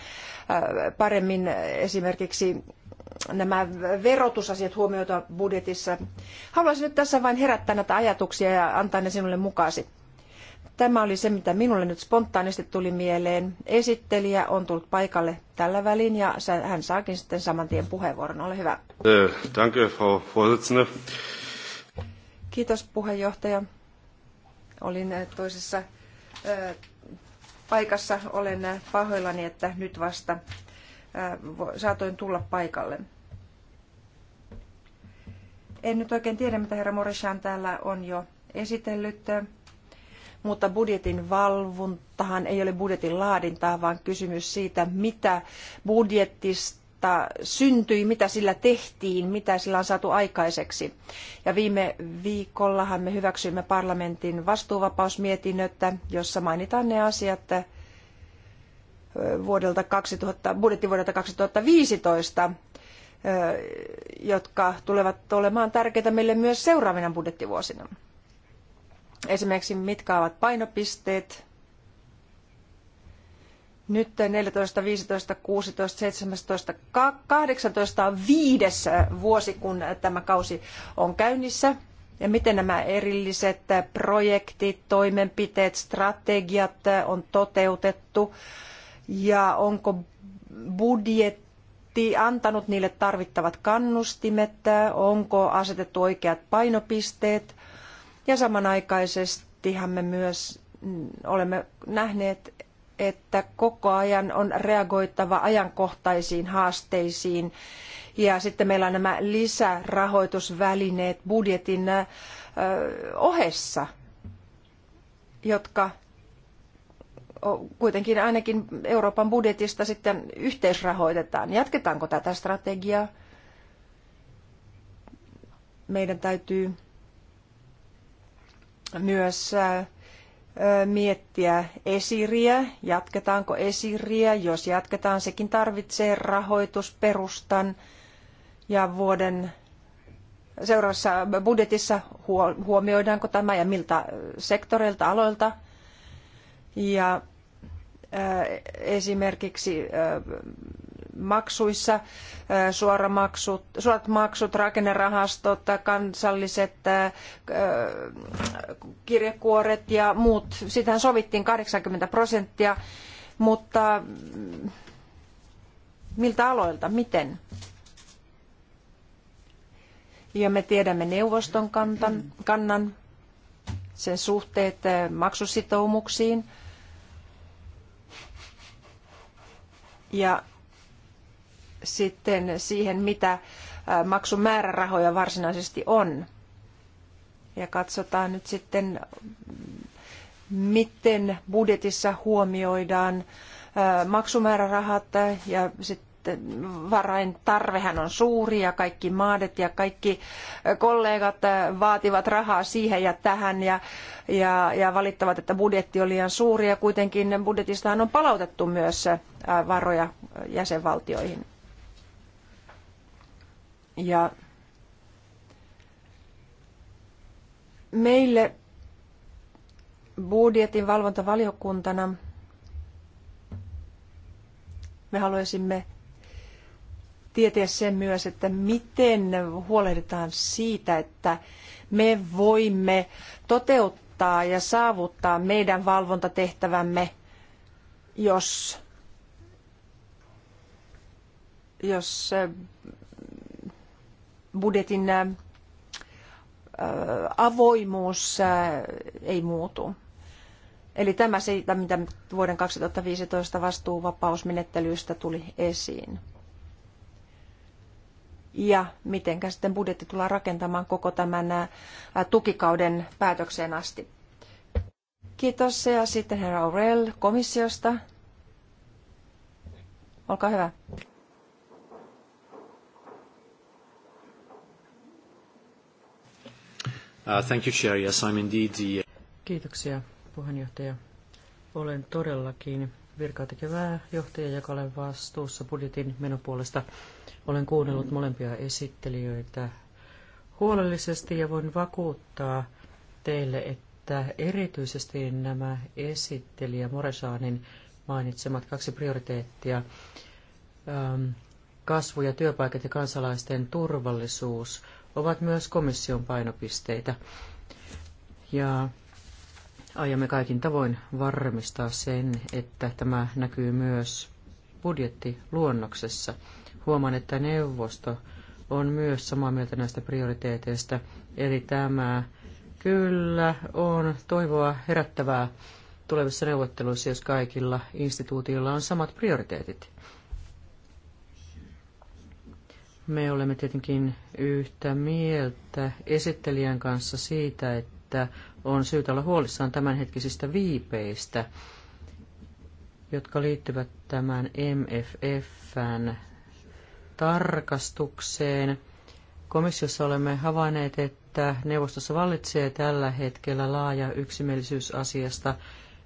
paremmin esimerkiksi nämä verotusasiat huomioitua budjetissa. Haluaisin nyt tässä vain herättää näitä ajatuksia ja antaa ne sinulle mukaasi. Tämä oli se, mitä minulle nyt spontaanisti tuli mieleen. Esittelijä on tullut paikalle tällä välin ja hän saakin sitten saman tien puheenvuoron. Ole hyvä. Eh, danke, Frau Vorsitzende. Kiitos puheenjohtaja. Olin eh, toisessa eh, paikassa. Olen pahoillani, että nyt vasta saatoin tulla paikalle. En nyt oikein tiedä, mitä herra Morishan täällä on jo esitellyt mutta budjetin valvontahan ei ole budjetin laadintaa, vaan kysymys siitä, mitä budjettista syntyi, mitä sillä tehtiin, mitä sillä on saatu aikaiseksi. Ja viime viikollahan me hyväksyimme parlamentin vastuuvapausmietinnöttä, jossa mainitaan ne asiat, vuodelta 2000, budjettivuodelta 2015, jotka tulevat olemaan tärkeitä meille myös seuraavina budjettivuosina. Esimerkiksi mitkä ovat painopisteet. Nyt 14, 15, 16, 17, 18 on viides vuosi, kun tämä kausi on käynnissä. Ja miten nämä erilliset projektit, toimenpiteet, strategiat on toteutettu ja onko budjetti antanut niille tarvittavat kannustimet, onko asetettu oikeat painopisteet ja samanaikaisestihan me myös mm, olemme nähneet, että koko ajan on reagoittava ajankohtaisiin haasteisiin. Ja sitten meillä on nämä lisärahoitusvälineet budjetin ohessa, jotka kuitenkin ainakin Euroopan budjetista sitten yhteisrahoitetaan. Jatketaanko tätä strategiaa? Meidän täytyy myös miettiä esiriä, jatketaanko esiriä, jos jatketaan, sekin tarvitsee rahoitusperustan ja vuoden seuraavassa budjetissa huomioidaanko tämä ja miltä sektoreilta, aloilta. Ja esimerkiksi maksuissa, äh, suoramaksut, suorat maksut, rakennerahastot, kansalliset äh, kirjekuoret ja muut. Sitähän sovittiin 80 prosenttia, mutta miltä aloilta, miten? Ja me tiedämme neuvoston kantan, kannan, sen suhteet äh, maksusitoumuksiin. Ja sitten siihen, mitä maksun määrärahoja varsinaisesti on. Ja katsotaan nyt sitten, miten budjetissa huomioidaan maksumäärärahat ja sitten varain tarvehan on suuri ja kaikki maadet ja kaikki kollegat vaativat rahaa siihen ja tähän ja, ja, ja valittavat, että budjetti on liian suuri ja kuitenkin budjetistahan on palautettu myös varoja jäsenvaltioihin. Ja meille budjetin valvontavaliokuntana me haluaisimme tietää sen myös, että miten huolehditaan siitä, että me voimme toteuttaa ja saavuttaa meidän valvontatehtävämme, jos, jos budjetin avoimuus ei muutu. Eli tämä siitä, mitä vuoden 2015 vastuuvapausmenettelyistä tuli esiin. Ja miten sitten budjetti tullaan rakentamaan koko tämän tukikauden päätökseen asti. Kiitos ja sitten herra Aurel komissiosta. Olkaa hyvä. Uh, thank you, Chair. Yes, I'm indeed the... Uh, Kiitoksia, puheenjohtaja. Olen todellakin virkaa tekevää johtaja, joka olen vastuussa budjetin menopuolesta. Olen kuunnellut molempia esittelijöitä huolellisesti ja voin vakuuttaa teille, että erityisesti nämä esittelijä Moresanin mainitsemat kaksi prioriteettia, um, kasvu ja työpaikat ja kansalaisten turvallisuus ovat myös komission painopisteitä. Ja aiomme kaikin tavoin varmistaa sen, että tämä näkyy myös budjettiluonnoksessa. Huomaan, että neuvosto on myös samaa mieltä näistä prioriteeteista, eli tämä kyllä on toivoa herättävää tulevissa neuvotteluissa, jos kaikilla instituutioilla on samat prioriteetit. Me olemme tietenkin yhtä mieltä esittelijän kanssa siitä, että on syytä olla huolissaan tämänhetkisistä viipeistä, jotka liittyvät tämän MFFn tarkastukseen. Komissiossa olemme havainneet, että neuvostossa vallitsee tällä hetkellä laaja yksimielisyys asiasta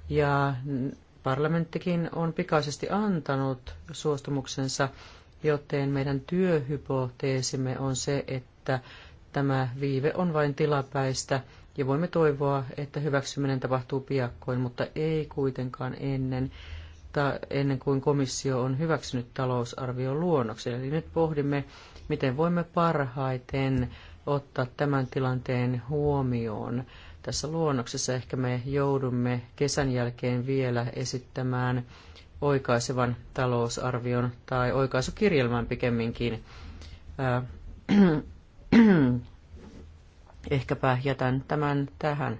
ja parlamenttikin on pikaisesti antanut suostumuksensa joten meidän työhypoteesimme on se, että tämä viive on vain tilapäistä ja voimme toivoa, että hyväksyminen tapahtuu piakkoin, mutta ei kuitenkaan ennen, ta, ennen kuin komissio on hyväksynyt talousarvion luonnoksen. Eli nyt pohdimme, miten voimme parhaiten ottaa tämän tilanteen huomioon. Tässä luonnoksessa ehkä me joudumme kesän jälkeen vielä esittämään oikaisevan talousarvion tai oikaisukirjelmän pikemminkin. Äh, ehkäpä jätän tämän tähän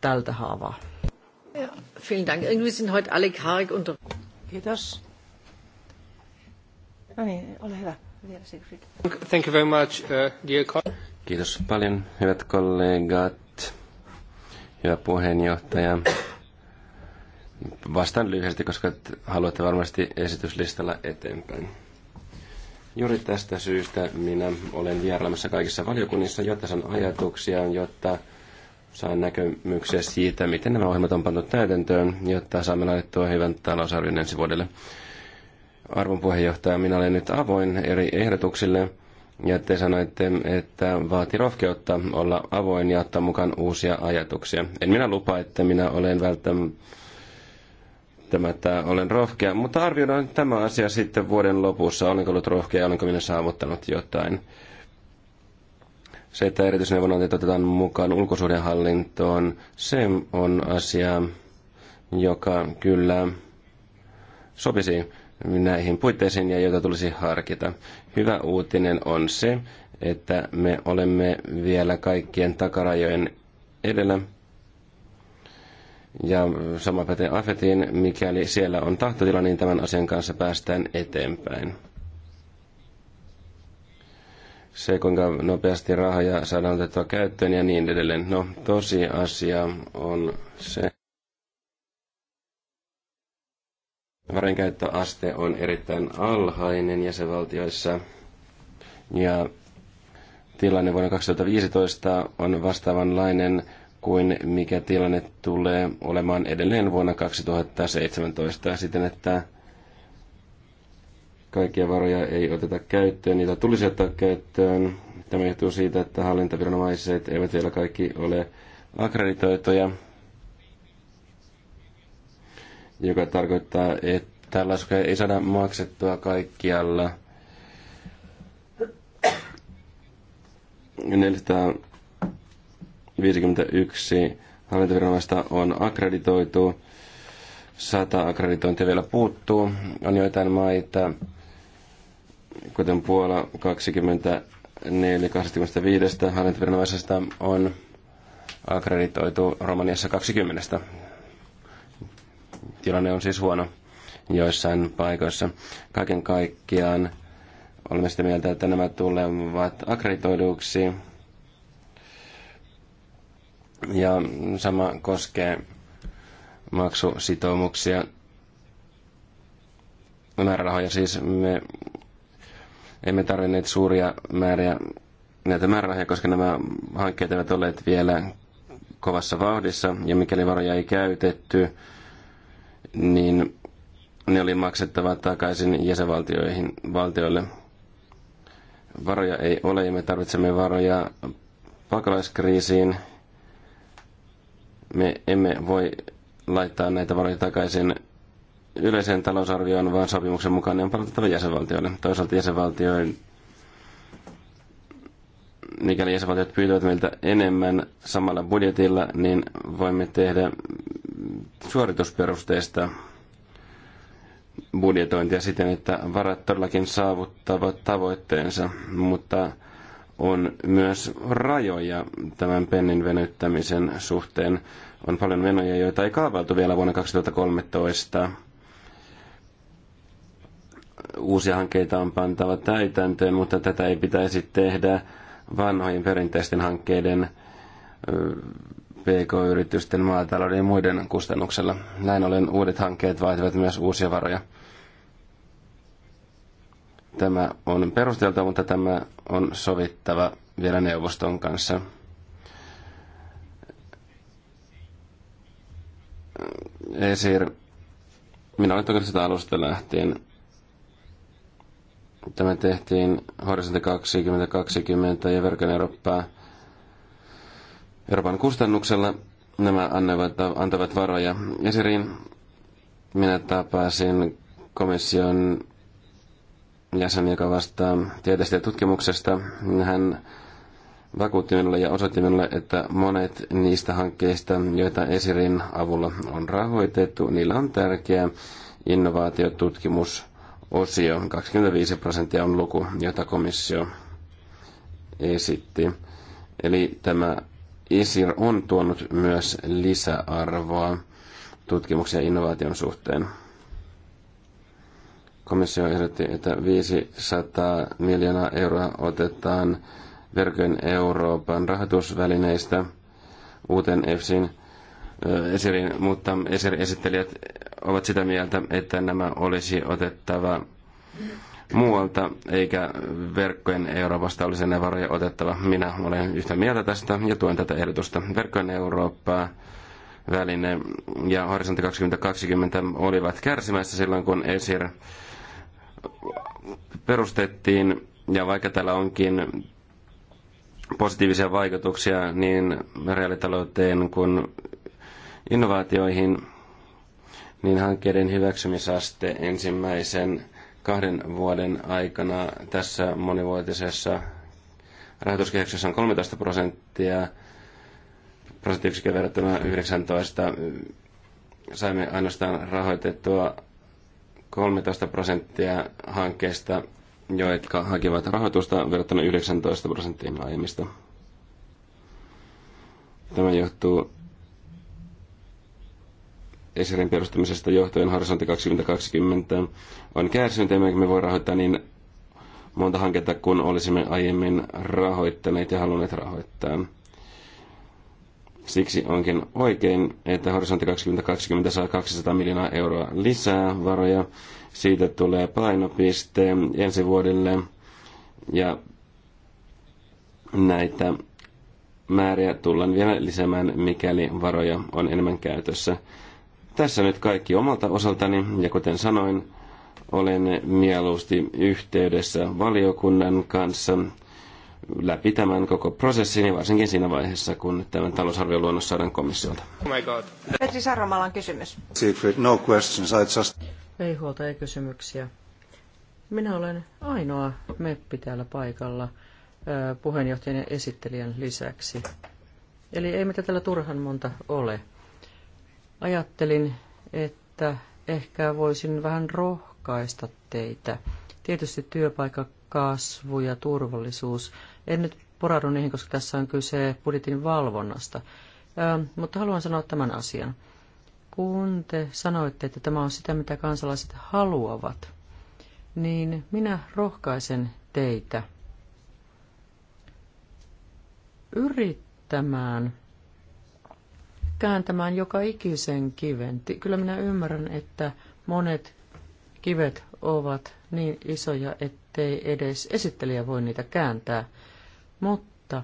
tältä haavaa. Ja, vielen Dank. Irgendwie sind heute alle karg unter... Kiitos. No niin, ole hyvä. Vielä Siegfried. Thank you very much, uh, dear Kiitos paljon, hyvät kollegat, hyvä puheenjohtaja. Vastaan lyhyesti, koska haluatte varmasti esityslistalla eteenpäin. Juuri tästä syystä minä olen vierailemassa kaikissa valiokunnissa, jotta saan ajatuksia, jotta saan näkemyksiä siitä, miten nämä ohjelmat on pantu täytäntöön, jotta saamme laitettua hyvän talousarvion ensi vuodelle. Arvon puheenjohtaja, minä olen nyt avoin eri ehdotuksille, ja te sanoitte, että vaati rohkeutta olla avoin ja ottaa mukaan uusia ajatuksia. En minä lupaa, että minä olen välttämättä välttämättä olen rohkea, mutta arvioidaan tämä asia sitten vuoden lopussa, olenko ollut rohkea ja olenko minä saavuttanut jotain. Se, että erityisneuvonantajat otetaan mukaan ulkosuhdehallintoon, se on asia, joka kyllä sopisi näihin puitteisiin ja jota tulisi harkita. Hyvä uutinen on se, että me olemme vielä kaikkien takarajojen edellä ja sama pätee Afetiin, mikäli siellä on tahtotila, niin tämän asian kanssa päästään eteenpäin. Se, kuinka nopeasti rahoja saadaan otettua käyttöön ja niin edelleen. No, tosiasia on se. käyttöaste on erittäin alhainen jäsenvaltioissa. Ja tilanne vuonna 2015 on vastaavanlainen kuin mikä tilanne tulee olemaan edelleen vuonna 2017 siten, että kaikkia varoja ei oteta käyttöön, niitä tulisi ottaa käyttöön. Tämä johtuu siitä, että hallintaviranomaiset eivät vielä kaikki ole akkreditoituja, joka tarkoittaa, että laskuja ei saada maksettua kaikkialla. 400 51 hallintoviranomaista on akkreditoitu, 100 akkreditointia vielä puuttuu. On joitain maita, kuten Puola 24 25 hallintoviranomaisesta on akkreditoitu Romaniassa 20. Tilanne on siis huono joissain paikoissa. Kaiken kaikkiaan olemme sitä mieltä, että nämä tulevat akkreditoiduksi. Ja sama koskee maksusitoumuksia. Määrärahoja siis me emme tarvinneet suuria määriä näitä määrärahoja, koska nämä hankkeet eivät olleet vielä kovassa vauhdissa, ja mikäli varoja ei käytetty, niin ne oli maksettava takaisin jäsenvaltioihin, valtioille. Varoja ei ole, ja me tarvitsemme varoja pakolaiskriisiin me emme voi laittaa näitä varoja takaisin yleiseen talousarvioon, vaan sopimuksen mukaan ne on palautettava jäsenvaltioille. Toisaalta jäsenvaltioiden, mikäli jäsenvaltiot pyytävät meiltä enemmän samalla budjetilla, niin voimme tehdä suoritusperusteista budjetointia siten, että varat todellakin saavuttavat tavoitteensa, mutta on myös rajoja tämän pennin venyttämisen suhteen. On paljon menoja, joita ei kaavailtu vielä vuonna 2013. Uusia hankkeita on pantava täytäntöön, mutta tätä ei pitäisi tehdä vanhojen perinteisten hankkeiden PK-yritysten, maatalouden ja muiden kustannuksella. Näin ollen uudet hankkeet vaativat myös uusia varoja. Tämä on perusteltava, mutta tämä on sovittava vielä neuvoston kanssa. Esir, minä olen toki sitä alusta lähtien. Tämä tehtiin Horisontti 2020 ja Verkan Eurooppaa Euroopan kustannuksella. Nämä annavat, antavat varoja Esirin, Minä tapasin komission jäsen, joka vastaa tieteestä ja tutkimuksesta, hän vakuutti minulle ja osoitti minulle, että monet niistä hankkeista, joita Esirin avulla on rahoitettu, niillä on tärkeä innovaatiotutkimus osio. 25 prosenttia on luku, jota komissio esitti. Eli tämä ESIR on tuonut myös lisäarvoa tutkimuksen ja innovaation suhteen. Komissio ehdotti, että 500 miljoonaa euroa otetaan verkon Euroopan rahoitusvälineistä uuteen EFSin Esirin, mutta esir esittelijät ovat sitä mieltä, että nämä olisi otettava muualta, eikä verkkojen Euroopasta olisi ne varoja otettava. Minä olen yhtä mieltä tästä ja tuen tätä ehdotusta. Verkkojen Eurooppaa väline ja Horisontti 2020 olivat kärsimässä silloin, kun Esir perustettiin, ja vaikka täällä onkin positiivisia vaikutuksia niin reaalitalouteen kuin innovaatioihin, niin hankkeiden hyväksymisaste ensimmäisen kahden vuoden aikana tässä monivuotisessa rahoituskehyksessä on 13 prosenttia, prosenttiyksikön verrattuna 19. Saimme ainoastaan rahoitettua 13 prosenttia hankkeista, jotka hakivat rahoitusta verrattuna 19 prosenttiin aiemmista. Tämä johtuu Eserin perustamisesta johtuen Horisontti 2020 on kärsinyt, emmekä me voi rahoittaa niin monta hanketta kuin olisimme aiemmin rahoittaneet ja halunneet rahoittaa. Siksi onkin oikein, että Horisontti 2020 saa 200 miljoonaa euroa lisää varoja. Siitä tulee painopiste ensi vuodelle ja näitä määriä tullaan vielä lisäämään, mikäli varoja on enemmän käytössä. Tässä nyt kaikki omalta osaltani ja kuten sanoin, olen mieluusti yhteydessä valiokunnan kanssa läpi tämän koko prosessin ja varsinkin siinä vaiheessa, kun tämän talousarvion luonnos saadaan komissiolta. Oh my God. Petri Saramalan kysymys. Secret, no questions, I just... Ei huolta, ei kysymyksiä. Minä olen ainoa meppi täällä paikalla puheenjohtajan ja esittelijän lisäksi. Eli ei meitä täällä turhan monta ole. Ajattelin, että ehkä voisin vähän rohkaista teitä. Tietysti työpaikka kasvu ja turvallisuus en nyt poraudu niihin, koska tässä on kyse budjetin valvonnasta. Mutta haluan sanoa tämän asian. Kun te sanoitte, että tämä on sitä, mitä kansalaiset haluavat, niin minä rohkaisen teitä yrittämään kääntämään joka ikisen kiven. Kyllä minä ymmärrän, että monet kivet ovat niin isoja, ettei edes esittelijä voi niitä kääntää – mutta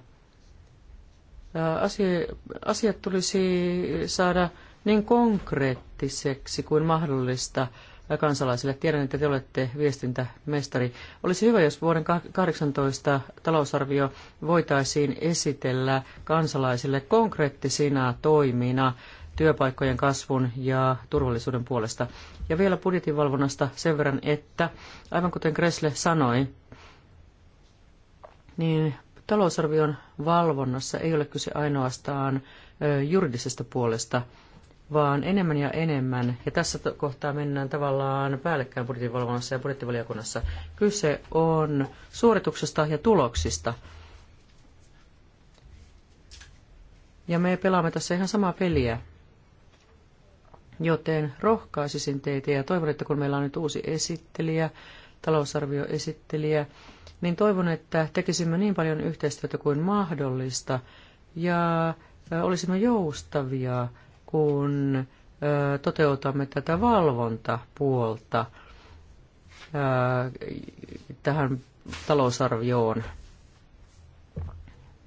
asia asiat tulisi saada niin konkreettiseksi kuin mahdollista kansalaisille. Tiedän, että te olette viestintämestari. Olisi hyvä, jos vuoden 2018 talousarvio voitaisiin esitellä kansalaisille konkreettisina toimina työpaikkojen kasvun ja turvallisuuden puolesta. Ja vielä budjetinvalvonnasta sen verran, että aivan kuten Kresle sanoi, niin talousarvion valvonnassa ei ole kyse ainoastaan juridisesta puolesta, vaan enemmän ja enemmän, ja tässä kohtaa mennään tavallaan päällekkäin budjettivalvonnassa ja budjettivaliokunnassa, kyse on suorituksesta ja tuloksista. Ja me pelaamme tässä ihan samaa peliä. Joten rohkaisisin teitä ja toivon, että kun meillä on nyt uusi esittelijä, talousarvioesittelijä, niin toivon, että tekisimme niin paljon yhteistyötä kuin mahdollista ja olisimme joustavia, kun toteutamme tätä valvontapuolta tähän talousarvioon.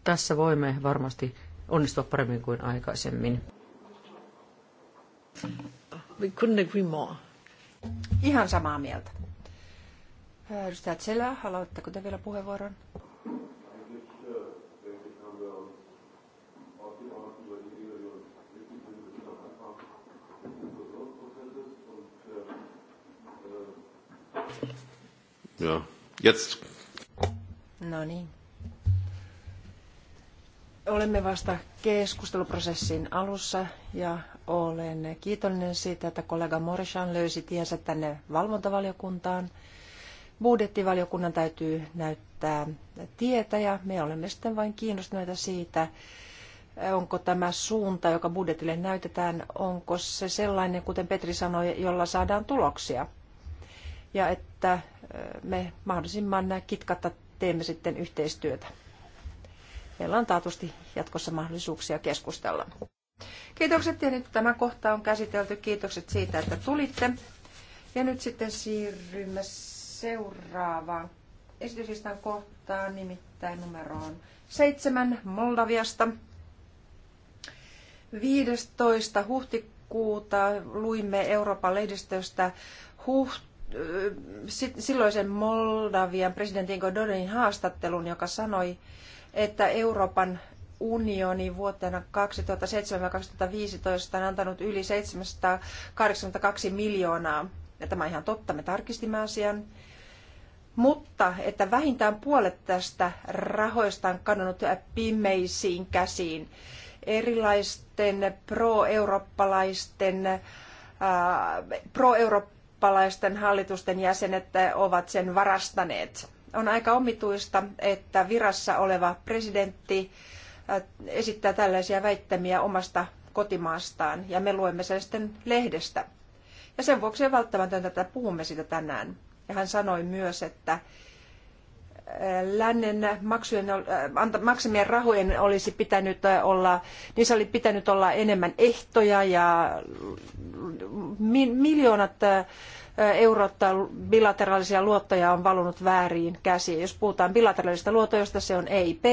Tässä voimme varmasti onnistua paremmin kuin aikaisemmin. We couldn't agree more. Ihan samaa mieltä. Äh, edustaja Tselä, haluatteko te vielä puheenvuoron? Ja, jetzt. No niin. Olemme vasta keskusteluprosessin alussa ja olen kiitollinen siitä, että kollega Morishan löysi tiensä tänne valvontavaliokuntaan budjettivaliokunnan täytyy näyttää tietä ja me olemme sitten vain kiinnostuneita siitä, onko tämä suunta, joka budjetille näytetään, onko se sellainen, kuten Petri sanoi, jolla saadaan tuloksia. Ja että me mahdollisimman kitkatta teemme sitten yhteistyötä. Meillä on taatusti jatkossa mahdollisuuksia keskustella. Kiitokset ja nyt tämä kohta on käsitelty. Kiitokset siitä, että tulitte. Ja nyt sitten siirrymme seuraava esityslistan kohtaa, nimittäin numeroon seitsemän Moldaviasta. 15. huhtikuuta luimme Euroopan lehdistöstä huht- silloisen Moldavian presidentin Godonin haastattelun, joka sanoi, että Euroopan unioni vuotena 2007-2015 on antanut yli 782 miljoonaa. Ja tämä on ihan totta, me tarkistimme asian mutta että vähintään puolet tästä rahoista on kadonnut pimeisiin käsiin erilaisten pro-eurooppalaisten äh, pro-eurooppalaisten hallitusten jäsenet ovat sen varastaneet. On aika omituista, että virassa oleva presidentti äh, esittää tällaisia väittämiä omasta kotimaastaan ja me luemme sen sitten lehdestä. Ja sen vuoksi on välttämätöntä, että puhumme siitä tänään. Ja hän sanoi myös, että äh, lännen maksujen, äh, maksamien rahojen olisi pitänyt äh, olla, niissä oli pitänyt olla enemmän ehtoja ja miljoonat eurot bilateraalisia luottoja on valunut vääriin käsiin. Jos puhutaan bilateraalisista luotoista, se on EIP,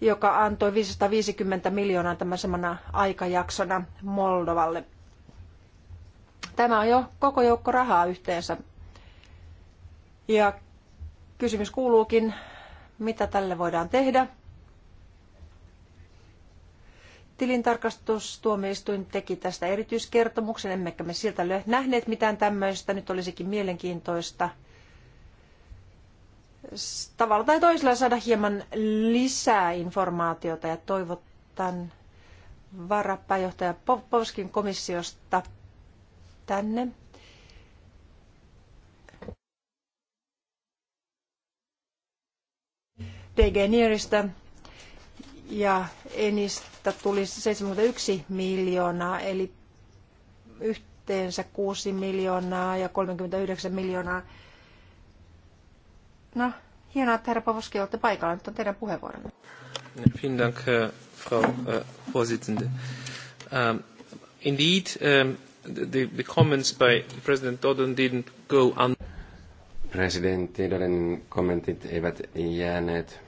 joka antoi 550 miljoonaa tämän samana aikajaksona Moldovalle. Tämä on jo koko joukko rahaa yhteensä ja kysymys kuuluukin, mitä tälle voidaan tehdä? Tilintarkastustuomioistuin teki tästä erityiskertomuksen, emmekä me sieltä nähneet mitään tämmöistä. Nyt olisikin mielenkiintoista tavalla tai toisella saada hieman lisää informaatiota ja toivotan varapääjohtaja Popovskin komissiosta tänne DG Nearista ja Enistä tuli 71 miljoonaa, eli yhteensä 6 miljoonaa ja 39 miljoonaa. No, hienoa, että herra Pavoski olette paikalla. Nyt on teidän puheenvuoronne. Vielen Dank, äh, Frau äh, Vorsitzende. Ähm, indeed, ähm, the, the comments by President Dodon didn't go Presidentti Dodenin kommentit eivät jääneet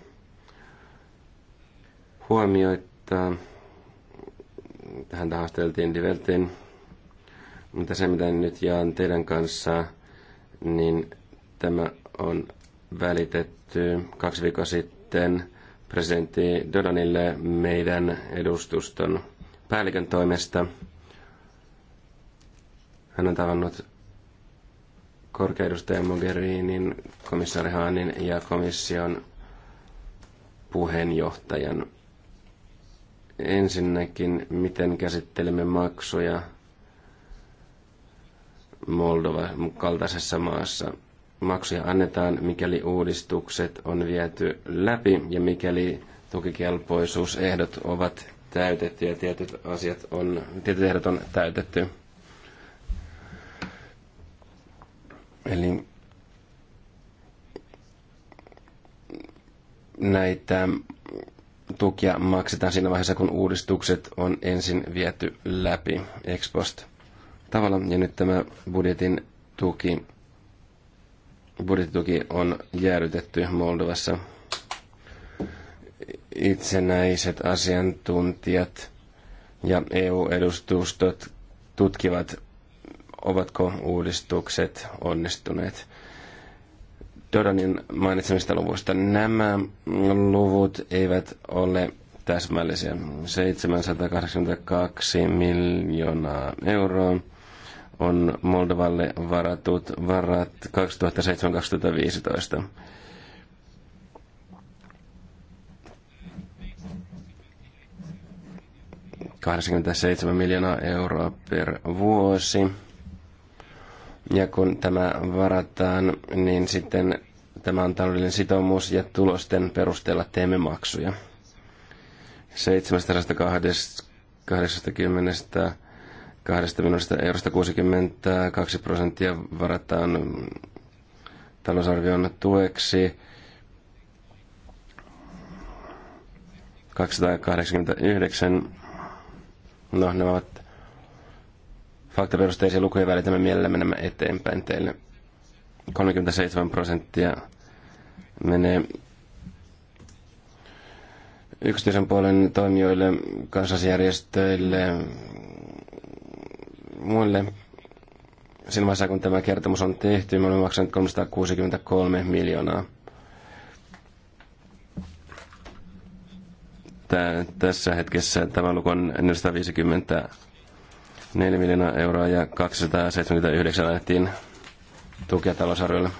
huomioittaa. Tähän haasteltiin Divertin. Mutta se, mitä nyt jaan teidän kanssa, niin tämä on välitetty kaksi viikkoa sitten presidentti Dodanille meidän edustuston päällikön toimesta. Hän on tavannut korkeudustaja Mogherinin, komissaari Haanin ja komission puheenjohtajan. Ensinnäkin, miten käsittelemme maksuja Moldova kaltaisessa maassa. Maksuja annetaan, mikäli uudistukset on viety läpi ja mikäli tukikelpoisuusehdot ovat täytetty ja tietyt asiat on, tietyt ehdot on täytetty. Eli näitä tukia maksetaan siinä vaiheessa, kun uudistukset on ensin viety läpi ekspost tavalla. Ja nyt tämä budjetin tuki, budjettituki on jäädytetty Moldovassa. Itsenäiset asiantuntijat ja EU-edustustot tutkivat ovatko uudistukset onnistuneet. Dodanin mainitsemista luvuista nämä luvut eivät ole täsmällisiä. 782 miljoonaa euroa on Moldovalle varatut varat 2007-2015. ...87 miljoonaa euroa per vuosi. Ja kun tämä varataan, niin sitten tämä on taloudellinen sitoumus ja tulosten perusteella teemme maksuja. 780 kahdesta miljoonasta eurosta 62 prosenttia varataan talousarvion tueksi. 289, no nämä ovat faktaperusteisia lukuja välitämme mielellä menemme eteenpäin teille. 37 prosenttia menee yksityisen puolen toimijoille, kansalaisjärjestöille, muille. Siinä vaiheessa, kun tämä kertomus on tehty, me olemme maksaneet 363 miljoonaa. Tää, tässä hetkessä tämä luku on 450 4 miljoonaa euroa ja 279 annettiin tukea talousarviolle.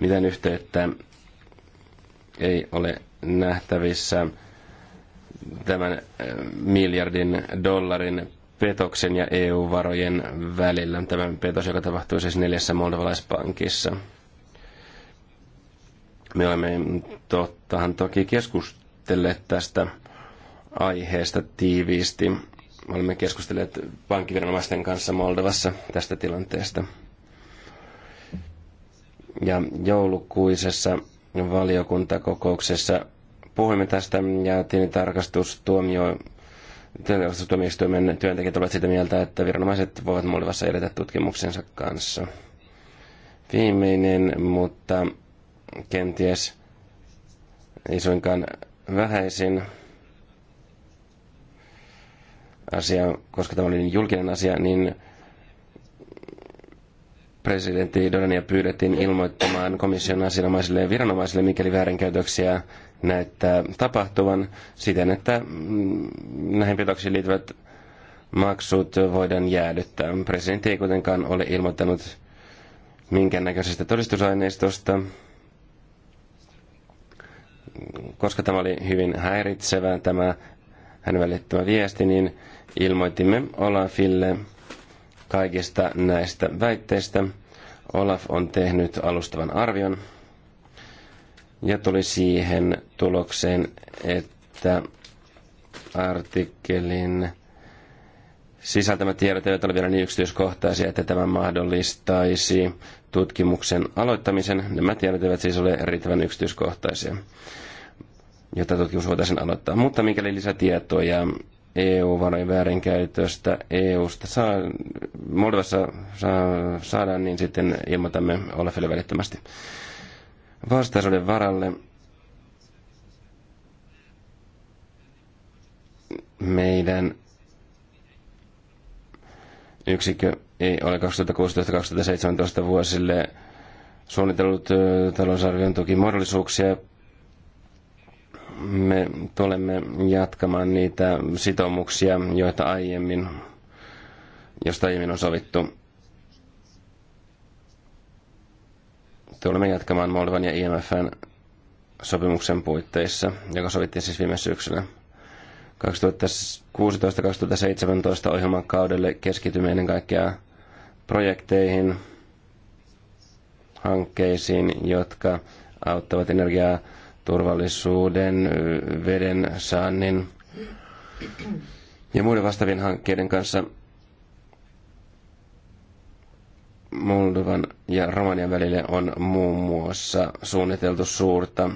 Miten yhteyttä ei ole nähtävissä tämän äh, miljardin dollarin petoksen ja EU-varojen välillä. Tämä petos, joka tapahtui siis neljässä moldovalaispankissa. Me olemme tottahan toki keskustelleet tästä aiheesta tiiviisti. Olemme keskustelleet pankkiviranomaisten kanssa Moldovassa tästä tilanteesta. Ja joulukuisessa valiokuntakokouksessa puhuimme tästä ja tilintarkastustuomioistuimen työntekijät ovat sitä mieltä, että viranomaiset voivat Moldovassa edetä tutkimuksensa kanssa. Viimeinen, mutta kenties ei suinkaan vähäisin Asia, koska tämä oli niin julkinen asia, niin presidentti Donania pyydettiin ilmoittamaan komission asianomaisille ja viranomaisille, mikäli väärinkäytöksiä näyttää tapahtuvan siten, että mm, näihin petoksiin liittyvät maksut voidaan jäädyttää. Presidentti ei kuitenkaan ole ilmoittanut minkäännäköisestä todistusaineistosta, koska tämä oli hyvin häiritsevä tämä hänen välittämä viesti, niin Ilmoitimme Olafille kaikista näistä väitteistä. Olaf on tehnyt alustavan arvion ja tuli siihen tulokseen, että artikkelin sisältämät tiedot eivät ole vielä niin yksityiskohtaisia, että tämä mahdollistaisi tutkimuksen aloittamisen. Nämä tiedot eivät siis ole riittävän yksityiskohtaisia, jotta tutkimus voitaisiin aloittaa. Mutta mikäli lisätietoja EU-varojen väärinkäytöstä EU-sta saa, Moldovassa saa, saadaan, niin sitten ilmoitamme Olafille välittömästi. Vastaisuuden varalle meidän yksikkö ei ole 2016-2017 vuosille suunnitellut talousarvion tukimahdollisuuksia me tulemme jatkamaan niitä sitoumuksia, joita aiemmin, josta aiemmin on sovittu. Tulemme jatkamaan Moldovan ja IMFn sopimuksen puitteissa, joka sovittiin siis viime syksynä. 2016-2017 ohjelmakaudelle keskitymme ennen kaikkea projekteihin, hankkeisiin, jotka auttavat energiaa turvallisuuden, veden saannin ja muiden vastaavien hankkeiden kanssa Moldovan ja Romanian välille on muun muassa suunniteltu suurta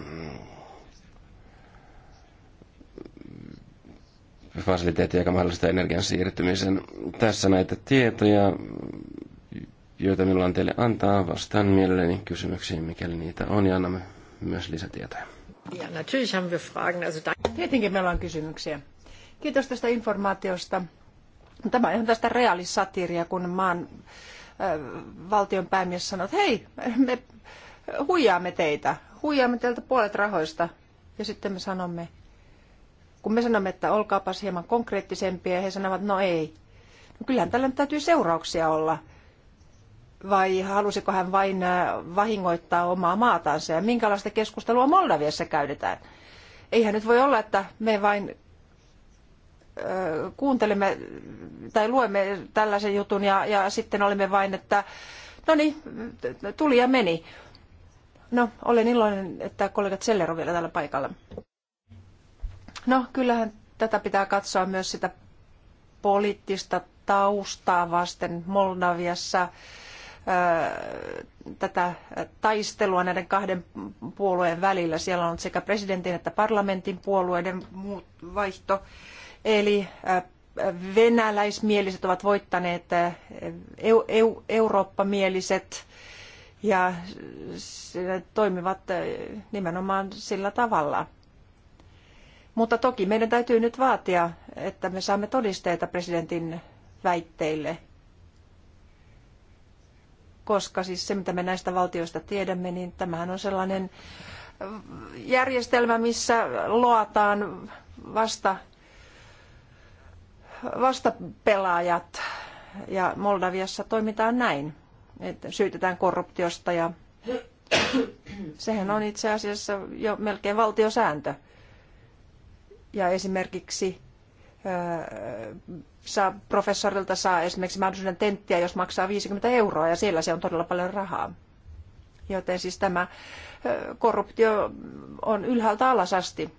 fasiliteettia, joka mahdollistaa energian siirtymisen. Tässä näitä tietoja, joita minulla on teille antaa. Vastaan mielelläni kysymyksiin, mikäli niitä on, ja annamme myös lisätietoja. Tietenkin meillä on kysymyksiä. Kiitos tästä informaatiosta. Tämä on tästä realisatiiria, kun maan äh, valtion päämies sanoo, että hei, me huijaamme teitä, huijaamme teiltä puolet rahoista. Ja sitten me sanomme, kun me sanomme, että olkaapas hieman konkreettisempia, ja he sanovat, no ei. No kyllähän tällä täytyy seurauksia olla vai halusiko hän vain äh, vahingoittaa omaa maataansa ja minkälaista keskustelua Moldaviassa käydetään. Eihän nyt voi olla, että me vain äh, kuuntelemme tai luemme tällaisen jutun ja, ja sitten olemme vain, että no niin, tuli ja meni. No, olen iloinen, että kollega Zeller on vielä täällä paikalla. No, kyllähän tätä pitää katsoa myös sitä poliittista taustaa vasten Moldaviassa tätä taistelua näiden kahden puolueen välillä. Siellä on sekä presidentin että parlamentin puolueiden muut vaihto. Eli venäläismieliset ovat voittaneet eu, eu, eurooppamieliset ja toimivat nimenomaan sillä tavalla. Mutta toki meidän täytyy nyt vaatia, että me saamme todisteita presidentin väitteille koska siis se, mitä me näistä valtioista tiedämme, niin tämähän on sellainen järjestelmä, missä loataan vasta, vastapelaajat. Ja Moldaviassa toimitaan näin, että syytetään korruptiosta ja sehän on itse asiassa jo melkein valtiosääntö. Ja esimerkiksi professorilta saa esimerkiksi mahdollisuuden tenttiä, jos maksaa 50 euroa, ja siellä se on todella paljon rahaa. Joten siis tämä korruptio on ylhäältä alas asti.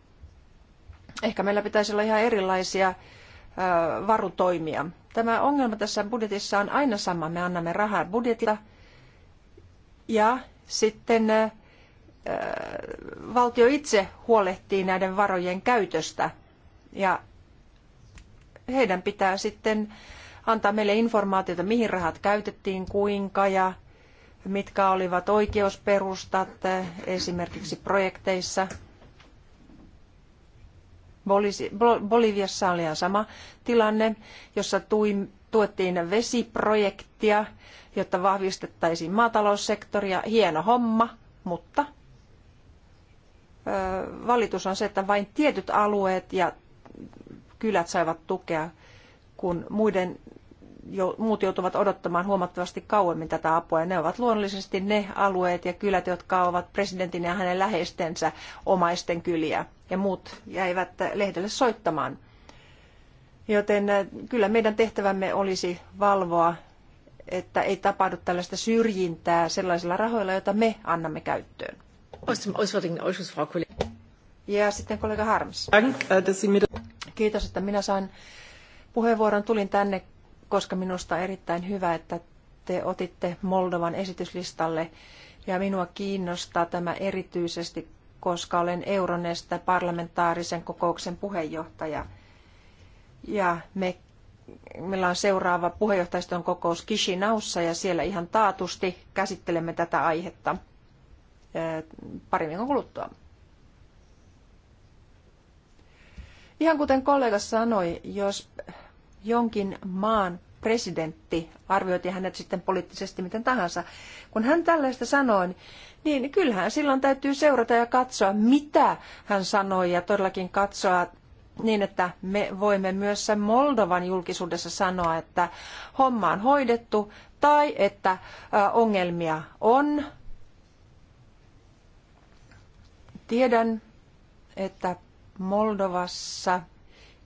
Ehkä meillä pitäisi olla ihan erilaisia varutoimia. Tämä ongelma tässä budjetissa on aina sama. Me annamme rahaa budjetilla ja sitten valtio itse huolehtii näiden varojen käytöstä. Ja heidän pitää sitten antaa meille informaatiota, mihin rahat käytettiin, kuinka ja mitkä olivat oikeusperustat eh, esimerkiksi projekteissa. Boliviassa oli ihan sama tilanne, jossa tuettiin vesiprojektia, jotta vahvistettaisiin maataloussektoria. Hieno homma, mutta eh, valitus on se, että vain tietyt alueet ja kylät saivat tukea, kun muiden, muut joutuvat odottamaan huomattavasti kauemmin tätä apua. Ja ne ovat luonnollisesti ne alueet ja kylät, jotka ovat presidentin ja hänen läheistensä omaisten kyliä. Ja muut jäivät lehdelle soittamaan. Joten äh, kyllä meidän tehtävämme olisi valvoa, että ei tapahdu tällaista syrjintää sellaisilla rahoilla, joita me annamme käyttöön. Ja sitten kollega Harms. Äh, Kiitos, että minä sain puheenvuoron. Tulin tänne, koska minusta on erittäin hyvä, että te otitte Moldovan esityslistalle. Ja minua kiinnostaa tämä erityisesti, koska olen Euronestä parlamentaarisen kokouksen puheenjohtaja. Ja me, meillä on seuraava puheenjohtajiston kokous Kishinaussa ja siellä ihan taatusti käsittelemme tätä aihetta eh, pari viikon kuluttua. Ihan kuten kollega sanoi, jos jonkin maan presidentti, arvioiti hänet sitten poliittisesti miten tahansa, kun hän tällaista sanoi, niin kyllähän silloin täytyy seurata ja katsoa, mitä hän sanoi ja todellakin katsoa niin, että me voimme myös Moldovan julkisuudessa sanoa, että homma on hoidettu tai että ongelmia on. Tiedän, että Moldovassa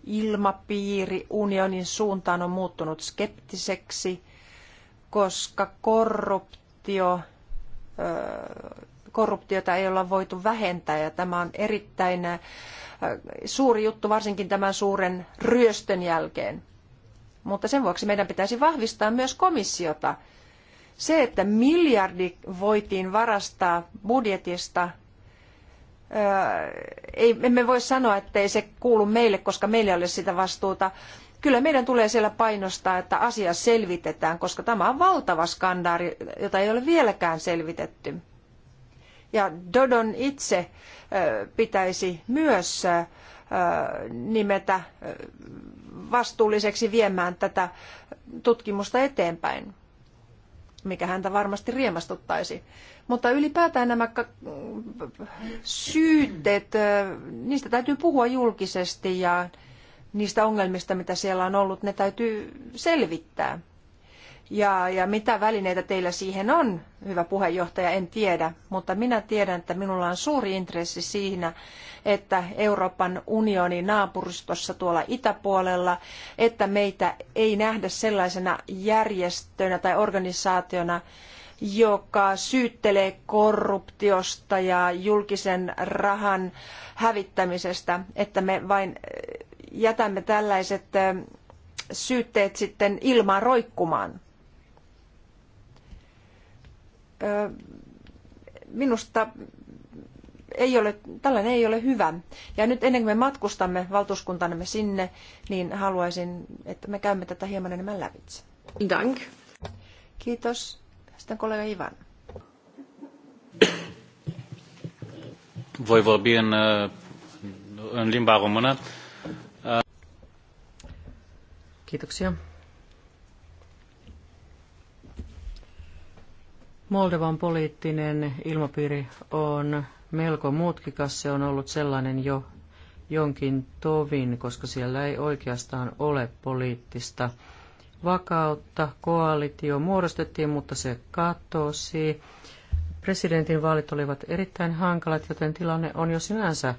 ilmapiiri unionin suuntaan on muuttunut skeptiseksi, koska korruptio, korruptiota ei olla voitu vähentää ja tämä on erittäin suuri juttu varsinkin tämän suuren ryöstön jälkeen. Mutta sen vuoksi meidän pitäisi vahvistaa myös komissiota. Se, että miljardi voitiin varastaa budjetista ei, emme voi sanoa, ettei se kuulu meille, koska meillä ei ole sitä vastuuta. Kyllä meidän tulee siellä painostaa, että asia selvitetään, koska tämä on valtava skandaali, jota ei ole vieläkään selvitetty. Ja Dodon itse pitäisi myös nimetä vastuulliseksi viemään tätä tutkimusta eteenpäin, mikä häntä varmasti riemastuttaisi. Mutta ylipäätään nämä syytteet, niistä täytyy puhua julkisesti ja niistä ongelmista, mitä siellä on ollut, ne täytyy selvittää. Ja, ja mitä välineitä teillä siihen on, hyvä puheenjohtaja, en tiedä, mutta minä tiedän, että minulla on suuri intressi siinä, että Euroopan unionin naapuristossa tuolla itäpuolella, että meitä ei nähdä sellaisena järjestönä tai organisaationa, joka syyttelee korruptiosta ja julkisen rahan hävittämisestä, että me vain äh, jätämme tällaiset äh, syytteet sitten ilmaan roikkumaan. Äh, minusta ei ole, tällainen ei ole hyvä. Ja nyt ennen kuin me matkustamme valtuuskuntanamme sinne, niin haluaisin, että me käymme tätä hieman enemmän lävitse. Dank. Kiitos. Sitten kollega Ivan. Voi vorbi în, în limba română. Kiitoksia. Moldovan poliittinen ilmapiiri on melko mutkikas. Se on ollut sellainen jo jonkin tovin, koska siellä ei oikeastaan ole poliittista vakautta koalitio muodostettiin, mutta se katosi. Presidentin vaalit olivat erittäin hankalat, joten tilanne on jo sinänsä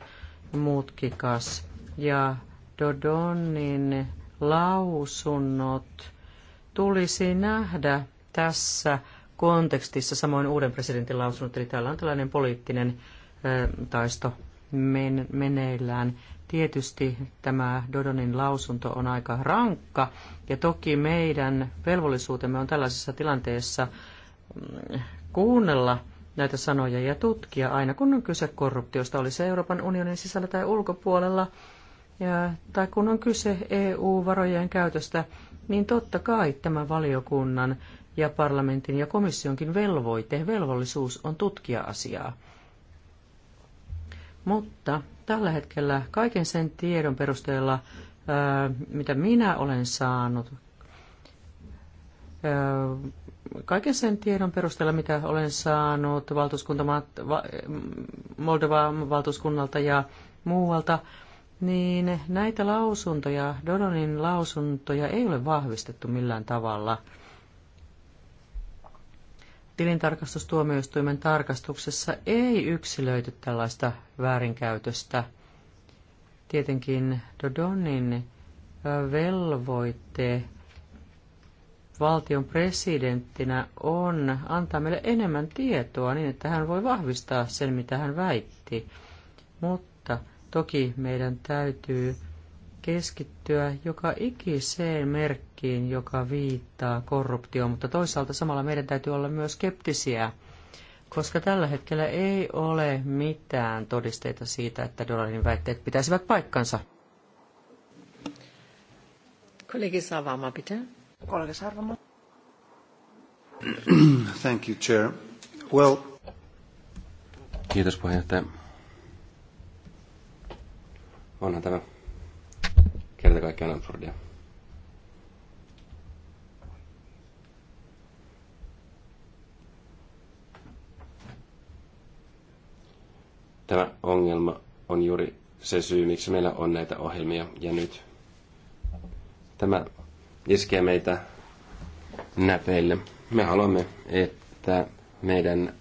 mutkikas. Ja Dodonin lausunnot tulisi nähdä tässä kontekstissa, samoin uuden presidentin lausunnot, eli täällä on tällainen poliittinen taisto meneillään. Tietysti tämä Dodonin lausunto on aika rankka ja toki meidän velvollisuutemme on tällaisessa tilanteessa mm, kuunnella näitä sanoja ja tutkia aina kun on kyse korruptiosta, oli se Euroopan unionin sisällä tai ulkopuolella, ja, tai kun on kyse EU-varojen käytöstä, niin totta kai tämän valiokunnan ja parlamentin ja komissionkin velvoite, velvollisuus on tutkia asiaa. Mutta tällä hetkellä kaiken sen tiedon perusteella, mitä minä olen saanut, kaiken sen tiedon perusteella, mitä olen saanut mm, Moldovan valtuuskunnalta ja muualta, niin näitä lausuntoja, Dodonin lausuntoja ei ole vahvistettu millään tavalla – tilintarkastustuomioistuimen tarkastuksessa ei yksilöity tällaista väärinkäytöstä. Tietenkin Dodonin velvoite valtion presidenttinä on antaa meille enemmän tietoa niin, että hän voi vahvistaa sen, mitä hän väitti. Mutta toki meidän täytyy keskittyä joka ikiseen merkkiin, joka viittaa korruptioon, mutta toisaalta samalla meidän täytyy olla myös skeptisiä, koska tällä hetkellä ei ole mitään todisteita siitä, että Dollarin väitteet pitäisivät paikkansa. Kollegi Savama, pitää. Kollegi Savama. Thank you, Chair. Well... Kiitos puheenjohtaja. Onhan tämä kerta kaikkiaan absurdia. Tämä ongelma on juuri se syy, miksi meillä on näitä ohjelmia. Ja nyt tämä iskee meitä näpeille. Me haluamme, että meidän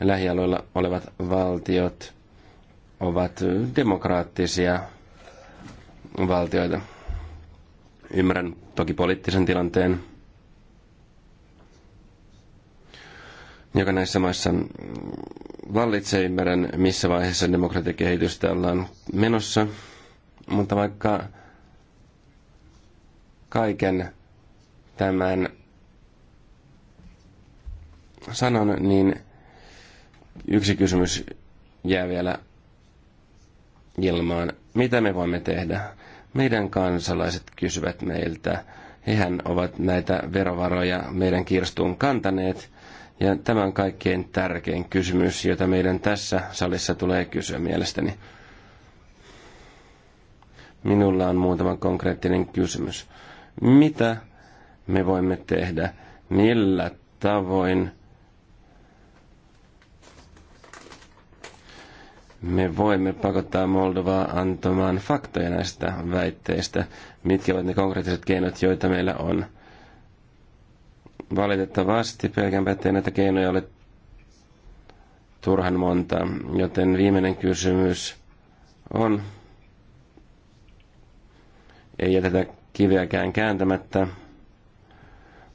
lähialoilla olevat valtiot ovat demokraattisia valtioita. Ymmärrän toki poliittisen tilanteen, joka näissä maissa vallitsee. Ymmärrän, missä vaiheessa demokratiakehitystä ollaan menossa. Mutta vaikka kaiken tämän sanon, niin yksi kysymys jää vielä ilmaan. Mitä me voimme tehdä? Meidän kansalaiset kysyvät meiltä. Hehän ovat näitä verovaroja meidän kirstuun kantaneet. Ja tämä on kaikkein tärkein kysymys, jota meidän tässä salissa tulee kysyä mielestäni. Minulla on muutama konkreettinen kysymys. Mitä me voimme tehdä? Millä tavoin me voimme pakottaa Moldovaa antamaan faktoja näistä väitteistä, mitkä ovat ne konkreettiset keinot, joita meillä on. Valitettavasti pelkän päätteen näitä keinoja ole turhan monta, joten viimeinen kysymys on, ei jätetä kiveäkään kääntämättä,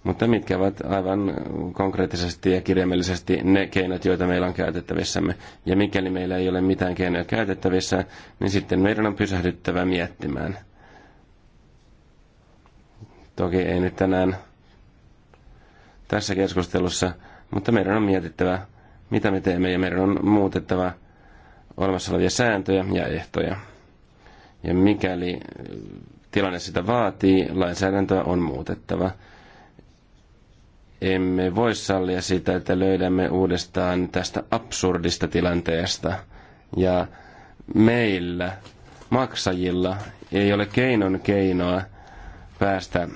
mutta mitkä ovat aivan konkreettisesti ja kirjaimellisesti ne keinot, joita meillä on käytettävissämme? Ja mikäli meillä ei ole mitään keinoja käytettävissä, niin sitten meidän on pysähdyttävä miettimään. Toki ei nyt tänään tässä keskustelussa, mutta meidän on mietittävä, mitä me teemme, ja meidän on muutettava olemassa olevia sääntöjä ja ehtoja. Ja mikäli tilanne sitä vaatii, lainsäädäntöä on muutettava – emme voi sallia sitä, että löydämme uudestaan tästä absurdista tilanteesta. Ja meillä, maksajilla, ei ole keinon keinoa päästä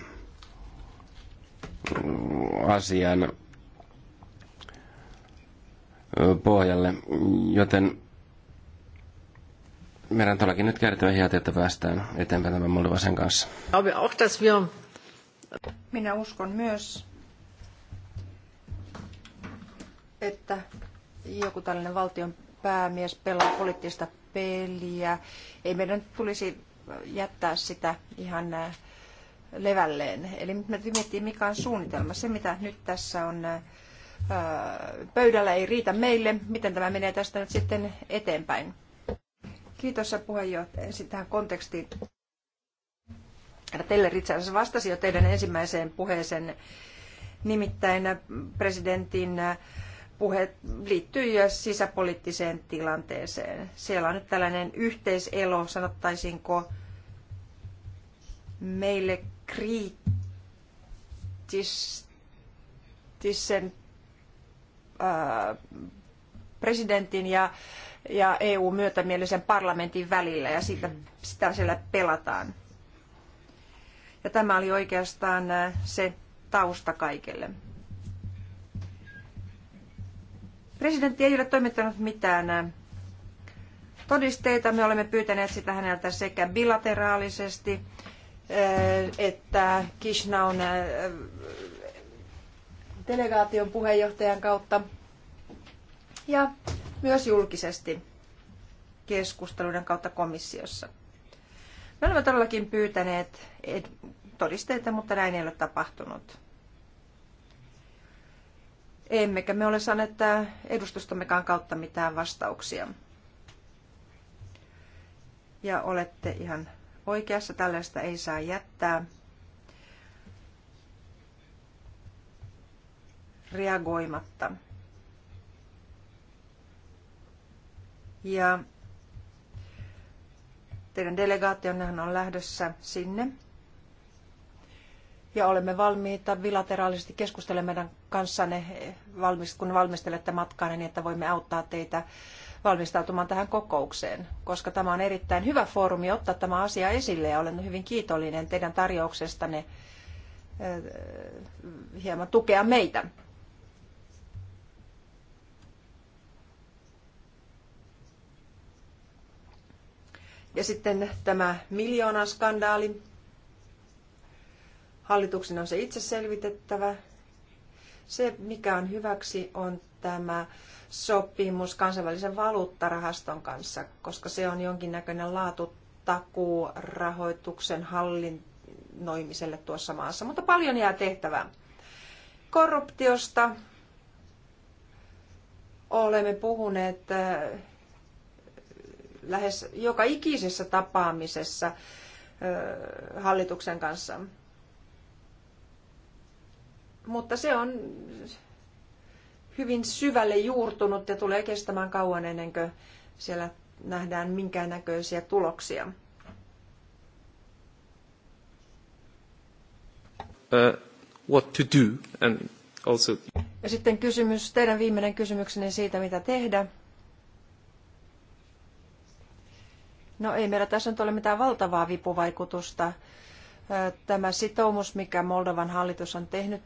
asian pohjalle, joten meidän todellakin nyt kertoa hieman, että päästään eteenpäin tämän Moldovasen kanssa. Minä uskon myös, että joku tällainen valtion päämies pelaa poliittista peliä. Ei meidän tulisi jättää sitä ihan äh, levälleen. Eli me miettii mikä on suunnitelma. Se, mitä nyt tässä on äh, pöydällä, ei riitä meille. Miten tämä menee tästä nyt sitten eteenpäin? Kiitos puheenjohtaja tähän kontekstiin. Teille itse asiassa vastasi jo teidän ensimmäiseen puheeseen, nimittäin äh, presidentin äh, puhe liittyy myös sisäpoliittiseen tilanteeseen. Siellä on nyt tällainen yhteiselo, sanottaisinko meille kriittisen presidentin ja, ja EU-myötämielisen parlamentin välillä ja siitä, sitä siellä pelataan. Ja tämä oli oikeastaan se tausta kaikelle. Presidentti ei ole toimittanut mitään äh, todisteita. Me olemme pyytäneet sitä häneltä sekä bilateraalisesti äh, että Kishnaun äh, delegaation puheenjohtajan kautta ja myös julkisesti keskusteluiden kautta komissiossa. Me olemme todellakin pyytäneet todisteita, mutta näin ei ole tapahtunut emmekä me ole saaneet äh, edustustammekaan kautta mitään vastauksia. Ja olette ihan oikeassa, tällaista ei saa jättää reagoimatta. Ja teidän delegaationnehan on lähdössä sinne. Ja olemme valmiita bilateraalisesti keskustelemaan meidän kanssanne, kun valmistelette matkaanne, niin että voimme auttaa teitä valmistautumaan tähän kokoukseen, koska tämä on erittäin hyvä foorumi ottaa tämä asia esille ja olen hyvin kiitollinen teidän tarjouksestanne eh, hieman tukea meitä. Ja sitten tämä miljoonaskandaali. Hallituksen on se itse selvitettävä se, mikä on hyväksi, on tämä sopimus kansainvälisen valuuttarahaston kanssa, koska se on jonkinnäköinen laatutakuu rahoituksen hallinnoimiselle tuossa maassa. Mutta paljon jää tehtävää. Korruptiosta olemme puhuneet äh, lähes joka ikisessä tapaamisessa äh, hallituksen kanssa mutta se on hyvin syvälle juurtunut ja tulee kestämään kauan ennen kuin siellä nähdään minkäännäköisiä tuloksia. Uh, what to do and also... Ja sitten kysymys, teidän viimeinen kysymykseni siitä, mitä tehdä. No ei meillä tässä nyt ole mitään valtavaa vipuvaikutusta tämä sitoumus, mikä Moldovan hallitus on tehnyt,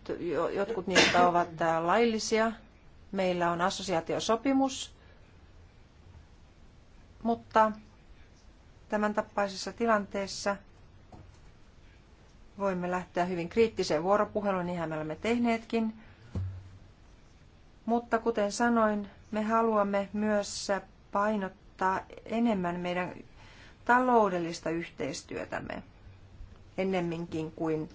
jotkut niistä ovat laillisia. Meillä on assosiaatiosopimus, mutta tämän tapaisessa tilanteessa voimme lähteä hyvin kriittiseen vuoropuheluun, niinhän me olemme tehneetkin. Mutta kuten sanoin, me haluamme myös painottaa enemmän meidän taloudellista yhteistyötämme ennemminkin kuin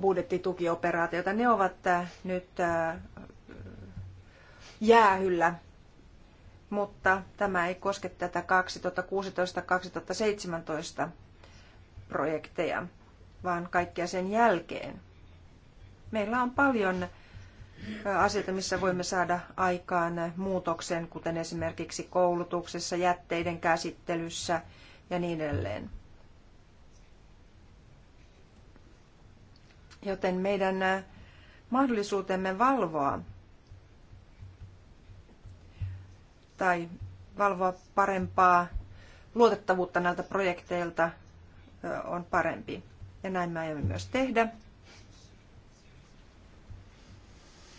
budjettitukioperaatiota. Ne ovat äh, nyt äh, jäähyllä, mutta tämä ei koske tätä 2016-2017 projekteja, vaan kaikkea sen jälkeen. Meillä on paljon äh, asioita, missä voimme saada aikaan muutoksen, kuten esimerkiksi koulutuksessa, jätteiden käsittelyssä ja niin edelleen. Joten meidän äh, mahdollisuutemme valvoa tai valvoa parempaa luotettavuutta näiltä projekteilta on parempi. Ja näin me aiomme myös tehdä.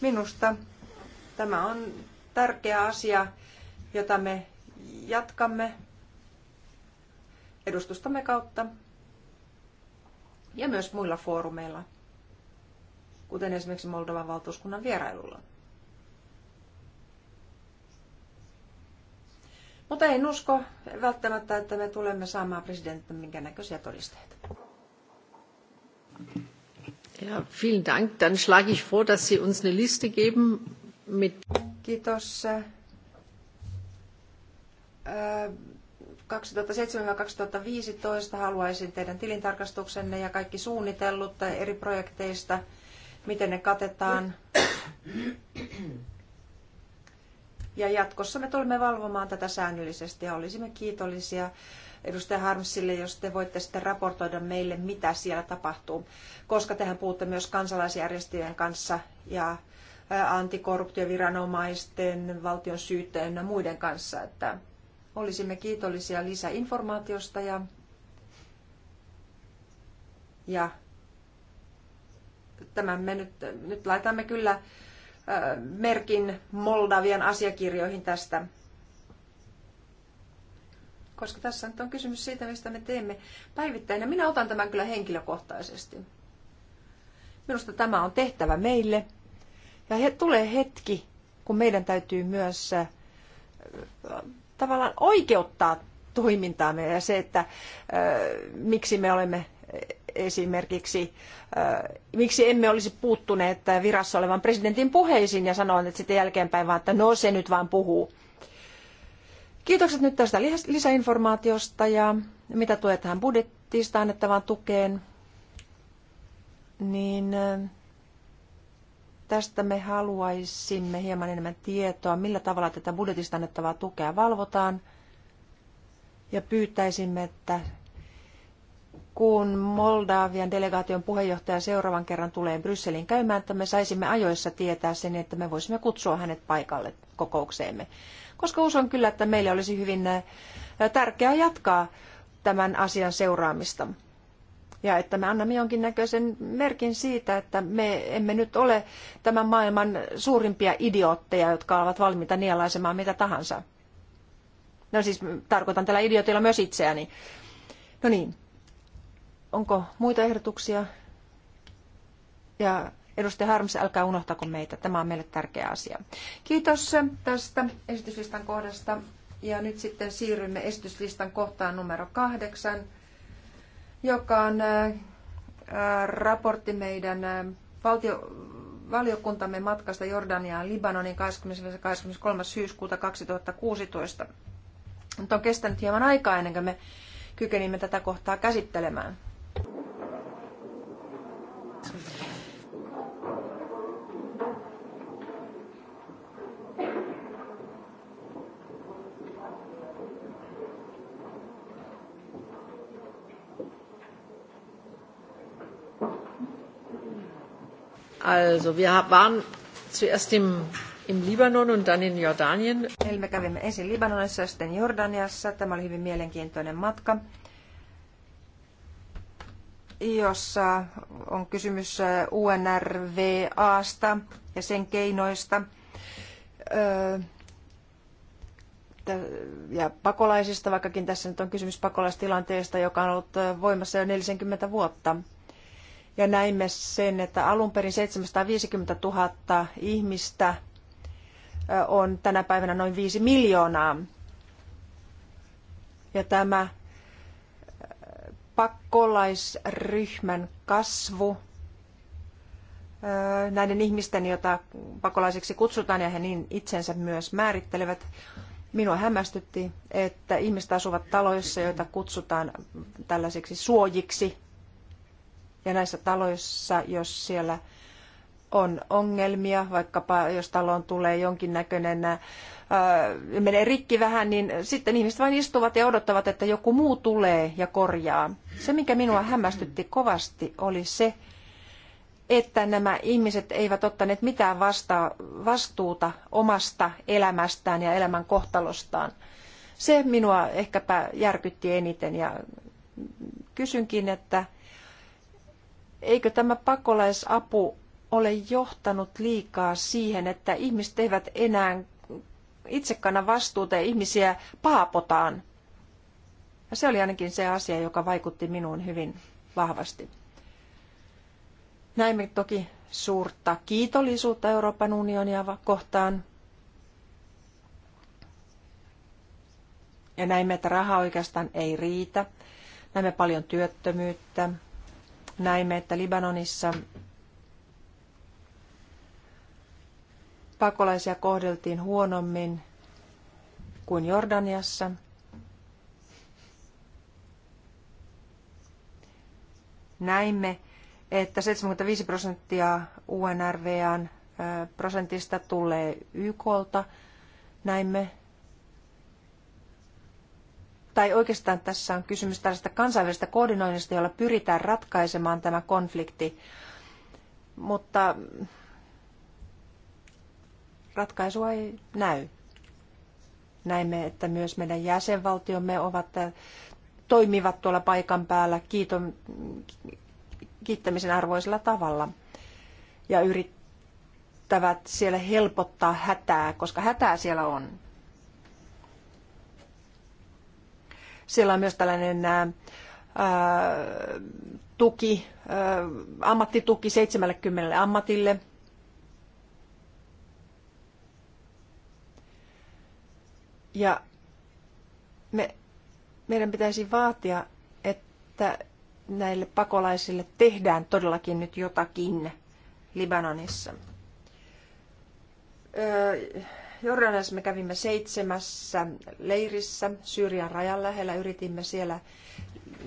Minusta tämä on tärkeä asia, jota me jatkamme edustustamme kautta ja myös muilla foorumeilla kuten esimerkiksi Moldovan valtuuskunnan vierailulla. Mutta en usko välttämättä, että me tulemme saamaan presidentin minkä näköisiä todisteita. Ja, vielen Dank. Dann schlage ich vor, dass Sie uns eine Liste geben mit... Kiitos. 2007-2015 äh, haluaisin teidän tilintarkastuksenne ja kaikki suunnitellut eri projekteista – miten ne katetaan. Ja jatkossa me tulemme valvomaan tätä säännöllisesti ja olisimme kiitollisia edustaja Harmsille, jos te voitte sitten raportoida meille, mitä siellä tapahtuu, koska tehän puhutte myös kansalaisjärjestöjen kanssa ja antikorruptioviranomaisten, valtion syyttäjän ja muiden kanssa, että olisimme kiitollisia lisäinformaatiosta ja, ja tämän me nyt, nyt laitamme kyllä merkin Moldavian asiakirjoihin tästä. Koska tässä nyt on kysymys siitä, mistä me teemme päivittäin. Ja minä otan tämän kyllä henkilökohtaisesti. Minusta tämä on tehtävä meille. Ja he, tulee hetki, kun meidän täytyy myös äh, tavallaan oikeuttaa toimintaamme ja se, että äh, miksi me olemme esimerkiksi, äh, miksi emme olisi puuttuneet virassa olevan presidentin puheisiin ja sanoneet sitten jälkeenpäin vaan, että no se nyt vaan puhuu. Kiitokset nyt tästä lisäinformaatiosta ja mitä tulee tähän budjetista annettavaan tukeen, niin äh, tästä me haluaisimme hieman enemmän tietoa, millä tavalla tätä budjetista annettavaa tukea valvotaan. Ja pyytäisimme, että kun Moldavian delegaation puheenjohtaja seuraavan kerran tulee Brysseliin käymään, että me saisimme ajoissa tietää sen, että me voisimme kutsua hänet paikalle kokoukseemme. Koska uskon kyllä, että meille olisi hyvin äh, tärkeää jatkaa tämän asian seuraamista. Ja että me annamme jonkinnäköisen merkin siitä, että me emme nyt ole tämän maailman suurimpia idiootteja, jotka ovat valmiita nielaisemaan mitä tahansa. No siis tarkoitan tällä idiotilla myös itseäni. No niin, Onko muita ehdotuksia? Ja edustaja Harms, älkää unohtako meitä. Tämä on meille tärkeä asia. Kiitos tästä esityslistan kohdasta. Ja nyt sitten siirrymme esityslistan kohtaan numero kahdeksan, joka on äh, raportti meidän äh, valtio, valiokuntamme matkasta Jordaniaan Libanonin 23. syyskuuta 2016. Nyt on kestänyt hieman aikaa ennen kuin me kykenimme tätä kohtaa käsittelemään. Also, wir waren zuerst im, im Libanon und dann in Jordanien. Eli me kävimme ensin Libanonissa ja sitten Jordaniassa. Tämä oli hyvin mielenkiintoinen matka jossa on kysymys UNRWAsta ja sen keinoista ja pakolaisista, vaikkakin tässä nyt on kysymys pakolaistilanteesta, joka on ollut voimassa jo 40 vuotta. Ja näimme sen, että alun perin 750 000 ihmistä on tänä päivänä noin 5 miljoonaa. Ja tämä pakolaisryhmän kasvu näiden ihmisten, joita pakolaisiksi kutsutaan ja he niin itsensä myös määrittelevät. Minua hämmästytti, että ihmiset asuvat taloissa, joita kutsutaan tällaisiksi suojiksi. Ja näissä taloissa, jos siellä on ongelmia, vaikkapa jos taloon tulee jonkinnäköinen, ää, äh, menee rikki vähän, niin sitten ihmiset vain istuvat ja odottavat, että joku muu tulee ja korjaa. Se, mikä minua hämmästytti kovasti, oli se, että nämä ihmiset eivät ottaneet mitään vasta- vastuuta omasta elämästään ja elämän kohtalostaan. Se minua ehkäpä järkytti eniten ja kysynkin, että eikö tämä pakolaisapu ole johtanut liikaa siihen, että ihmiset eivät enää itse kanna vastuuta ja ihmisiä paapotaan. Ja se oli ainakin se asia, joka vaikutti minuun hyvin vahvasti. Näimme toki suurta kiitollisuutta Euroopan unionia kohtaan. Ja näimme, että raha oikeastaan ei riitä. Näimme paljon työttömyyttä. Näimme, että Libanonissa pakolaisia kohdeltiin huonommin kuin Jordaniassa. Näimme, että 75 prosenttia UNRVAn prosentista tulee YKlta. Näimme, tai oikeastaan tässä on kysymys tällaista kansainvälisestä koordinoinnista, jolla pyritään ratkaisemaan tämä konflikti. Mutta ratkaisua ei näy. Näimme, että myös meidän jäsenvaltiomme ovat äh, toimivat tuolla paikan päällä kiiton, kiittämisen arvoisella tavalla ja yrittävät siellä helpottaa hätää, koska hätää siellä on. Siellä on myös tällainen ää, äh, äh, tuki, ää, ammattituki 70 ammatille, Ja me, meidän pitäisi vaatia, että näille pakolaisille tehdään todellakin nyt jotakin Libanonissa. Jordaniassa me kävimme seitsemässä leirissä Syyrian rajan lähellä. Yritimme siellä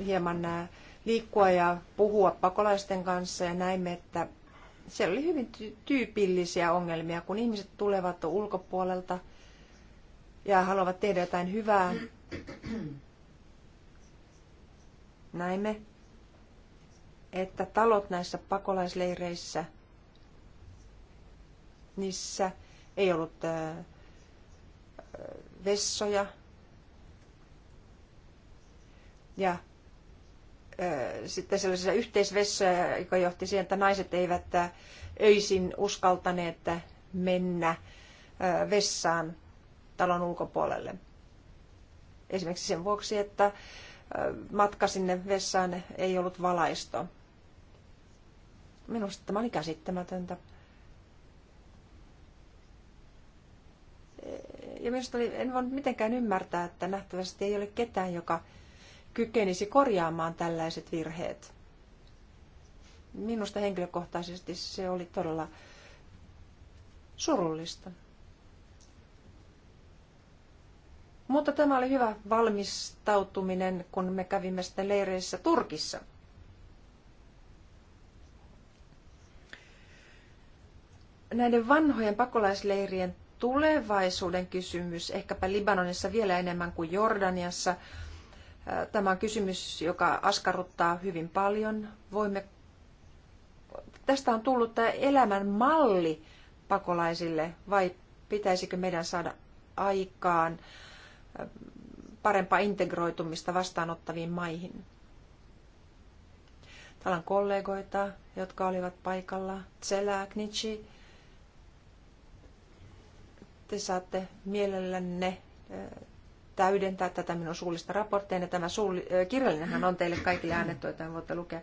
hieman liikkua ja puhua pakolaisten kanssa ja näimme, että siellä oli hyvin tyypillisiä ongelmia, kun ihmiset tulevat ulkopuolelta – ja haluavat tehdä jotain hyvää. Näimme, että talot näissä pakolaisleireissä, niissä ei ollut vessoja ja sitten sellaisia yhteisvessoja, joka johti siihen, että naiset eivät öisin uskaltaneet mennä vessaan talon ulkopuolelle. Esimerkiksi sen vuoksi, että matka sinne vessaan ei ollut valaisto. Minusta tämä oli käsittämätöntä. Ja minusta oli, en voi mitenkään ymmärtää, että nähtävästi ei ole ketään, joka kykenisi korjaamaan tällaiset virheet. Minusta henkilökohtaisesti se oli todella surullista. Mutta tämä oli hyvä valmistautuminen, kun me kävimme sitten leireissä Turkissa. Näiden vanhojen pakolaisleirien tulevaisuuden kysymys, ehkäpä Libanonissa vielä enemmän kuin Jordaniassa, Tämä on kysymys, joka askarruttaa hyvin paljon. Voimme... Tästä on tullut tämä elämän malli pakolaisille, vai pitäisikö meidän saada aikaan parempaa integroitumista vastaanottaviin maihin. Täällä on kollegoita, jotka olivat paikalla. Tsela, Knitsi, te saatte mielellänne eh, täydentää tätä minun suullista raporttia. Tämä suulli- eh, kirjallinenhan on teille kaikille annettu, joten voitte lukea.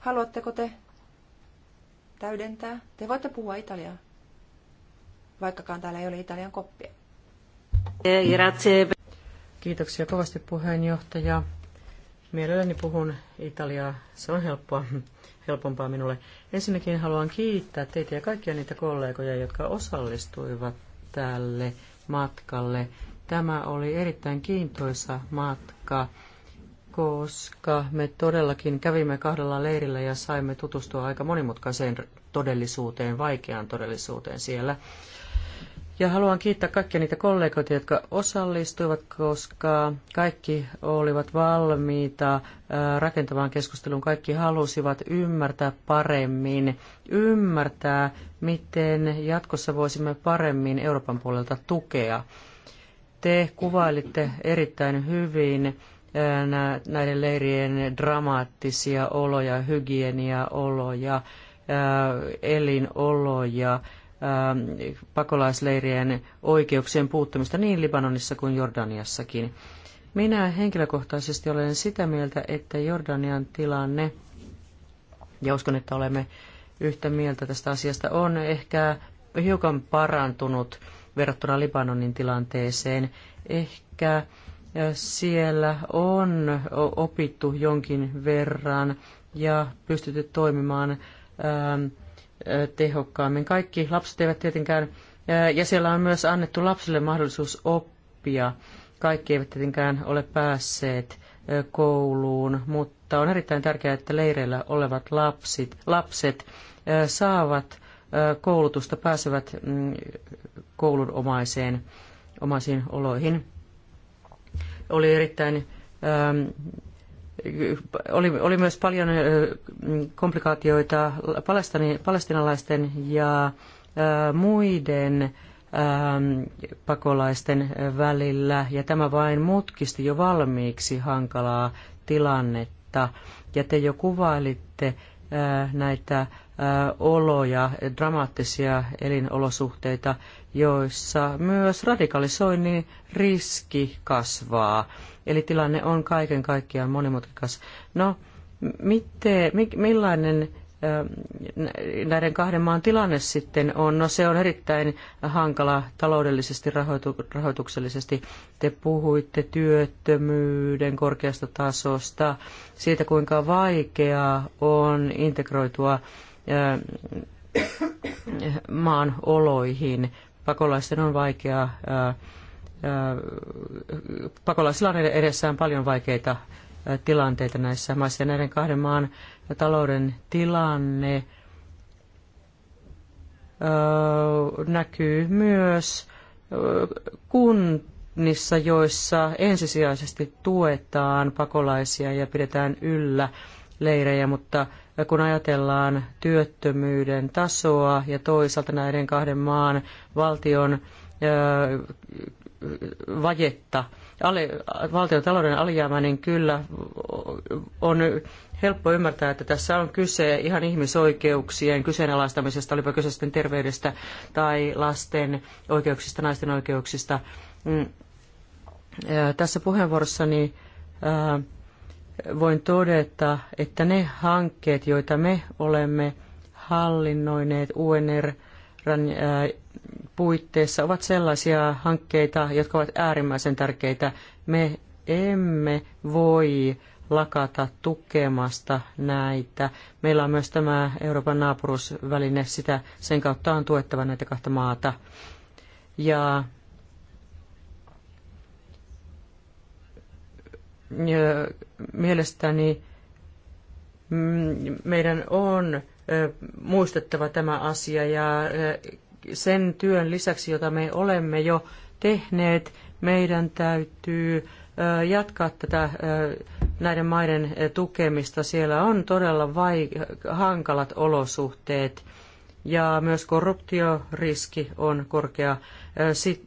Haluatteko te täydentää? Te voitte puhua italiaa, vaikkakaan täällä ei ole italian koppia. Eh, grazie. Kiitoksia kovasti puheenjohtaja. Mielelläni puhun Italiaa. Se on helppoa, helpompaa minulle. Ensinnäkin haluan kiittää teitä ja kaikkia niitä kollegoja, jotka osallistuivat tälle matkalle. Tämä oli erittäin kiintoisa matka, koska me todellakin kävimme kahdella leirillä ja saimme tutustua aika monimutkaiseen todellisuuteen, vaikeaan todellisuuteen siellä. Ja haluan kiittää kaikkia niitä kollegoita, jotka osallistuivat, koska kaikki olivat valmiita rakentavaan keskusteluun. Kaikki halusivat ymmärtää paremmin, ymmärtää, miten jatkossa voisimme paremmin Euroopan puolelta tukea. Te kuvailitte erittäin hyvin näiden leirien dramaattisia oloja, hygieniaoloja, elinoloja Ähm, pakolaisleirien oikeuksien puuttumista niin Libanonissa kuin Jordaniassakin. Minä henkilökohtaisesti olen sitä mieltä, että Jordanian tilanne, ja uskon, että olemme yhtä mieltä tästä asiasta, on ehkä hiukan parantunut verrattuna Libanonin tilanteeseen. Ehkä siellä on opittu jonkin verran ja pystytty toimimaan ähm, tehokkaammin. Kaikki lapset eivät tietenkään, ja siellä on myös annettu lapsille mahdollisuus oppia. Kaikki eivät tietenkään ole päässeet kouluun, mutta on erittäin tärkeää, että leireillä olevat lapsit, lapset saavat koulutusta, pääsevät mm, koulun omaiseen, omaisiin oloihin. Oli erittäin oli, oli myös paljon komplikaatioita palestinalaisten ja muiden pakolaisten välillä, ja tämä vain mutkisti jo valmiiksi hankalaa tilannetta. Ja te jo kuvailitte näitä oloja, dramaattisia elinolosuhteita, joissa myös radikalisoinnin riski kasvaa. Eli tilanne on kaiken kaikkiaan monimutkikas. No, miten, millainen näiden kahden maan tilanne sitten on? No se on erittäin hankala taloudellisesti, rahoitu, rahoituksellisesti. Te puhuitte työttömyyden korkeasta tasosta, siitä kuinka vaikeaa on integroitua maan oloihin. Pakolaisten on vaikeaa pakolaisilla on edessään paljon vaikeita tilanteita näissä maissa. Ja näiden kahden maan talouden tilanne näkyy myös kunnissa, joissa ensisijaisesti tuetaan pakolaisia ja pidetään yllä leirejä, mutta kun ajatellaan työttömyyden tasoa ja toisaalta näiden kahden maan valtion vajetta. Ale, valtiotalouden alijäämäinen kyllä on helppo ymmärtää, että tässä on kyse ihan ihmisoikeuksien kyseenalaistamisesta, olipa kyse sitten terveydestä tai lasten oikeuksista, naisten oikeuksista. Mm. Tässä puheenvuorossani voin todeta, että ne hankkeet, joita me olemme hallinnoineet UNR puitteissa ovat sellaisia hankkeita, jotka ovat äärimmäisen tärkeitä. Me emme voi lakata tukemasta näitä. Meillä on myös tämä Euroopan naapuruusväline, sitä sen kautta on tuettava näitä kahta maata. Ja mielestäni mm, meidän on muistettava tämä asia ja sen työn lisäksi, jota me olemme jo tehneet, meidän täytyy jatkaa tätä näiden maiden tukemista. Siellä on todella vai, hankalat olosuhteet ja myös korruptioriski on korkea.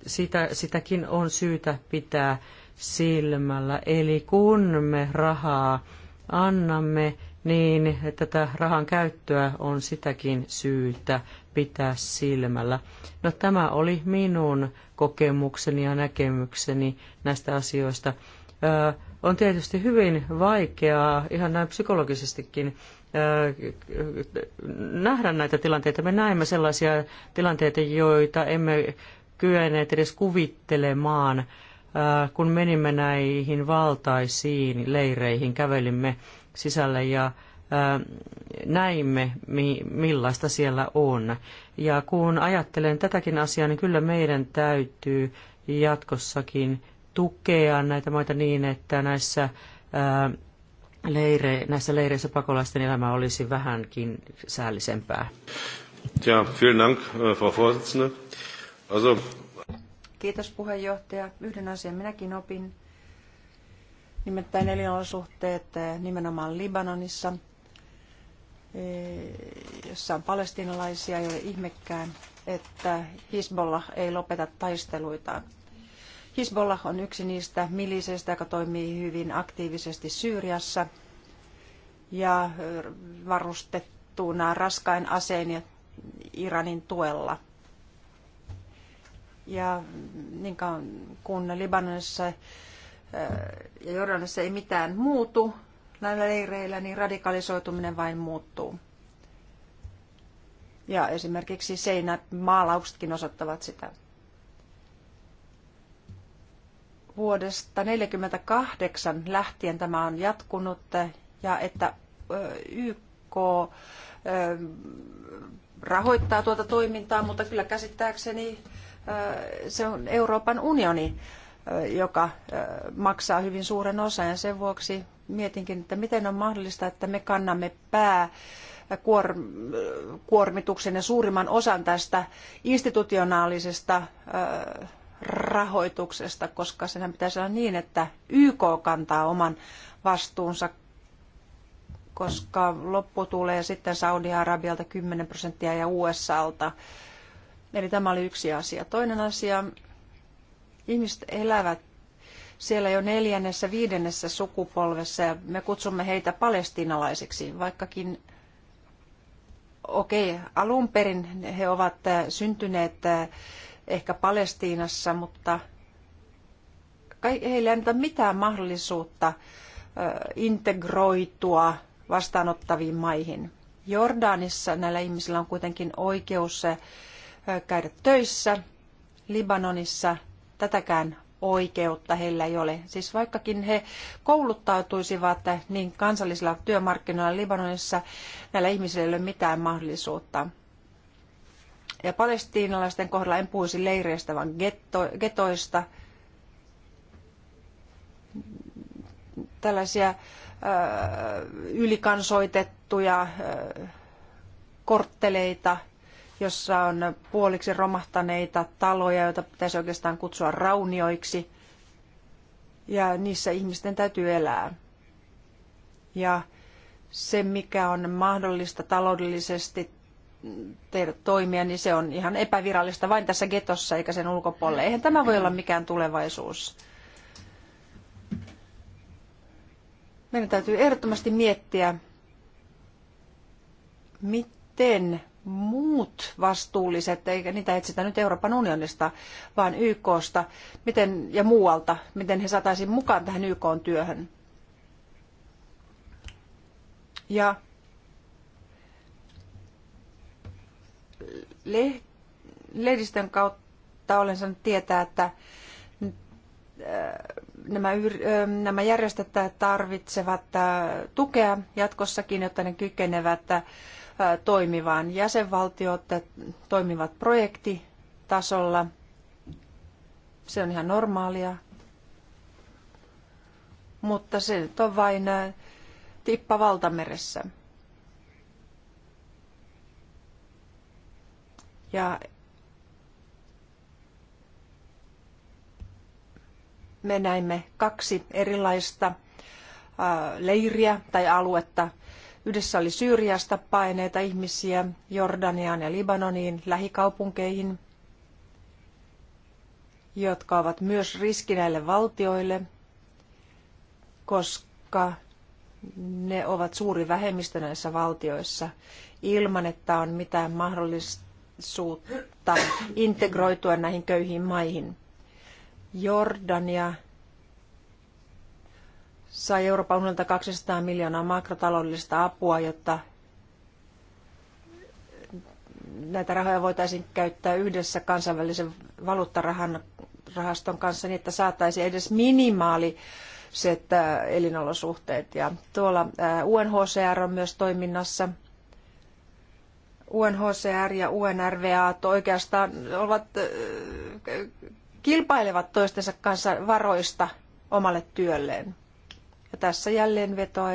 Sitä, sitäkin on syytä pitää silmällä. Eli kun me rahaa annamme, niin tätä rahan käyttöä on sitäkin syytä pitää silmällä. No tämä oli minun kokemukseni ja näkemykseni näistä asioista. Ö, on tietysti hyvin vaikeaa, ihan näin psykologisestikin, nähdä näitä tilanteita. Me näemme sellaisia tilanteita, joita emme kyenneet edes kuvittelemaan, kun menimme näihin valtaisiin leireihin, kävelimme sisälle ja näimme, millaista siellä on. Ja kun ajattelen tätäkin asiaa, niin kyllä meidän täytyy jatkossakin tukea näitä maita niin, että näissä, ää, leire, näissä leireissä pakolaisten elämä olisi vähänkin säällisempää. Ja, vielen Dank, äh, Frau Vorsitzende. Also... Kiitos puheenjohtaja. Yhden asian minäkin opin. Nimittäin elinolosuhteet äh, nimenomaan Libanonissa – Eh, jossa on palestinalaisia, ei ole ihmekään, että Hisbollah ei lopeta taisteluitaan. Hisbollah on yksi niistä miliseistä, joka toimii hyvin aktiivisesti Syyriassa ja eh, varustettuna raskain asein ja Iranin tuella. Ja mm, niin kun Libanonissa eh, ja Jordanissa ei mitään muutu, näillä leireillä, niin radikalisoituminen vain muuttuu. Ja esimerkiksi seinät, maalauksetkin osoittavat sitä. Vuodesta 1948 lähtien tämä on jatkunut ja että YK rahoittaa tuota toimintaa, mutta kyllä käsittääkseni se on Euroopan unioni, joka maksaa hyvin suuren osan ja sen vuoksi mietinkin, että miten on mahdollista, että me kannamme pää kuormituksen ja suurimman osan tästä institutionaalisesta rahoituksesta, koska senhän pitäisi olla niin, että YK kantaa oman vastuunsa, koska loppu tulee sitten Saudi-Arabialta 10 prosenttia ja USAlta. Eli tämä oli yksi asia. Toinen asia, ihmiset elävät siellä jo neljännessä, viidennessä sukupolvessa ja me kutsumme heitä Palestinalaisiksi, vaikkakin okei, okay, alun perin he ovat äh, syntyneet äh, ehkä Palestiinassa, mutta heille ei anneta mitään mahdollisuutta äh, integroitua vastaanottaviin maihin. Jordanissa näillä ihmisillä on kuitenkin oikeus käydä töissä, Libanonissa tätäkään oikeutta heillä ei ole. Siis vaikkakin he kouluttautuisivat, eh, niin kansallisilla työmarkkinoilla Libanonissa näillä ihmisillä ei ole mitään mahdollisuutta. Ja palestiinalaisten kohdalla en puhuisi leireistä, vaan getto, getoista. Tällaisia eh, ylikansoitettuja eh, kortteleita – jossa on puoliksi romahtaneita taloja, joita pitäisi oikeastaan kutsua raunioiksi. Ja niissä ihmisten täytyy elää. Ja se, mikä on mahdollista taloudellisesti tehdä toimia, niin se on ihan epävirallista vain tässä getossa eikä sen ulkopuolelle. Eihän tämä voi olla mikään tulevaisuus. Meidän täytyy ehdottomasti miettiä, miten muut vastuulliset, eikä niitä etsitä nyt Euroopan unionista, vaan YKsta miten, ja muualta, miten he saataisiin mukaan tähän YK-työhön. Ja lehdistön kautta olen saanut tietää, että äh, nämä, äh, nämä järjestöt tarvitsevat äh, tukea jatkossakin, jotta ne kykenevät toimivaan. että toimivat projektitasolla. Se on ihan normaalia. Mutta se nyt on vain tippa valtameressä. Ja me näimme kaksi erilaista leiriä tai aluetta Yhdessä oli Syyriasta paineita ihmisiä Jordaniaan ja Libanoniin, lähikaupunkeihin, jotka ovat myös riski näille valtioille, koska ne ovat suuri vähemmistö näissä valtioissa ilman, että on mitään mahdollisuutta integroitua näihin köyhiin maihin. Jordania sai Euroopan unionilta 200 miljoonaa makrotaloudellista apua, jotta näitä rahoja voitaisiin käyttää yhdessä kansainvälisen valuuttarahan rahaston kanssa niin, että saataisiin edes minimaali set elinolosuhteet. Ja tuolla UNHCR on myös toiminnassa. UNHCR ja UNRWA oikeastaan ovat, kilpailevat toistensa kanssa varoista omalle työlleen. Ja tässä jälleen vetoa,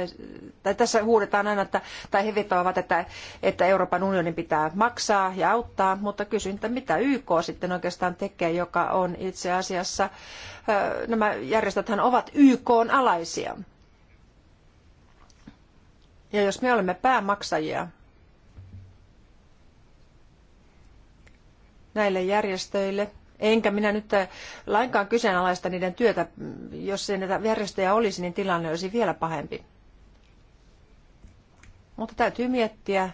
tai tässä huudetaan aina, että, tai he vetoavat, että, että Euroopan unionin pitää maksaa ja auttaa, mutta kysyn, että mitä YK sitten oikeastaan tekee, joka on itse asiassa, nämä järjestöthän ovat YK alaisia. Ja jos me olemme päämaksajia näille järjestöille, Enkä minä nyt äh, lainkaan kyseenalaista niiden työtä. Jos ei näitä järjestöjä olisi, niin tilanne olisi vielä pahempi. Mutta täytyy miettiä,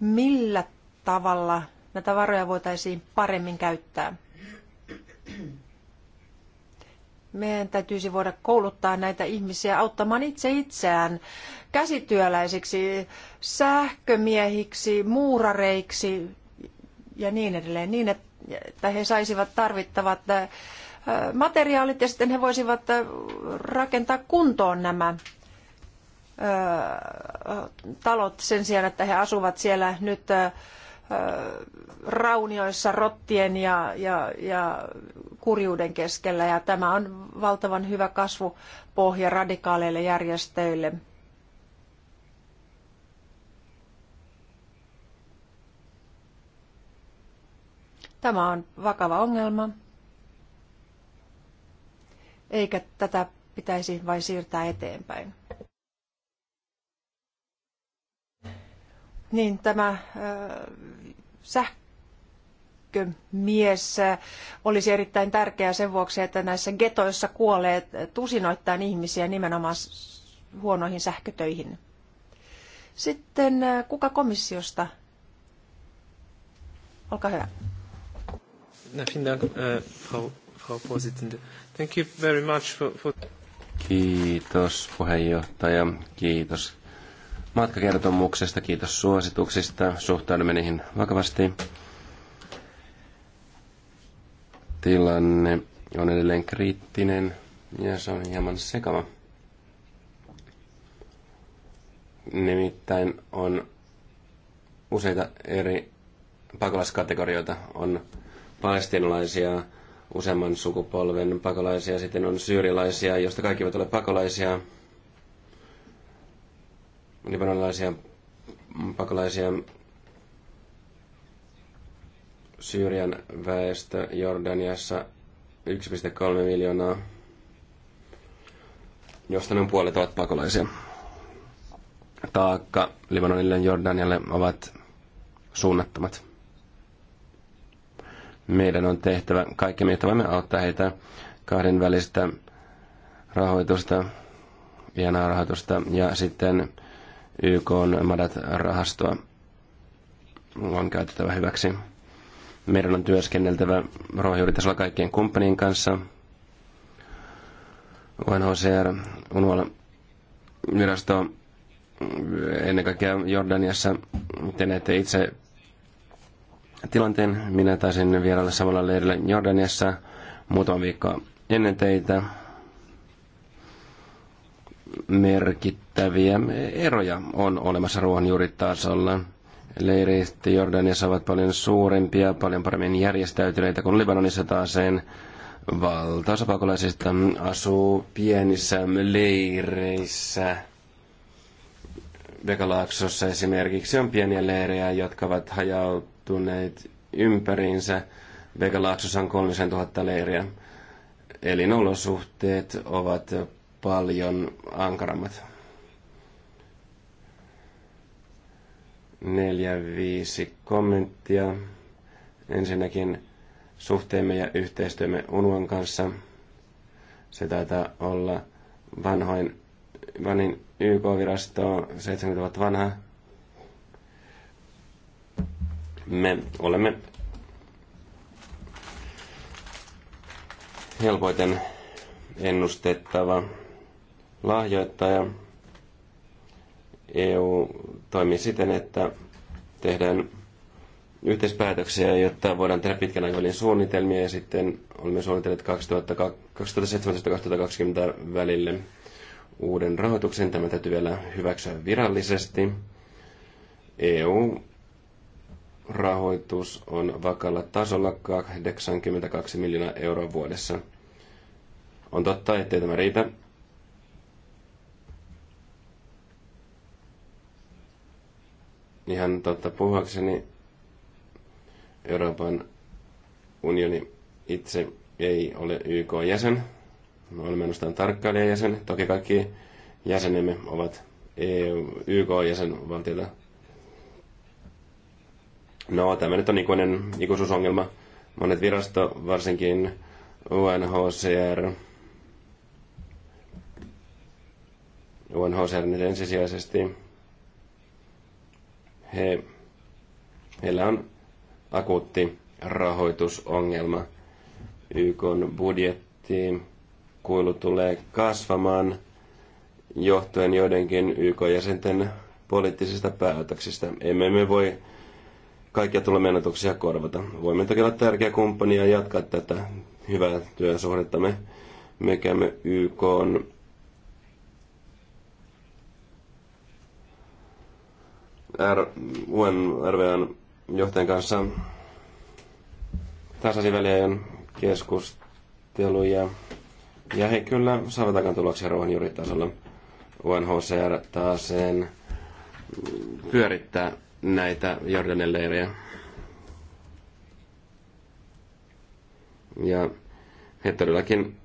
millä tavalla näitä varoja voitaisiin paremmin käyttää. Meidän täytyisi voida kouluttaa näitä ihmisiä auttamaan itse itseään käsityöläisiksi, sähkömiehiksi, muurareiksi ja niin edelleen, niin että että he saisivat tarvittavat äh, materiaalit ja sitten he voisivat äh, rakentaa kuntoon nämä äh, talot sen sijaan, että he asuvat siellä nyt raunioissa rottien ja, ja, ja kurjuuden keskellä. Ja tämä on valtavan hyvä kasvupohja radikaaleille järjestöille. Tämä on vakava ongelma, eikä tätä pitäisi vain siirtää eteenpäin. Niin tämä äh, sähkömies olisi erittäin tärkeä sen vuoksi, että näissä getoissa kuolee tusinoittain ihmisiä nimenomaan huonoihin sähkötöihin. Sitten kuka komissiosta? Olkaa hyvä. Äh, Thank you very much for, for... Kiitos puheenjohtaja, kiitos matkakertomuksesta, kiitos suosituksista, suhtaudumme niihin vakavasti. Tilanne on edelleen kriittinen ja se on hieman sekava. Nimittäin on useita eri pakolaiskategorioita. On palestinalaisia, useamman sukupolven pakolaisia, sitten on syyrialaisia, joista kaikki eivät ole pakolaisia, Libanonilaisia, pakolaisia, Syyrian väestö Jordaniassa 1,3 miljoonaa, josta noin puolet ovat pakolaisia. Taakka Libanonille ja Jordanialle ovat suunnattomat. Meidän on tehtävä kaikki, mitä voimme auttaa heitä kahdenvälistä rahoitusta, INA rahoitusta ja sitten YK on Madat-rahastoa on käytettävä hyväksi. Meidän on työskenneltävä rohjuuritasolla kaikkien kumppanien kanssa. UNHCR, UNOL, virasto, ennen kaikkea Jordaniassa, te näette itse tilanteen. Minä taisin vierailla samalla leirillä Jordaniassa muutama viikko ennen teitä. Merkittäviä eroja on olemassa ruohonjuuritasolla. Leirit Jordaniassa ovat paljon suurempia, paljon paremmin järjestäytyneitä kuin Libanonissa taaseen. Valtaosa pakolaisista asuu pienissä leireissä. Vekalaaksossa esimerkiksi on pieniä leirejä, jotka ovat hajautuneet sijoittuneet ympäriinsä. Vegalaaksosan 3000 leiriä. Elinolosuhteet ovat paljon ankarammat. 4-5 kommenttia. Ensinnäkin suhteemme ja yhteistyömme Unuan kanssa. Se taitaa olla vanhoin, vanhin YK-virasto, 70 vuotta vanha me olemme helpoiten ennustettava lahjoittaja. EU toimii siten, että tehdään yhteispäätöksiä, jotta voidaan tehdä pitkän aikavälin suunnitelmia ja sitten olemme suunnitelleet 2017-2020 välille uuden rahoituksen. Tämä täytyy vielä hyväksyä virallisesti. EU rahoitus on vakalla tasolla 82 miljoonaa euroa vuodessa. On totta, ettei tämä riitä. Ihan totta puhuakseni Euroopan unioni itse ei ole YK-jäsen. Me olemme ainoastaan tarkkailijajäsen. Toki kaikki jäsenemme ovat EU, YK-jäsenvaltioita No, tämä nyt on ikuinen ikuisuusongelma. Monet virasto, varsinkin UNHCR, UNHCR nyt ensisijaisesti, he, heillä on akuutti rahoitusongelma. YK budjetti kuilu tulee kasvamaan johtuen joidenkin YK-jäsenten poliittisista päätöksistä. Emme me voi kaikkia tulee menetuksia korvata. Voimme toki olla tärkeä kumppani ja jatkaa tätä hyvää työsuhdettamme. Me käymme YK on R, UNRVn johtajan kanssa tasasiväliajan keskusteluja. Ja he kyllä saavat aikaan tuloksia ruohonjuuritasolla. UNHCR taas sen pyörittää näitä Jordanin leirejä. Ja he todellakin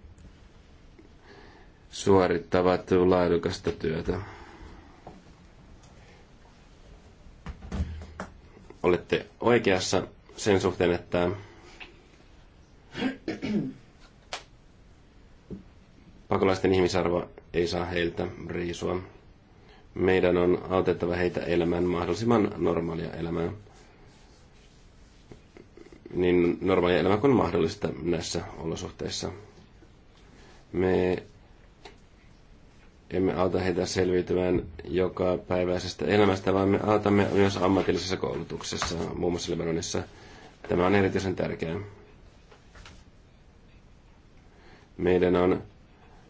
suorittavat laadukasta työtä. Olette oikeassa sen suhteen, että pakolaisten ihmisarvo ei saa heiltä riisua meidän on autettava heitä elämään mahdollisimman normaalia elämää. Niin normaalia elämää kuin mahdollista näissä olosuhteissa. Me emme auta heitä selviytymään joka päiväisestä elämästä, vaan me autamme myös ammatillisessa koulutuksessa, muun muassa Libanonissa. Tämä on erityisen tärkeää. Meidän on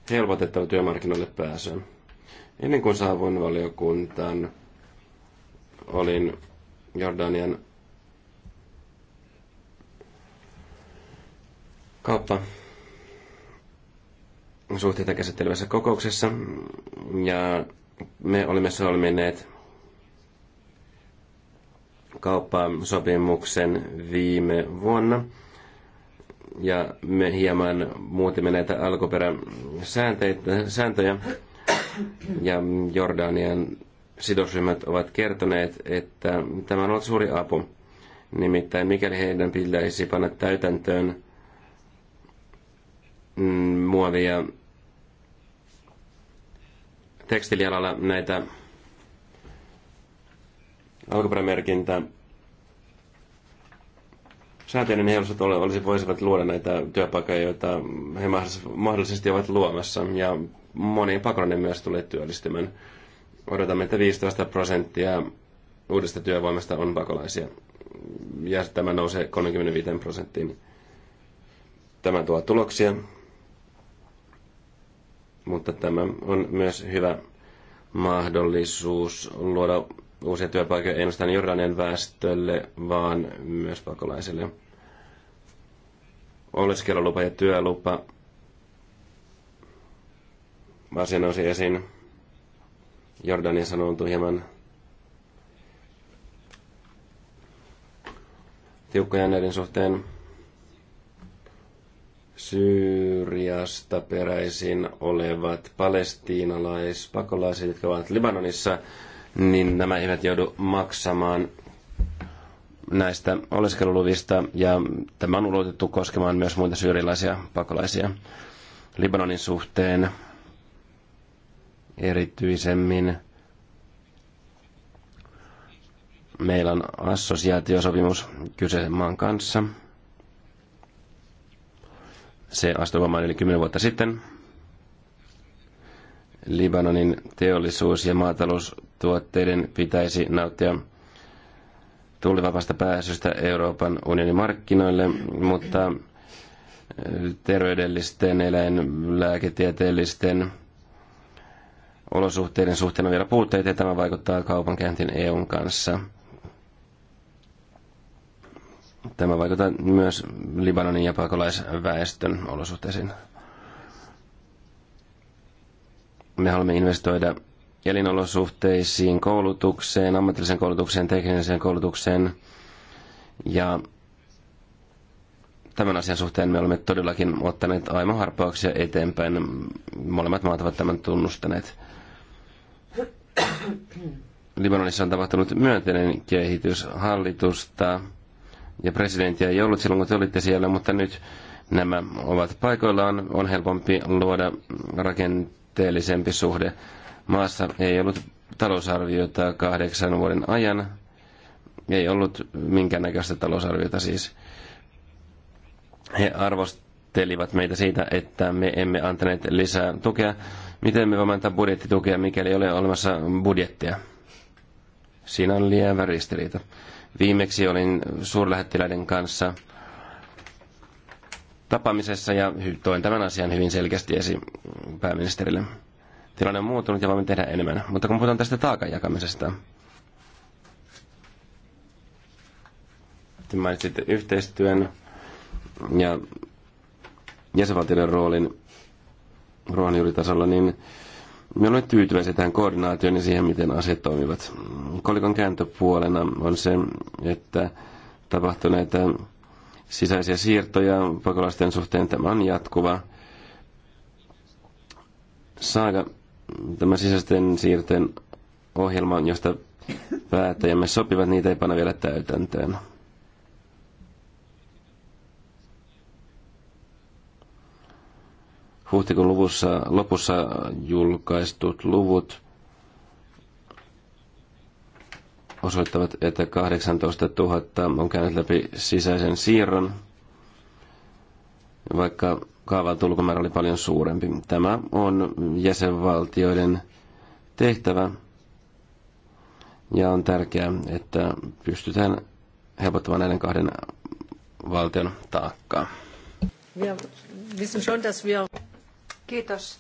helpotettava työmarkkinoille pääsyä. Ennen kuin saavuin valiokuntaan, olin Jordanian kauppa suhteita käsittelevässä kokouksessa ja me olimme solmineet kauppasopimuksen viime vuonna ja me hieman muutimme näitä alkuperäsääntöjä ja Jordanian sidosryhmät ovat kertoneet, että tämä on ollut suuri apu. Nimittäin mikäli heidän pitäisi panna täytäntöön mm, muovia tekstilialalla näitä alkuperämerkintä säätiöiden niin heilosat olisi, voisivat luoda näitä työpaikkoja, joita he mahdollisesti ovat luomassa. Ja moni pakollinen myös tulee työllistymään. Odotamme, että 15 prosenttia uudesta työvoimasta on pakolaisia. Ja tämä nousee 35 prosenttiin. Tämä tuo tuloksia, mutta tämä on myös hyvä mahdollisuus luoda uusia työpaikkoja ei ainoastaan Jordanian väestölle, vaan myös pakolaisille. Oleskelulupa ja työlupa asia nousi esiin. Jordanin on hieman tiukkoja näiden suhteen. Syyriasta peräisin olevat palestiinalaispakolaiset, jotka ovat Libanonissa, niin nämä eivät joudu maksamaan näistä oleskeluluvista ja tämä on ulotettu koskemaan myös muita syyrialaisia pakolaisia. Libanonin suhteen erityisemmin. Meillä on assosiaatiosopimus kyseisen maan kanssa. Se astui voimaan yli 10 vuotta sitten. Libanonin teollisuus- ja maataloustuotteiden pitäisi nauttia tullivapaasta pääsystä Euroopan unionin markkinoille, mutta terveydellisten, eläinlääketieteellisten olosuhteiden suhteen on vielä puutteita ja tämä vaikuttaa kaupankäyntiin EUn kanssa. Tämä vaikuttaa myös Libanonin ja pakolaisväestön olosuhteisiin. Me haluamme investoida elinolosuhteisiin, koulutukseen, ammatilliseen koulutukseen, tekniseen koulutukseen ja tämän asian suhteen me olemme todellakin ottaneet aivan harppauksia eteenpäin. Molemmat maat ovat tämän tunnustaneet. Libanonissa on tapahtunut myönteinen kehitys hallitusta ja presidenttiä ei ollut silloin, kun te olitte siellä, mutta nyt nämä ovat paikoillaan. On helpompi luoda rakenteellisempi suhde. Maassa ei ollut talousarviota kahdeksan vuoden ajan. Ei ollut minkäännäköistä talousarviota siis. He arvostelivat meitä siitä, että me emme antaneet lisää tukea Miten me voimme antaa budjettitukea, mikäli ei ole olemassa budjettia? Siinä on lievä ristiriita. Viimeksi olin suurlähettiläiden kanssa tapaamisessa ja toin tämän asian hyvin selkeästi esiin pääministerille. Tilanne on muuttunut ja voimme tehdä enemmän. Mutta kun puhutaan tästä taakan jakamisesta, mainitsit yhteistyön ja jäsenvaltioiden roolin ruohonjuuritasolla, niin me olemme tyytyväisiä tähän koordinaatioon ja siihen, miten asiat toimivat. Kolikon kääntöpuolena on se, että tapahtuu näitä sisäisiä siirtoja pakolaisten suhteen. Tämä on jatkuva saaga, tämä sisäisten siirtojen ohjelma, josta päättäjämme sopivat, niitä ei panna vielä täytäntöön. huhtikuun luvussa, lopussa julkaistut luvut osoittavat, että 18 000 on käynyt läpi sisäisen siirron, vaikka kaavailtu lukumäärä oli paljon suurempi. Tämä on jäsenvaltioiden tehtävä ja on tärkeää, että pystytään helpottamaan näiden kahden valtion taakkaa. Kiitos.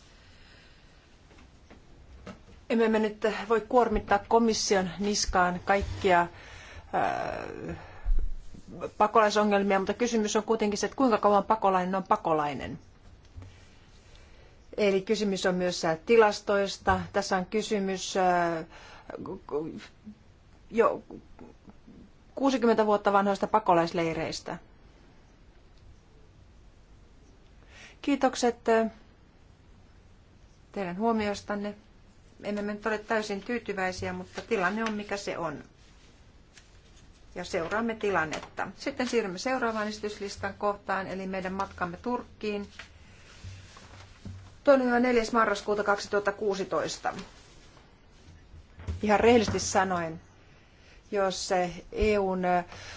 Emme me nyt voi kuormittaa komission niskaan kaikkia äh, pakolaisongelmia, mutta kysymys on kuitenkin se, että kuinka kauan pakolainen on pakolainen. Eli kysymys on myös äh, tilastoista. Tässä on kysymys äh, jo 60 vuotta vanhoista pakolaisleireistä. Kiitokset teidän huomiostanne. Emme me nyt ole täysin tyytyväisiä, mutta tilanne on mikä se on. Ja seuraamme tilannetta. Sitten siirrymme seuraavaan esityslistan kohtaan, eli meidän matkamme Turkkiin. 2.4. marraskuuta 2016. Ihan rehellisesti sanoen, jos EUn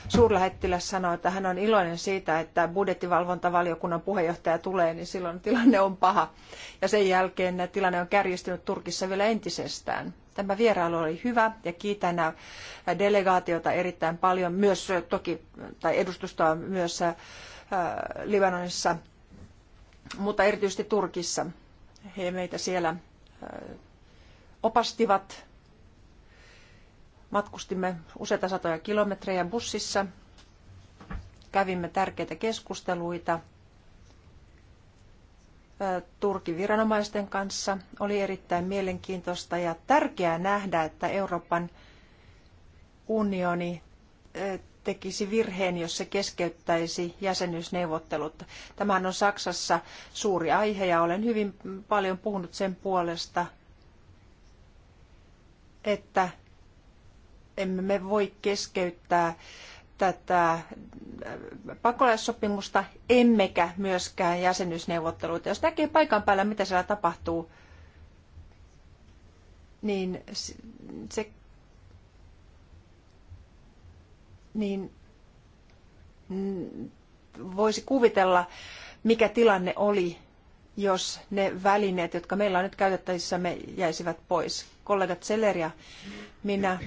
suurlähettiläs sanoo, että hän on iloinen siitä, että budjettivalvontavaliokunnan puheenjohtaja tulee, niin silloin tilanne on paha. Ja sen jälkeen tilanne on kärjistynyt Turkissa vielä entisestään. Tämä vierailu oli hyvä ja kiitän delegaatiota erittäin paljon, myös toki, tai edustustoa myös Libanonissa, mutta erityisesti Turkissa. He meitä siellä opastivat Matkustimme useita satoja kilometrejä bussissa, kävimme tärkeitä keskusteluita Turkin viranomaisten kanssa. Oli erittäin mielenkiintoista ja tärkeää nähdä, että Euroopan unioni tekisi virheen, jos se keskeyttäisi jäsenyysneuvottelut. Tämähän on Saksassa suuri aihe ja olen hyvin paljon puhunut sen puolesta, että emme me voi keskeyttää tätä äh, pakolaissopimusta, emmekä myöskään jäsenyysneuvotteluita. Jos näkee paikan päällä, mitä siellä tapahtuu, niin se niin voisi kuvitella, mikä tilanne oli, jos ne välineet, jotka meillä on nyt käytettävissämme, jäisivät pois. Kollegat Seleria, minä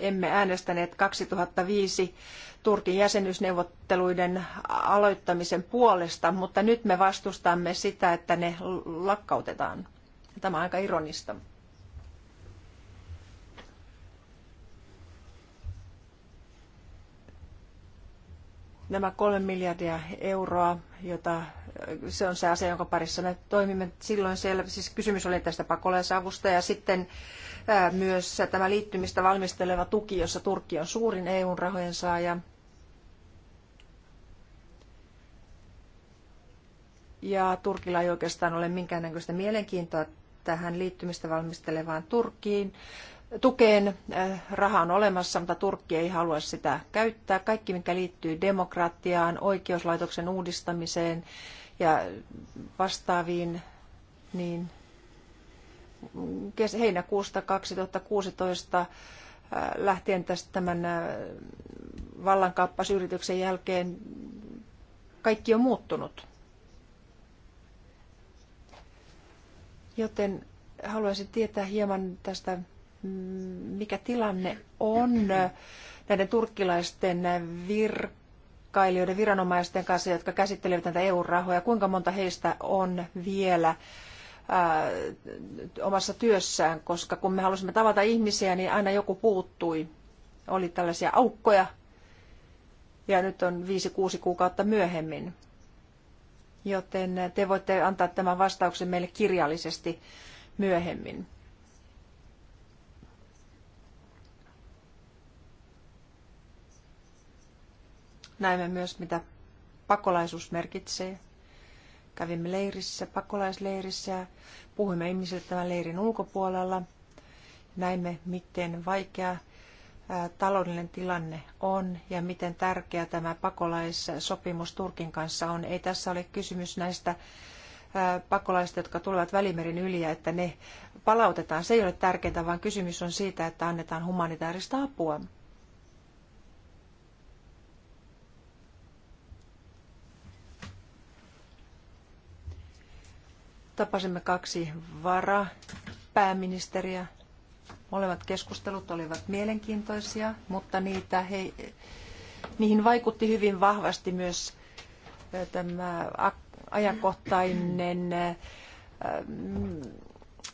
emme äänestäneet 2005 Turkin jäsenyysneuvotteluiden aloittamisen puolesta, mutta nyt me vastustamme sitä, että ne lakkautetaan. Tämä on aika ironista. Nämä kolme miljardia euroa, jota, se on se asia, jonka parissa me toimimme silloin siellä. Siis kysymys oli tästä pakolaisavusta ja sitten myös tämä liittymistä valmisteleva tuki, jossa Turkki on suurin EUn rahojen saaja. Ja Turkilla ei oikeastaan ole minkäännäköistä mielenkiintoa tähän liittymistä valmistelevaan Turkkiin. Tukeen raha on olemassa, mutta Turkki ei halua sitä käyttää. Kaikki, mikä liittyy demokratiaan, oikeuslaitoksen uudistamiseen ja vastaaviin, niin heinäkuusta 2016 äh, lähtien tästä tämän äh, vallankaappausyrityksen jälkeen kaikki on muuttunut. Joten haluaisin tietää hieman tästä, mikä tilanne on äh, näiden turkkilaisten virkailijoiden, viranomaisten kanssa, jotka käsittelevät näitä EU-rahoja. Kuinka monta heistä on vielä omassa työssään, koska kun me halusimme tavata ihmisiä, niin aina joku puuttui. Oli tällaisia aukkoja ja nyt on viisi kuusi kuukautta myöhemmin. Joten te voitte antaa tämän vastauksen meille kirjallisesti myöhemmin. Näemme myös, mitä pakolaisuus merkitsee. Kävimme leirissä, pakolaisleirissä ja puhuimme ihmisille tämän leirin ulkopuolella. Näimme, miten vaikea taloudellinen tilanne on ja miten tärkeä tämä pakolaissopimus Turkin kanssa on. Ei tässä ole kysymys näistä pakolaisista, jotka tulevat Välimerin yli ja että ne palautetaan. Se ei ole tärkeintä, vaan kysymys on siitä, että annetaan humanitaarista apua. Tapasimme kaksi varapääministeriä. Molemmat keskustelut olivat mielenkiintoisia, mutta niitä he, niihin vaikutti hyvin vahvasti myös tämä ajankohtainen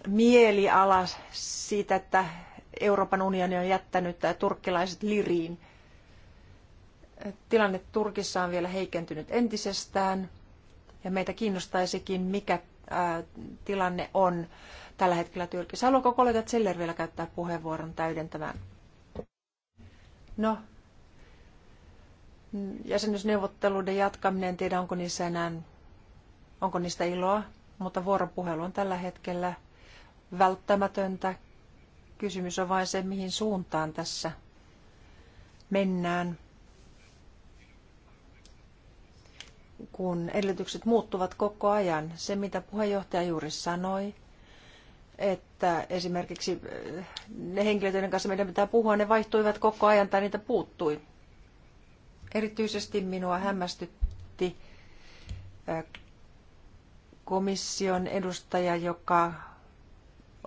mieliala siitä, että Euroopan unioni on jättänyt turkkilaiset liriin. Tilanne Turkissa on vielä heikentynyt entisestään ja meitä kiinnostaisikin, mikä tilanne on tällä hetkellä Tyrkissä. Haluatko kollega Zeller vielä käyttää puheenvuoron täydentämään? No, jäsenyysneuvotteluiden jatkaminen, en tiedä onko niissä enää, onko niistä iloa, mutta vuoropuhelu on tällä hetkellä välttämätöntä. Kysymys on vain se, mihin suuntaan tässä mennään. kun edellytykset muuttuvat koko ajan. Se, mitä puheenjohtaja juuri sanoi, että esimerkiksi eh, ne henkilöt, joiden kanssa meidän pitää puhua, ne vaihtuivat koko ajan tai niitä puuttui. Erityisesti minua hämmästytti eh, komission edustaja, joka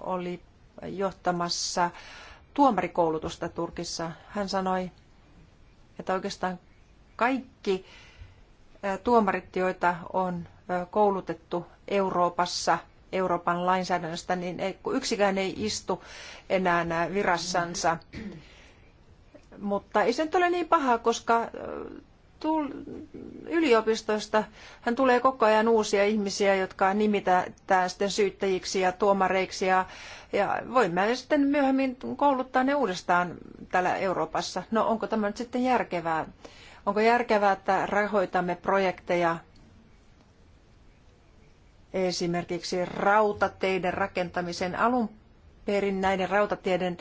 oli johtamassa tuomarikoulutusta Turkissa. Hän sanoi, että oikeastaan kaikki tuomarit, joita on koulutettu Euroopassa Euroopan lainsäädännöstä, niin yksikään ei istu enää virassansa. Mutta ei se nyt ole niin paha, koska yliopistoista hän tulee koko ajan uusia ihmisiä, jotka nimitetään sitten syyttäjiksi ja tuomareiksi ja, ja voimme sitten myöhemmin kouluttaa ne uudestaan täällä Euroopassa. No onko tämä nyt sitten järkevää? Onko järkevää, että rahoitamme projekteja esimerkiksi rautateiden rakentamisen alun perin näiden rautateiden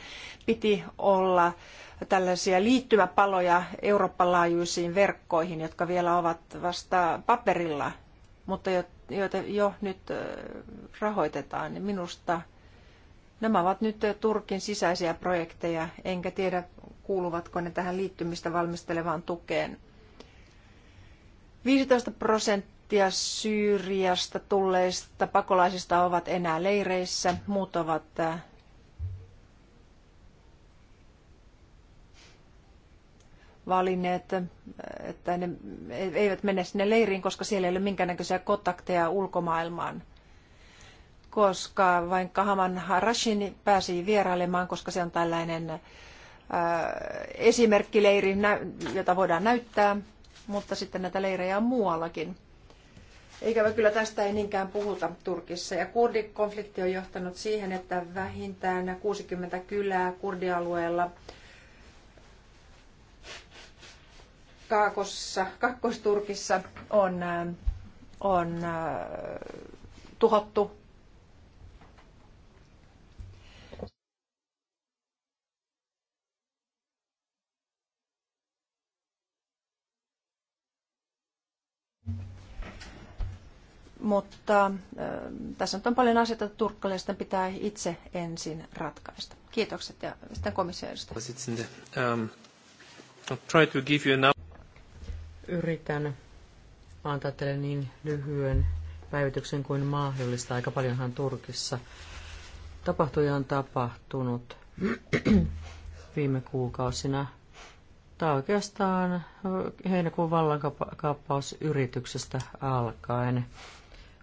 piti olla tällaisia liittymäpaloja Euroopan laajuisiin verkkoihin, jotka vielä ovat vasta paperilla, mutta joita jo nyt rahoitetaan. Minusta nämä ovat nyt Turkin sisäisiä projekteja, enkä tiedä kuuluvatko ne tähän liittymistä valmistelevaan tukeen. 15 prosenttia Syyriasta tulleista pakolaisista ovat enää leireissä, muut ovat äh, valinneet, äh, että ne eivät mene sinne leiriin, koska siellä ei ole minkäännäköisiä kontakteja ulkomaailmaan. Koska vain Kahaman Harashin pääsi vierailemaan, koska se on tällainen Äh, esimerkkileiri, jota voidaan näyttää, mutta sitten näitä leirejä on muuallakin. Ikävä kyllä tästä ei niinkään puhuta Turkissa. Ja kurdikonflikti on johtanut siihen, että vähintään 60 kylää kurdialueella Kaakossa, Kakkosturkissa on, äh, on äh, tuhottu mutta tässä nyt on paljon asioita, että turkkalaisten pitää itse ensin ratkaista. Kiitokset ja sitten komission um, Yritän antaa teille niin lyhyen päivityksen kuin mahdollista. Aika paljonhan Turkissa tapahtuja on tapahtunut viime kuukausina. Tämä oikeastaan heinäkuun vallankaappausyrityksestä alkaen.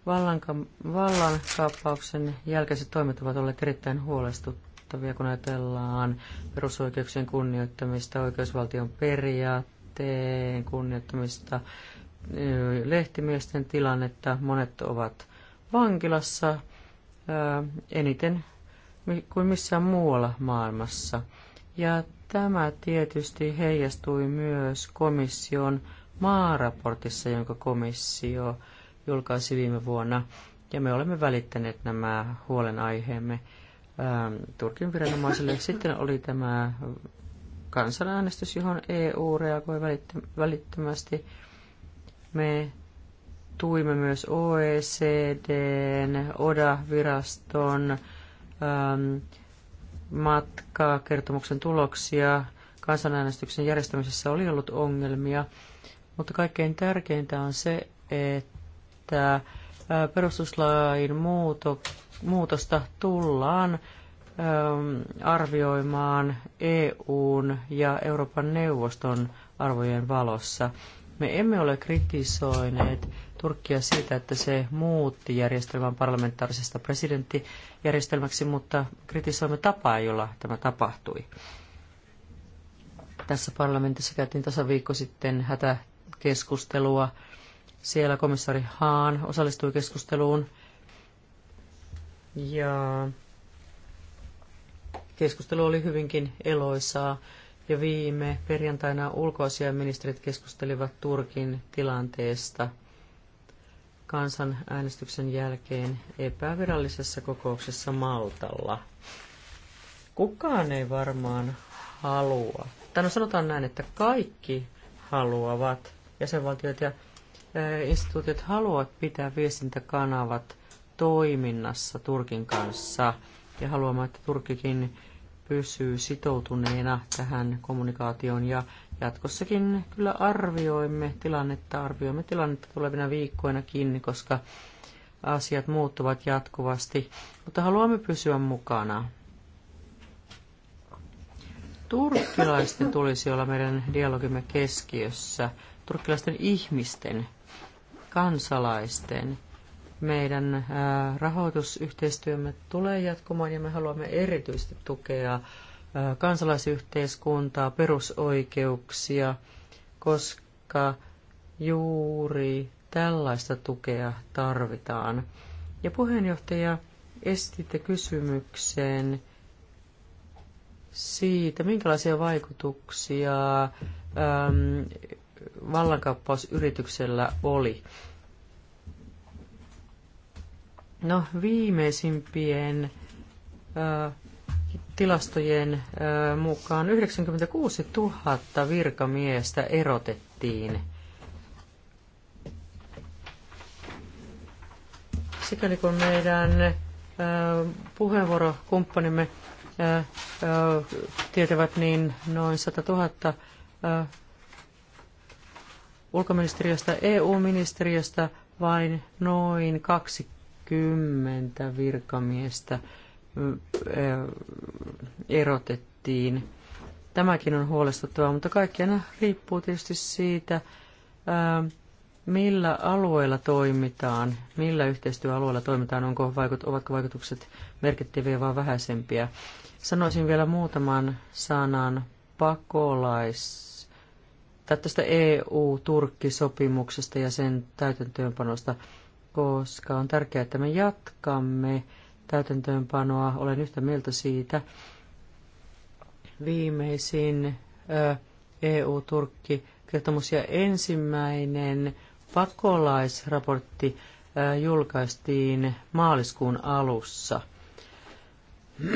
Vallanka- vallankaappauksen jälkeiset toimet ovat olleet erittäin huolestuttavia, kun ajatellaan perusoikeuksien kunnioittamista, oikeusvaltion periaatteen kunnioittamista, lehtimiesten tilannetta. Monet ovat vankilassa eniten kuin missään muualla maailmassa. Ja tämä tietysti heijastui myös komission maaraportissa, jonka komissio julkaisi viime vuonna. Ja me olemme välittäneet nämä huolenaiheemme ähm, Turkin viranomaisille. Sitten oli tämä kansanäänestys, johon EU reagoi välittömästi. Me tuimme myös OECDn, ODA-viraston ähm, matkakertomuksen tuloksia. Kansanäänestyksen järjestämisessä oli ollut ongelmia, mutta kaikkein tärkeintä on se, että että perustuslain muuto, muutosta tullaan arvioimaan EUn ja Euroopan neuvoston arvojen valossa. Me emme ole kritisoineet Turkkia siitä, että se muutti järjestelmän parlamentaarisesta presidenttijärjestelmäksi, mutta kritisoimme tapaa, jolla tämä tapahtui. Tässä parlamentissa käytiin viikko sitten hätäkeskustelua siellä komissaari Haan osallistui keskusteluun ja keskustelu oli hyvinkin eloisaa. Ja viime perjantaina ulkoasiaministerit keskustelivat Turkin tilanteesta kansanäänestyksen jälkeen epävirallisessa kokouksessa Maltalla. Kukaan ei varmaan halua, tai no sanotaan näin, että kaikki haluavat jäsenvaltiot ja Äh, instituutit haluavat pitää viestintäkanavat toiminnassa Turkin kanssa ja haluamme, että Turkikin pysyy sitoutuneena tähän kommunikaatioon ja jatkossakin kyllä arvioimme tilannetta, arvioimme tilannetta tulevina viikkoina kiinni, koska asiat muuttuvat jatkuvasti, mutta haluamme pysyä mukana. Turkkilaisten tulisi olla meidän dialogimme keskiössä, turkkilaisten ihmisten kansalaisten. Meidän äh, rahoitusyhteistyömme tulee jatkumaan ja me haluamme erityisesti tukea äh, kansalaisyhteiskuntaa, perusoikeuksia, koska juuri tällaista tukea tarvitaan. Ja puheenjohtaja, estitte kysymykseen siitä, minkälaisia vaikutuksia vallankaappausyrityksellä oli. No, viimeisimpien ö, tilastojen ö, mukaan 96 000 virkamiestä erotettiin. Sikäli kun meidän ö, puheenvuorokumppanimme ö, ö, tietävät, niin noin 100 000 ö, ulkoministeriöstä EU-ministeriöstä vain noin 20 virkamiestä erotettiin. Tämäkin on huolestuttavaa, mutta kaikkiana riippuu tietysti siitä, millä alueella toimitaan, millä yhteistyöalueella toimitaan, onko vaikut, ovatko vaikutukset merkittäviä vai vähäisempiä. Sanoisin vielä muutaman sanan pakolais tai tästä EU-Turkki-sopimuksesta ja sen täytäntöönpanosta, koska on tärkeää, että me jatkamme täytäntöönpanoa. Olen yhtä mieltä siitä. Viimeisin EU-Turkki-kertomus ja ensimmäinen pakolaisraportti julkaistiin maaliskuun alussa.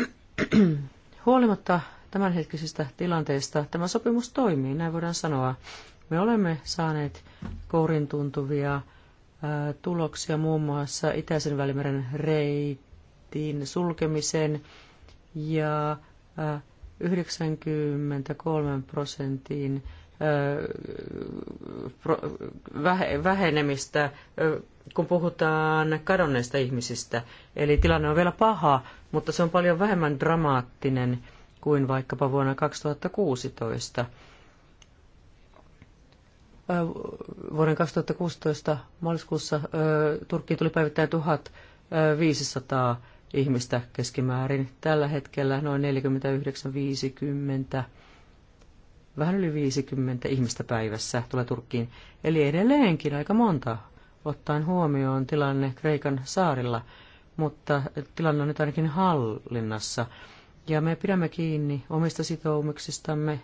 Huolimatta tämänhetkisestä tilanteesta. Tämä sopimus toimii, näin voidaan sanoa. Me olemme saaneet kourin tuntuvia tuloksia muun muassa Itäisen välimeren reitin sulkemisen ja 93 prosentin vähenemistä, kun puhutaan kadonneista ihmisistä. Eli tilanne on vielä paha, mutta se on paljon vähemmän dramaattinen kuin vaikkapa vuonna 2016. Vuoden 2016 maaliskuussa Turkkiin tuli päivittäin 1500 ihmistä keskimäärin. Tällä hetkellä noin 49-50, vähän yli 50 ihmistä päivässä tulee Turkkiin. Eli edelleenkin aika monta, ottaen huomioon tilanne Kreikan saarilla, mutta tilanne on nyt ainakin hallinnassa ja me pidämme kiinni omista sitoumuksistamme.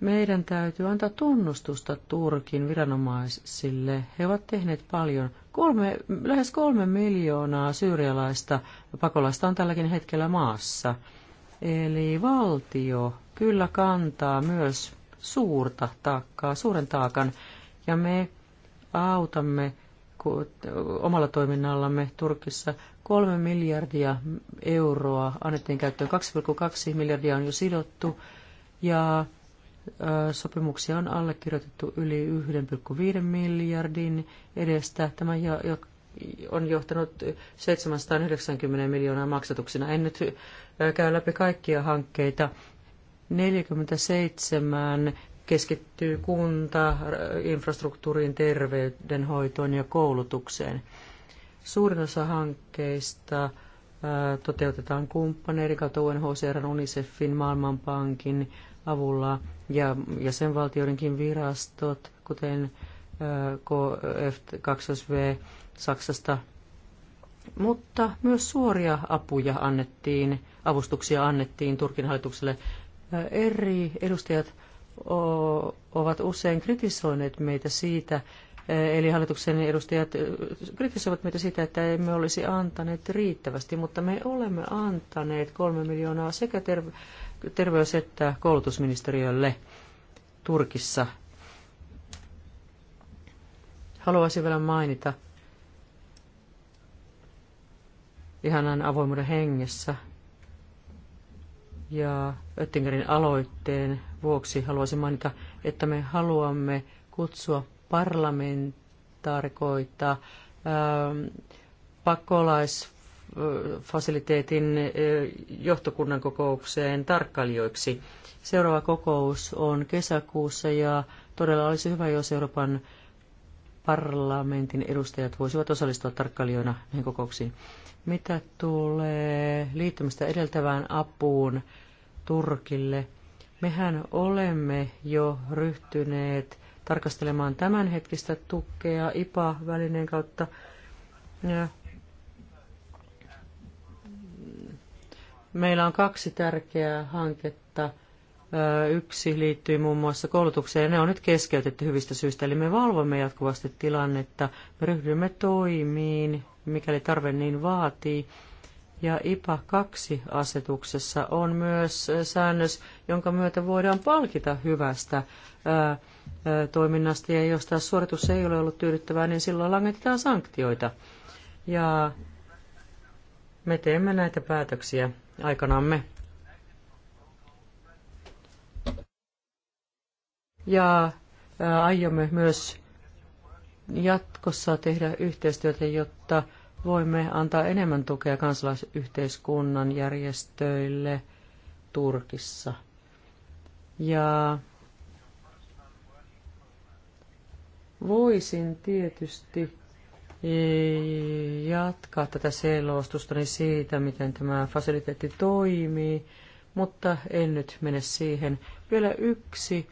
Meidän täytyy antaa tunnustusta Turkin viranomaisille. He ovat tehneet paljon. Kolme, lähes kolme miljoonaa syyrialaista pakolaista on tälläkin hetkellä maassa. Eli valtio kyllä kantaa myös suurta taakkaa, suuren taakan, ja me autamme omalla toiminnallamme Turkissa Kolme miljardia euroa annettiin käyttöön, 2,2 miljardia on jo sidottu ja sopimuksia on allekirjoitettu yli 1,5 miljardin edestä. Tämä on johtanut 790 miljoonaa maksatuksina. En nyt käy läpi kaikkia hankkeita. 47 keskittyy kunta, infrastruktuuriin, terveydenhoitoon ja koulutukseen. Suurin osa hankkeista toteutetaan kumppaneiden kautta UNHCR, UNICEFin, Maailmanpankin avulla ja jäsenvaltioidenkin virastot, kuten KF2V Saksasta. Mutta myös suoria apuja annettiin, avustuksia annettiin Turkin hallitukselle. Eri edustajat ovat usein kritisoineet meitä siitä, eli hallituksen edustajat kritisoivat meitä sitä, että emme olisi antaneet riittävästi, mutta me olemme antaneet kolme miljoonaa sekä terve- terveys- että koulutusministeriölle Turkissa. Haluaisin vielä mainita ihanan avoimuuden hengessä ja Oettingerin aloitteen vuoksi haluaisin mainita, että me haluamme kutsua parlamentaarikoita ähm, pakolaisfasiliteetin äh, johtokunnan kokoukseen tarkkailijoiksi. Seuraava kokous on kesäkuussa ja todella olisi hyvä, jos Euroopan parlamentin edustajat voisivat osallistua tarkkailijoina näihin kokouksiin. Mitä tulee liittymistä edeltävään apuun Turkille? Mehän olemme jo ryhtyneet tarkastelemaan tämänhetkistä tukea IPA-välineen kautta. Meillä on kaksi tärkeää hanketta. Yksi liittyy muun muassa koulutukseen. Ne on nyt keskeytetty hyvistä syistä, eli me valvomme jatkuvasti tilannetta. Me ryhdymme toimiin, mikäli tarve niin vaatii. Ja IPA 2-asetuksessa on myös säännös, jonka myötä voidaan palkita hyvästä toiminnasta, ja jos taas suoritus ei ole ollut tyydyttävää, niin silloin langetetaan sanktioita. Ja me teemme näitä päätöksiä aikanamme. Ja aiomme myös jatkossa tehdä yhteistyötä, jotta voimme antaa enemmän tukea kansalaisyhteiskunnan järjestöille Turkissa. Ja Voisin tietysti e, jatkaa tätä selostustani siitä, miten tämä fasiliteetti toimii, mutta en nyt mene siihen. Vielä yksi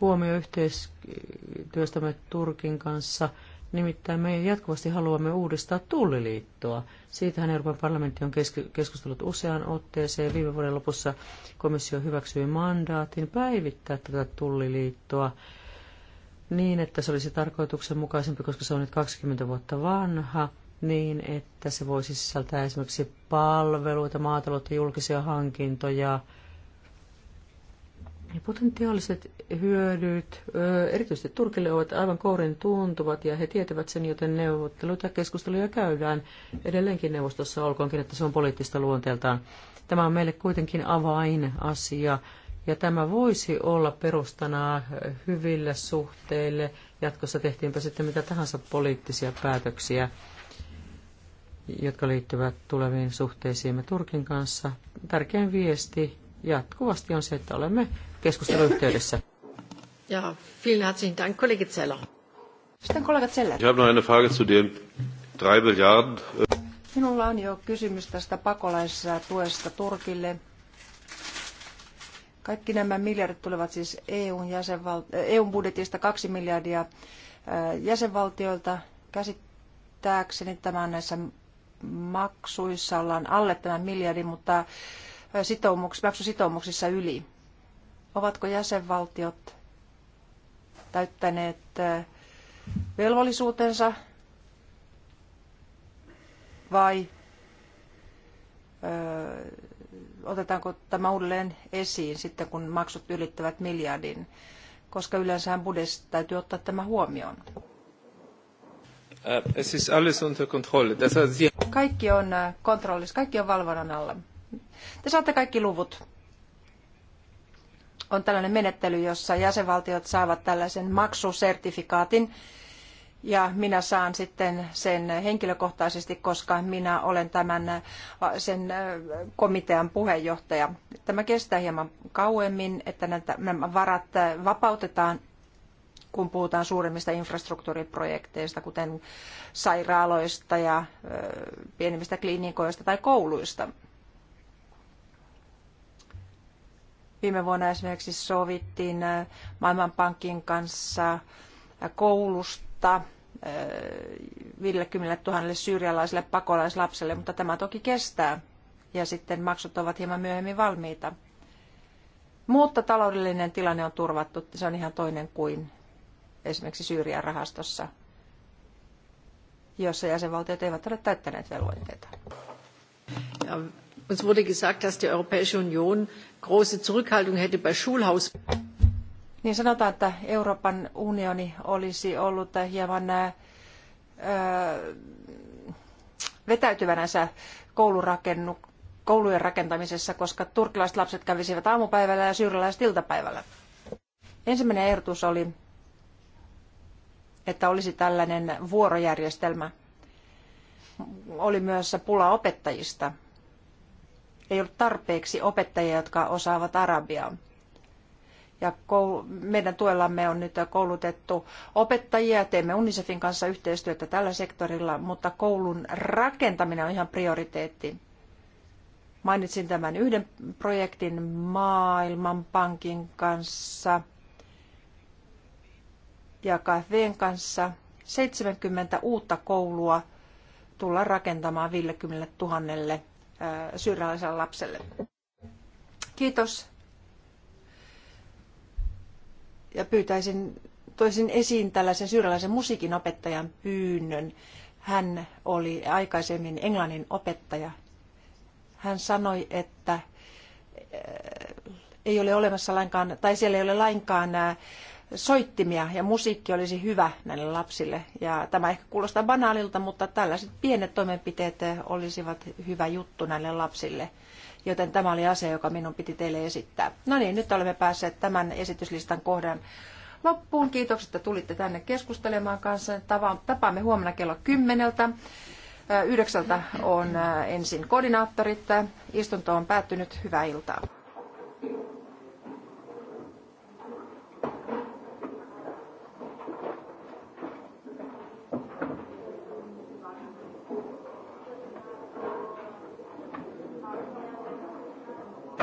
huomio yhteistyöstämme Turkin kanssa. Nimittäin me jatkuvasti haluamme uudistaa tulliliittoa. Siitähän Euroopan parlamentti on keskustellut useaan otteeseen. Viime vuoden lopussa komissio hyväksyi mandaatin päivittää tätä tulliliittoa niin, että se olisi tarkoituksenmukaisempi, koska se on nyt 20 vuotta vanha, niin että se voisi sisältää esimerkiksi palveluita, maataloutta, julkisia hankintoja, ja potentiaaliset hyödyt, erityisesti Turkille, ovat aivan kourin tuntuvat ja he tietävät sen, joten neuvotteluita ja keskusteluja käydään edelleenkin neuvostossa, olkoonkin, että se on poliittista luonteeltaan. Tämä on meille kuitenkin avainasia ja tämä voisi olla perustana hyville suhteille. Jatkossa tehtiinpä sitten mitä tahansa poliittisia päätöksiä, jotka liittyvät tuleviin suhteisiimme Turkin kanssa. Tärkein viesti jatkuvasti on se, että olemme keskusteluyhteydessä. Ja, vielen herzlichen Dank, Kollege Zeller. Sitten kollega Zeller. Ich habe noch eine Frage zu den drei Milliarden. Äh, Minulla on jo kysymys tästä pakolaistuesta Turkille kaikki nämä miljardit tulevat siis EUn, jäsenval- äh, EUn budjetista kaksi miljardia äh, jäsenvaltioilta. Käsittääkseni tämä näissä maksuissa ollaan alle tämän miljardin, mutta äh, sitoumuks- maksusitoumuksissa yli. Ovatko jäsenvaltiot täyttäneet velvollisuutensa vai otetaanko tämä uudelleen esiin sitten, kun maksut ylittävät miljardin, koska yleensähän budjetissa täytyy ottaa tämä huomioon. Äh, kaikki on äh, kontrollissa, kaikki on valvonnan alla. Te saatte kaikki luvut. On tällainen menettely, jossa jäsenvaltiot saavat tällaisen maksusertifikaatin, ja minä saan sitten sen henkilökohtaisesti, koska minä olen tämän äh, sen äh, komitean puheenjohtaja. Tämä kestää hieman kauemmin, että nämä varat äh, vapautetaan, kun puhutaan suuremmista infrastruktuuriprojekteista, kuten sairaaloista ja pienemmistä klinikoista tai kouluista. Viime vuonna esimerkiksi sovittiin Maailmanpankin kanssa koulusta, vuotta 50 eh, tuhannelle syyrialaiselle pakolaislapselle, mutta tämä toki kestää ja sitten maksut ovat hieman myöhemmin valmiita. Mutta taloudellinen tilanne on turvattu, se on ihan toinen kuin esimerkiksi Syyrian rahastossa, jossa jäsenvaltiot eivät ole täyttäneet velvoitteita. Ja, wurde gesagt, dass die Europäische Union große Zurückhaltung hätte bei Schulhaus niin sanotaan, että Euroopan unioni olisi ollut hieman ää, vetäytyvänänsä koulurakennu, koulujen rakentamisessa, koska turkilaiset lapset kävisivät aamupäivällä ja syyrialaiset iltapäivällä. Ensimmäinen ehdotus oli, että olisi tällainen vuorojärjestelmä. Oli myös pula opettajista. Ei ollut tarpeeksi opettajia, jotka osaavat arabiaa. Ja meidän tuellamme on nyt koulutettu opettajia, teemme UNICEFin kanssa yhteistyötä tällä sektorilla, mutta koulun rakentaminen on ihan prioriteetti. Mainitsin tämän yhden projektin Maailmanpankin kanssa ja KFVn kanssa. 70 uutta koulua tullaan rakentamaan 50 000 syyrialaiselle lapselle. Kiitos ja pyytäisin, toisin esiin tällaisen syyrialaisen musiikinopettajan pyynnön. Hän oli aikaisemmin englannin opettaja. Hän sanoi, että eh, ei ole olemassa lainkaan, tai siellä ei ole lainkaan eh, soittimia ja musiikki olisi hyvä näille lapsille. Ja tämä ehkä kuulostaa banaalilta, mutta tällaiset pienet toimenpiteet eh, olisivat hyvä juttu näille lapsille – joten tämä oli asia, joka minun piti teille esittää. No niin, nyt olemme päässeet tämän esityslistan kohdan loppuun. Kiitokset, että tulitte tänne keskustelemaan kanssa. Tapaamme huomenna kello kymmeneltä. Yhdeksältä on ensin koordinaattorit. Istunto on päättynyt. Hyvää iltaa.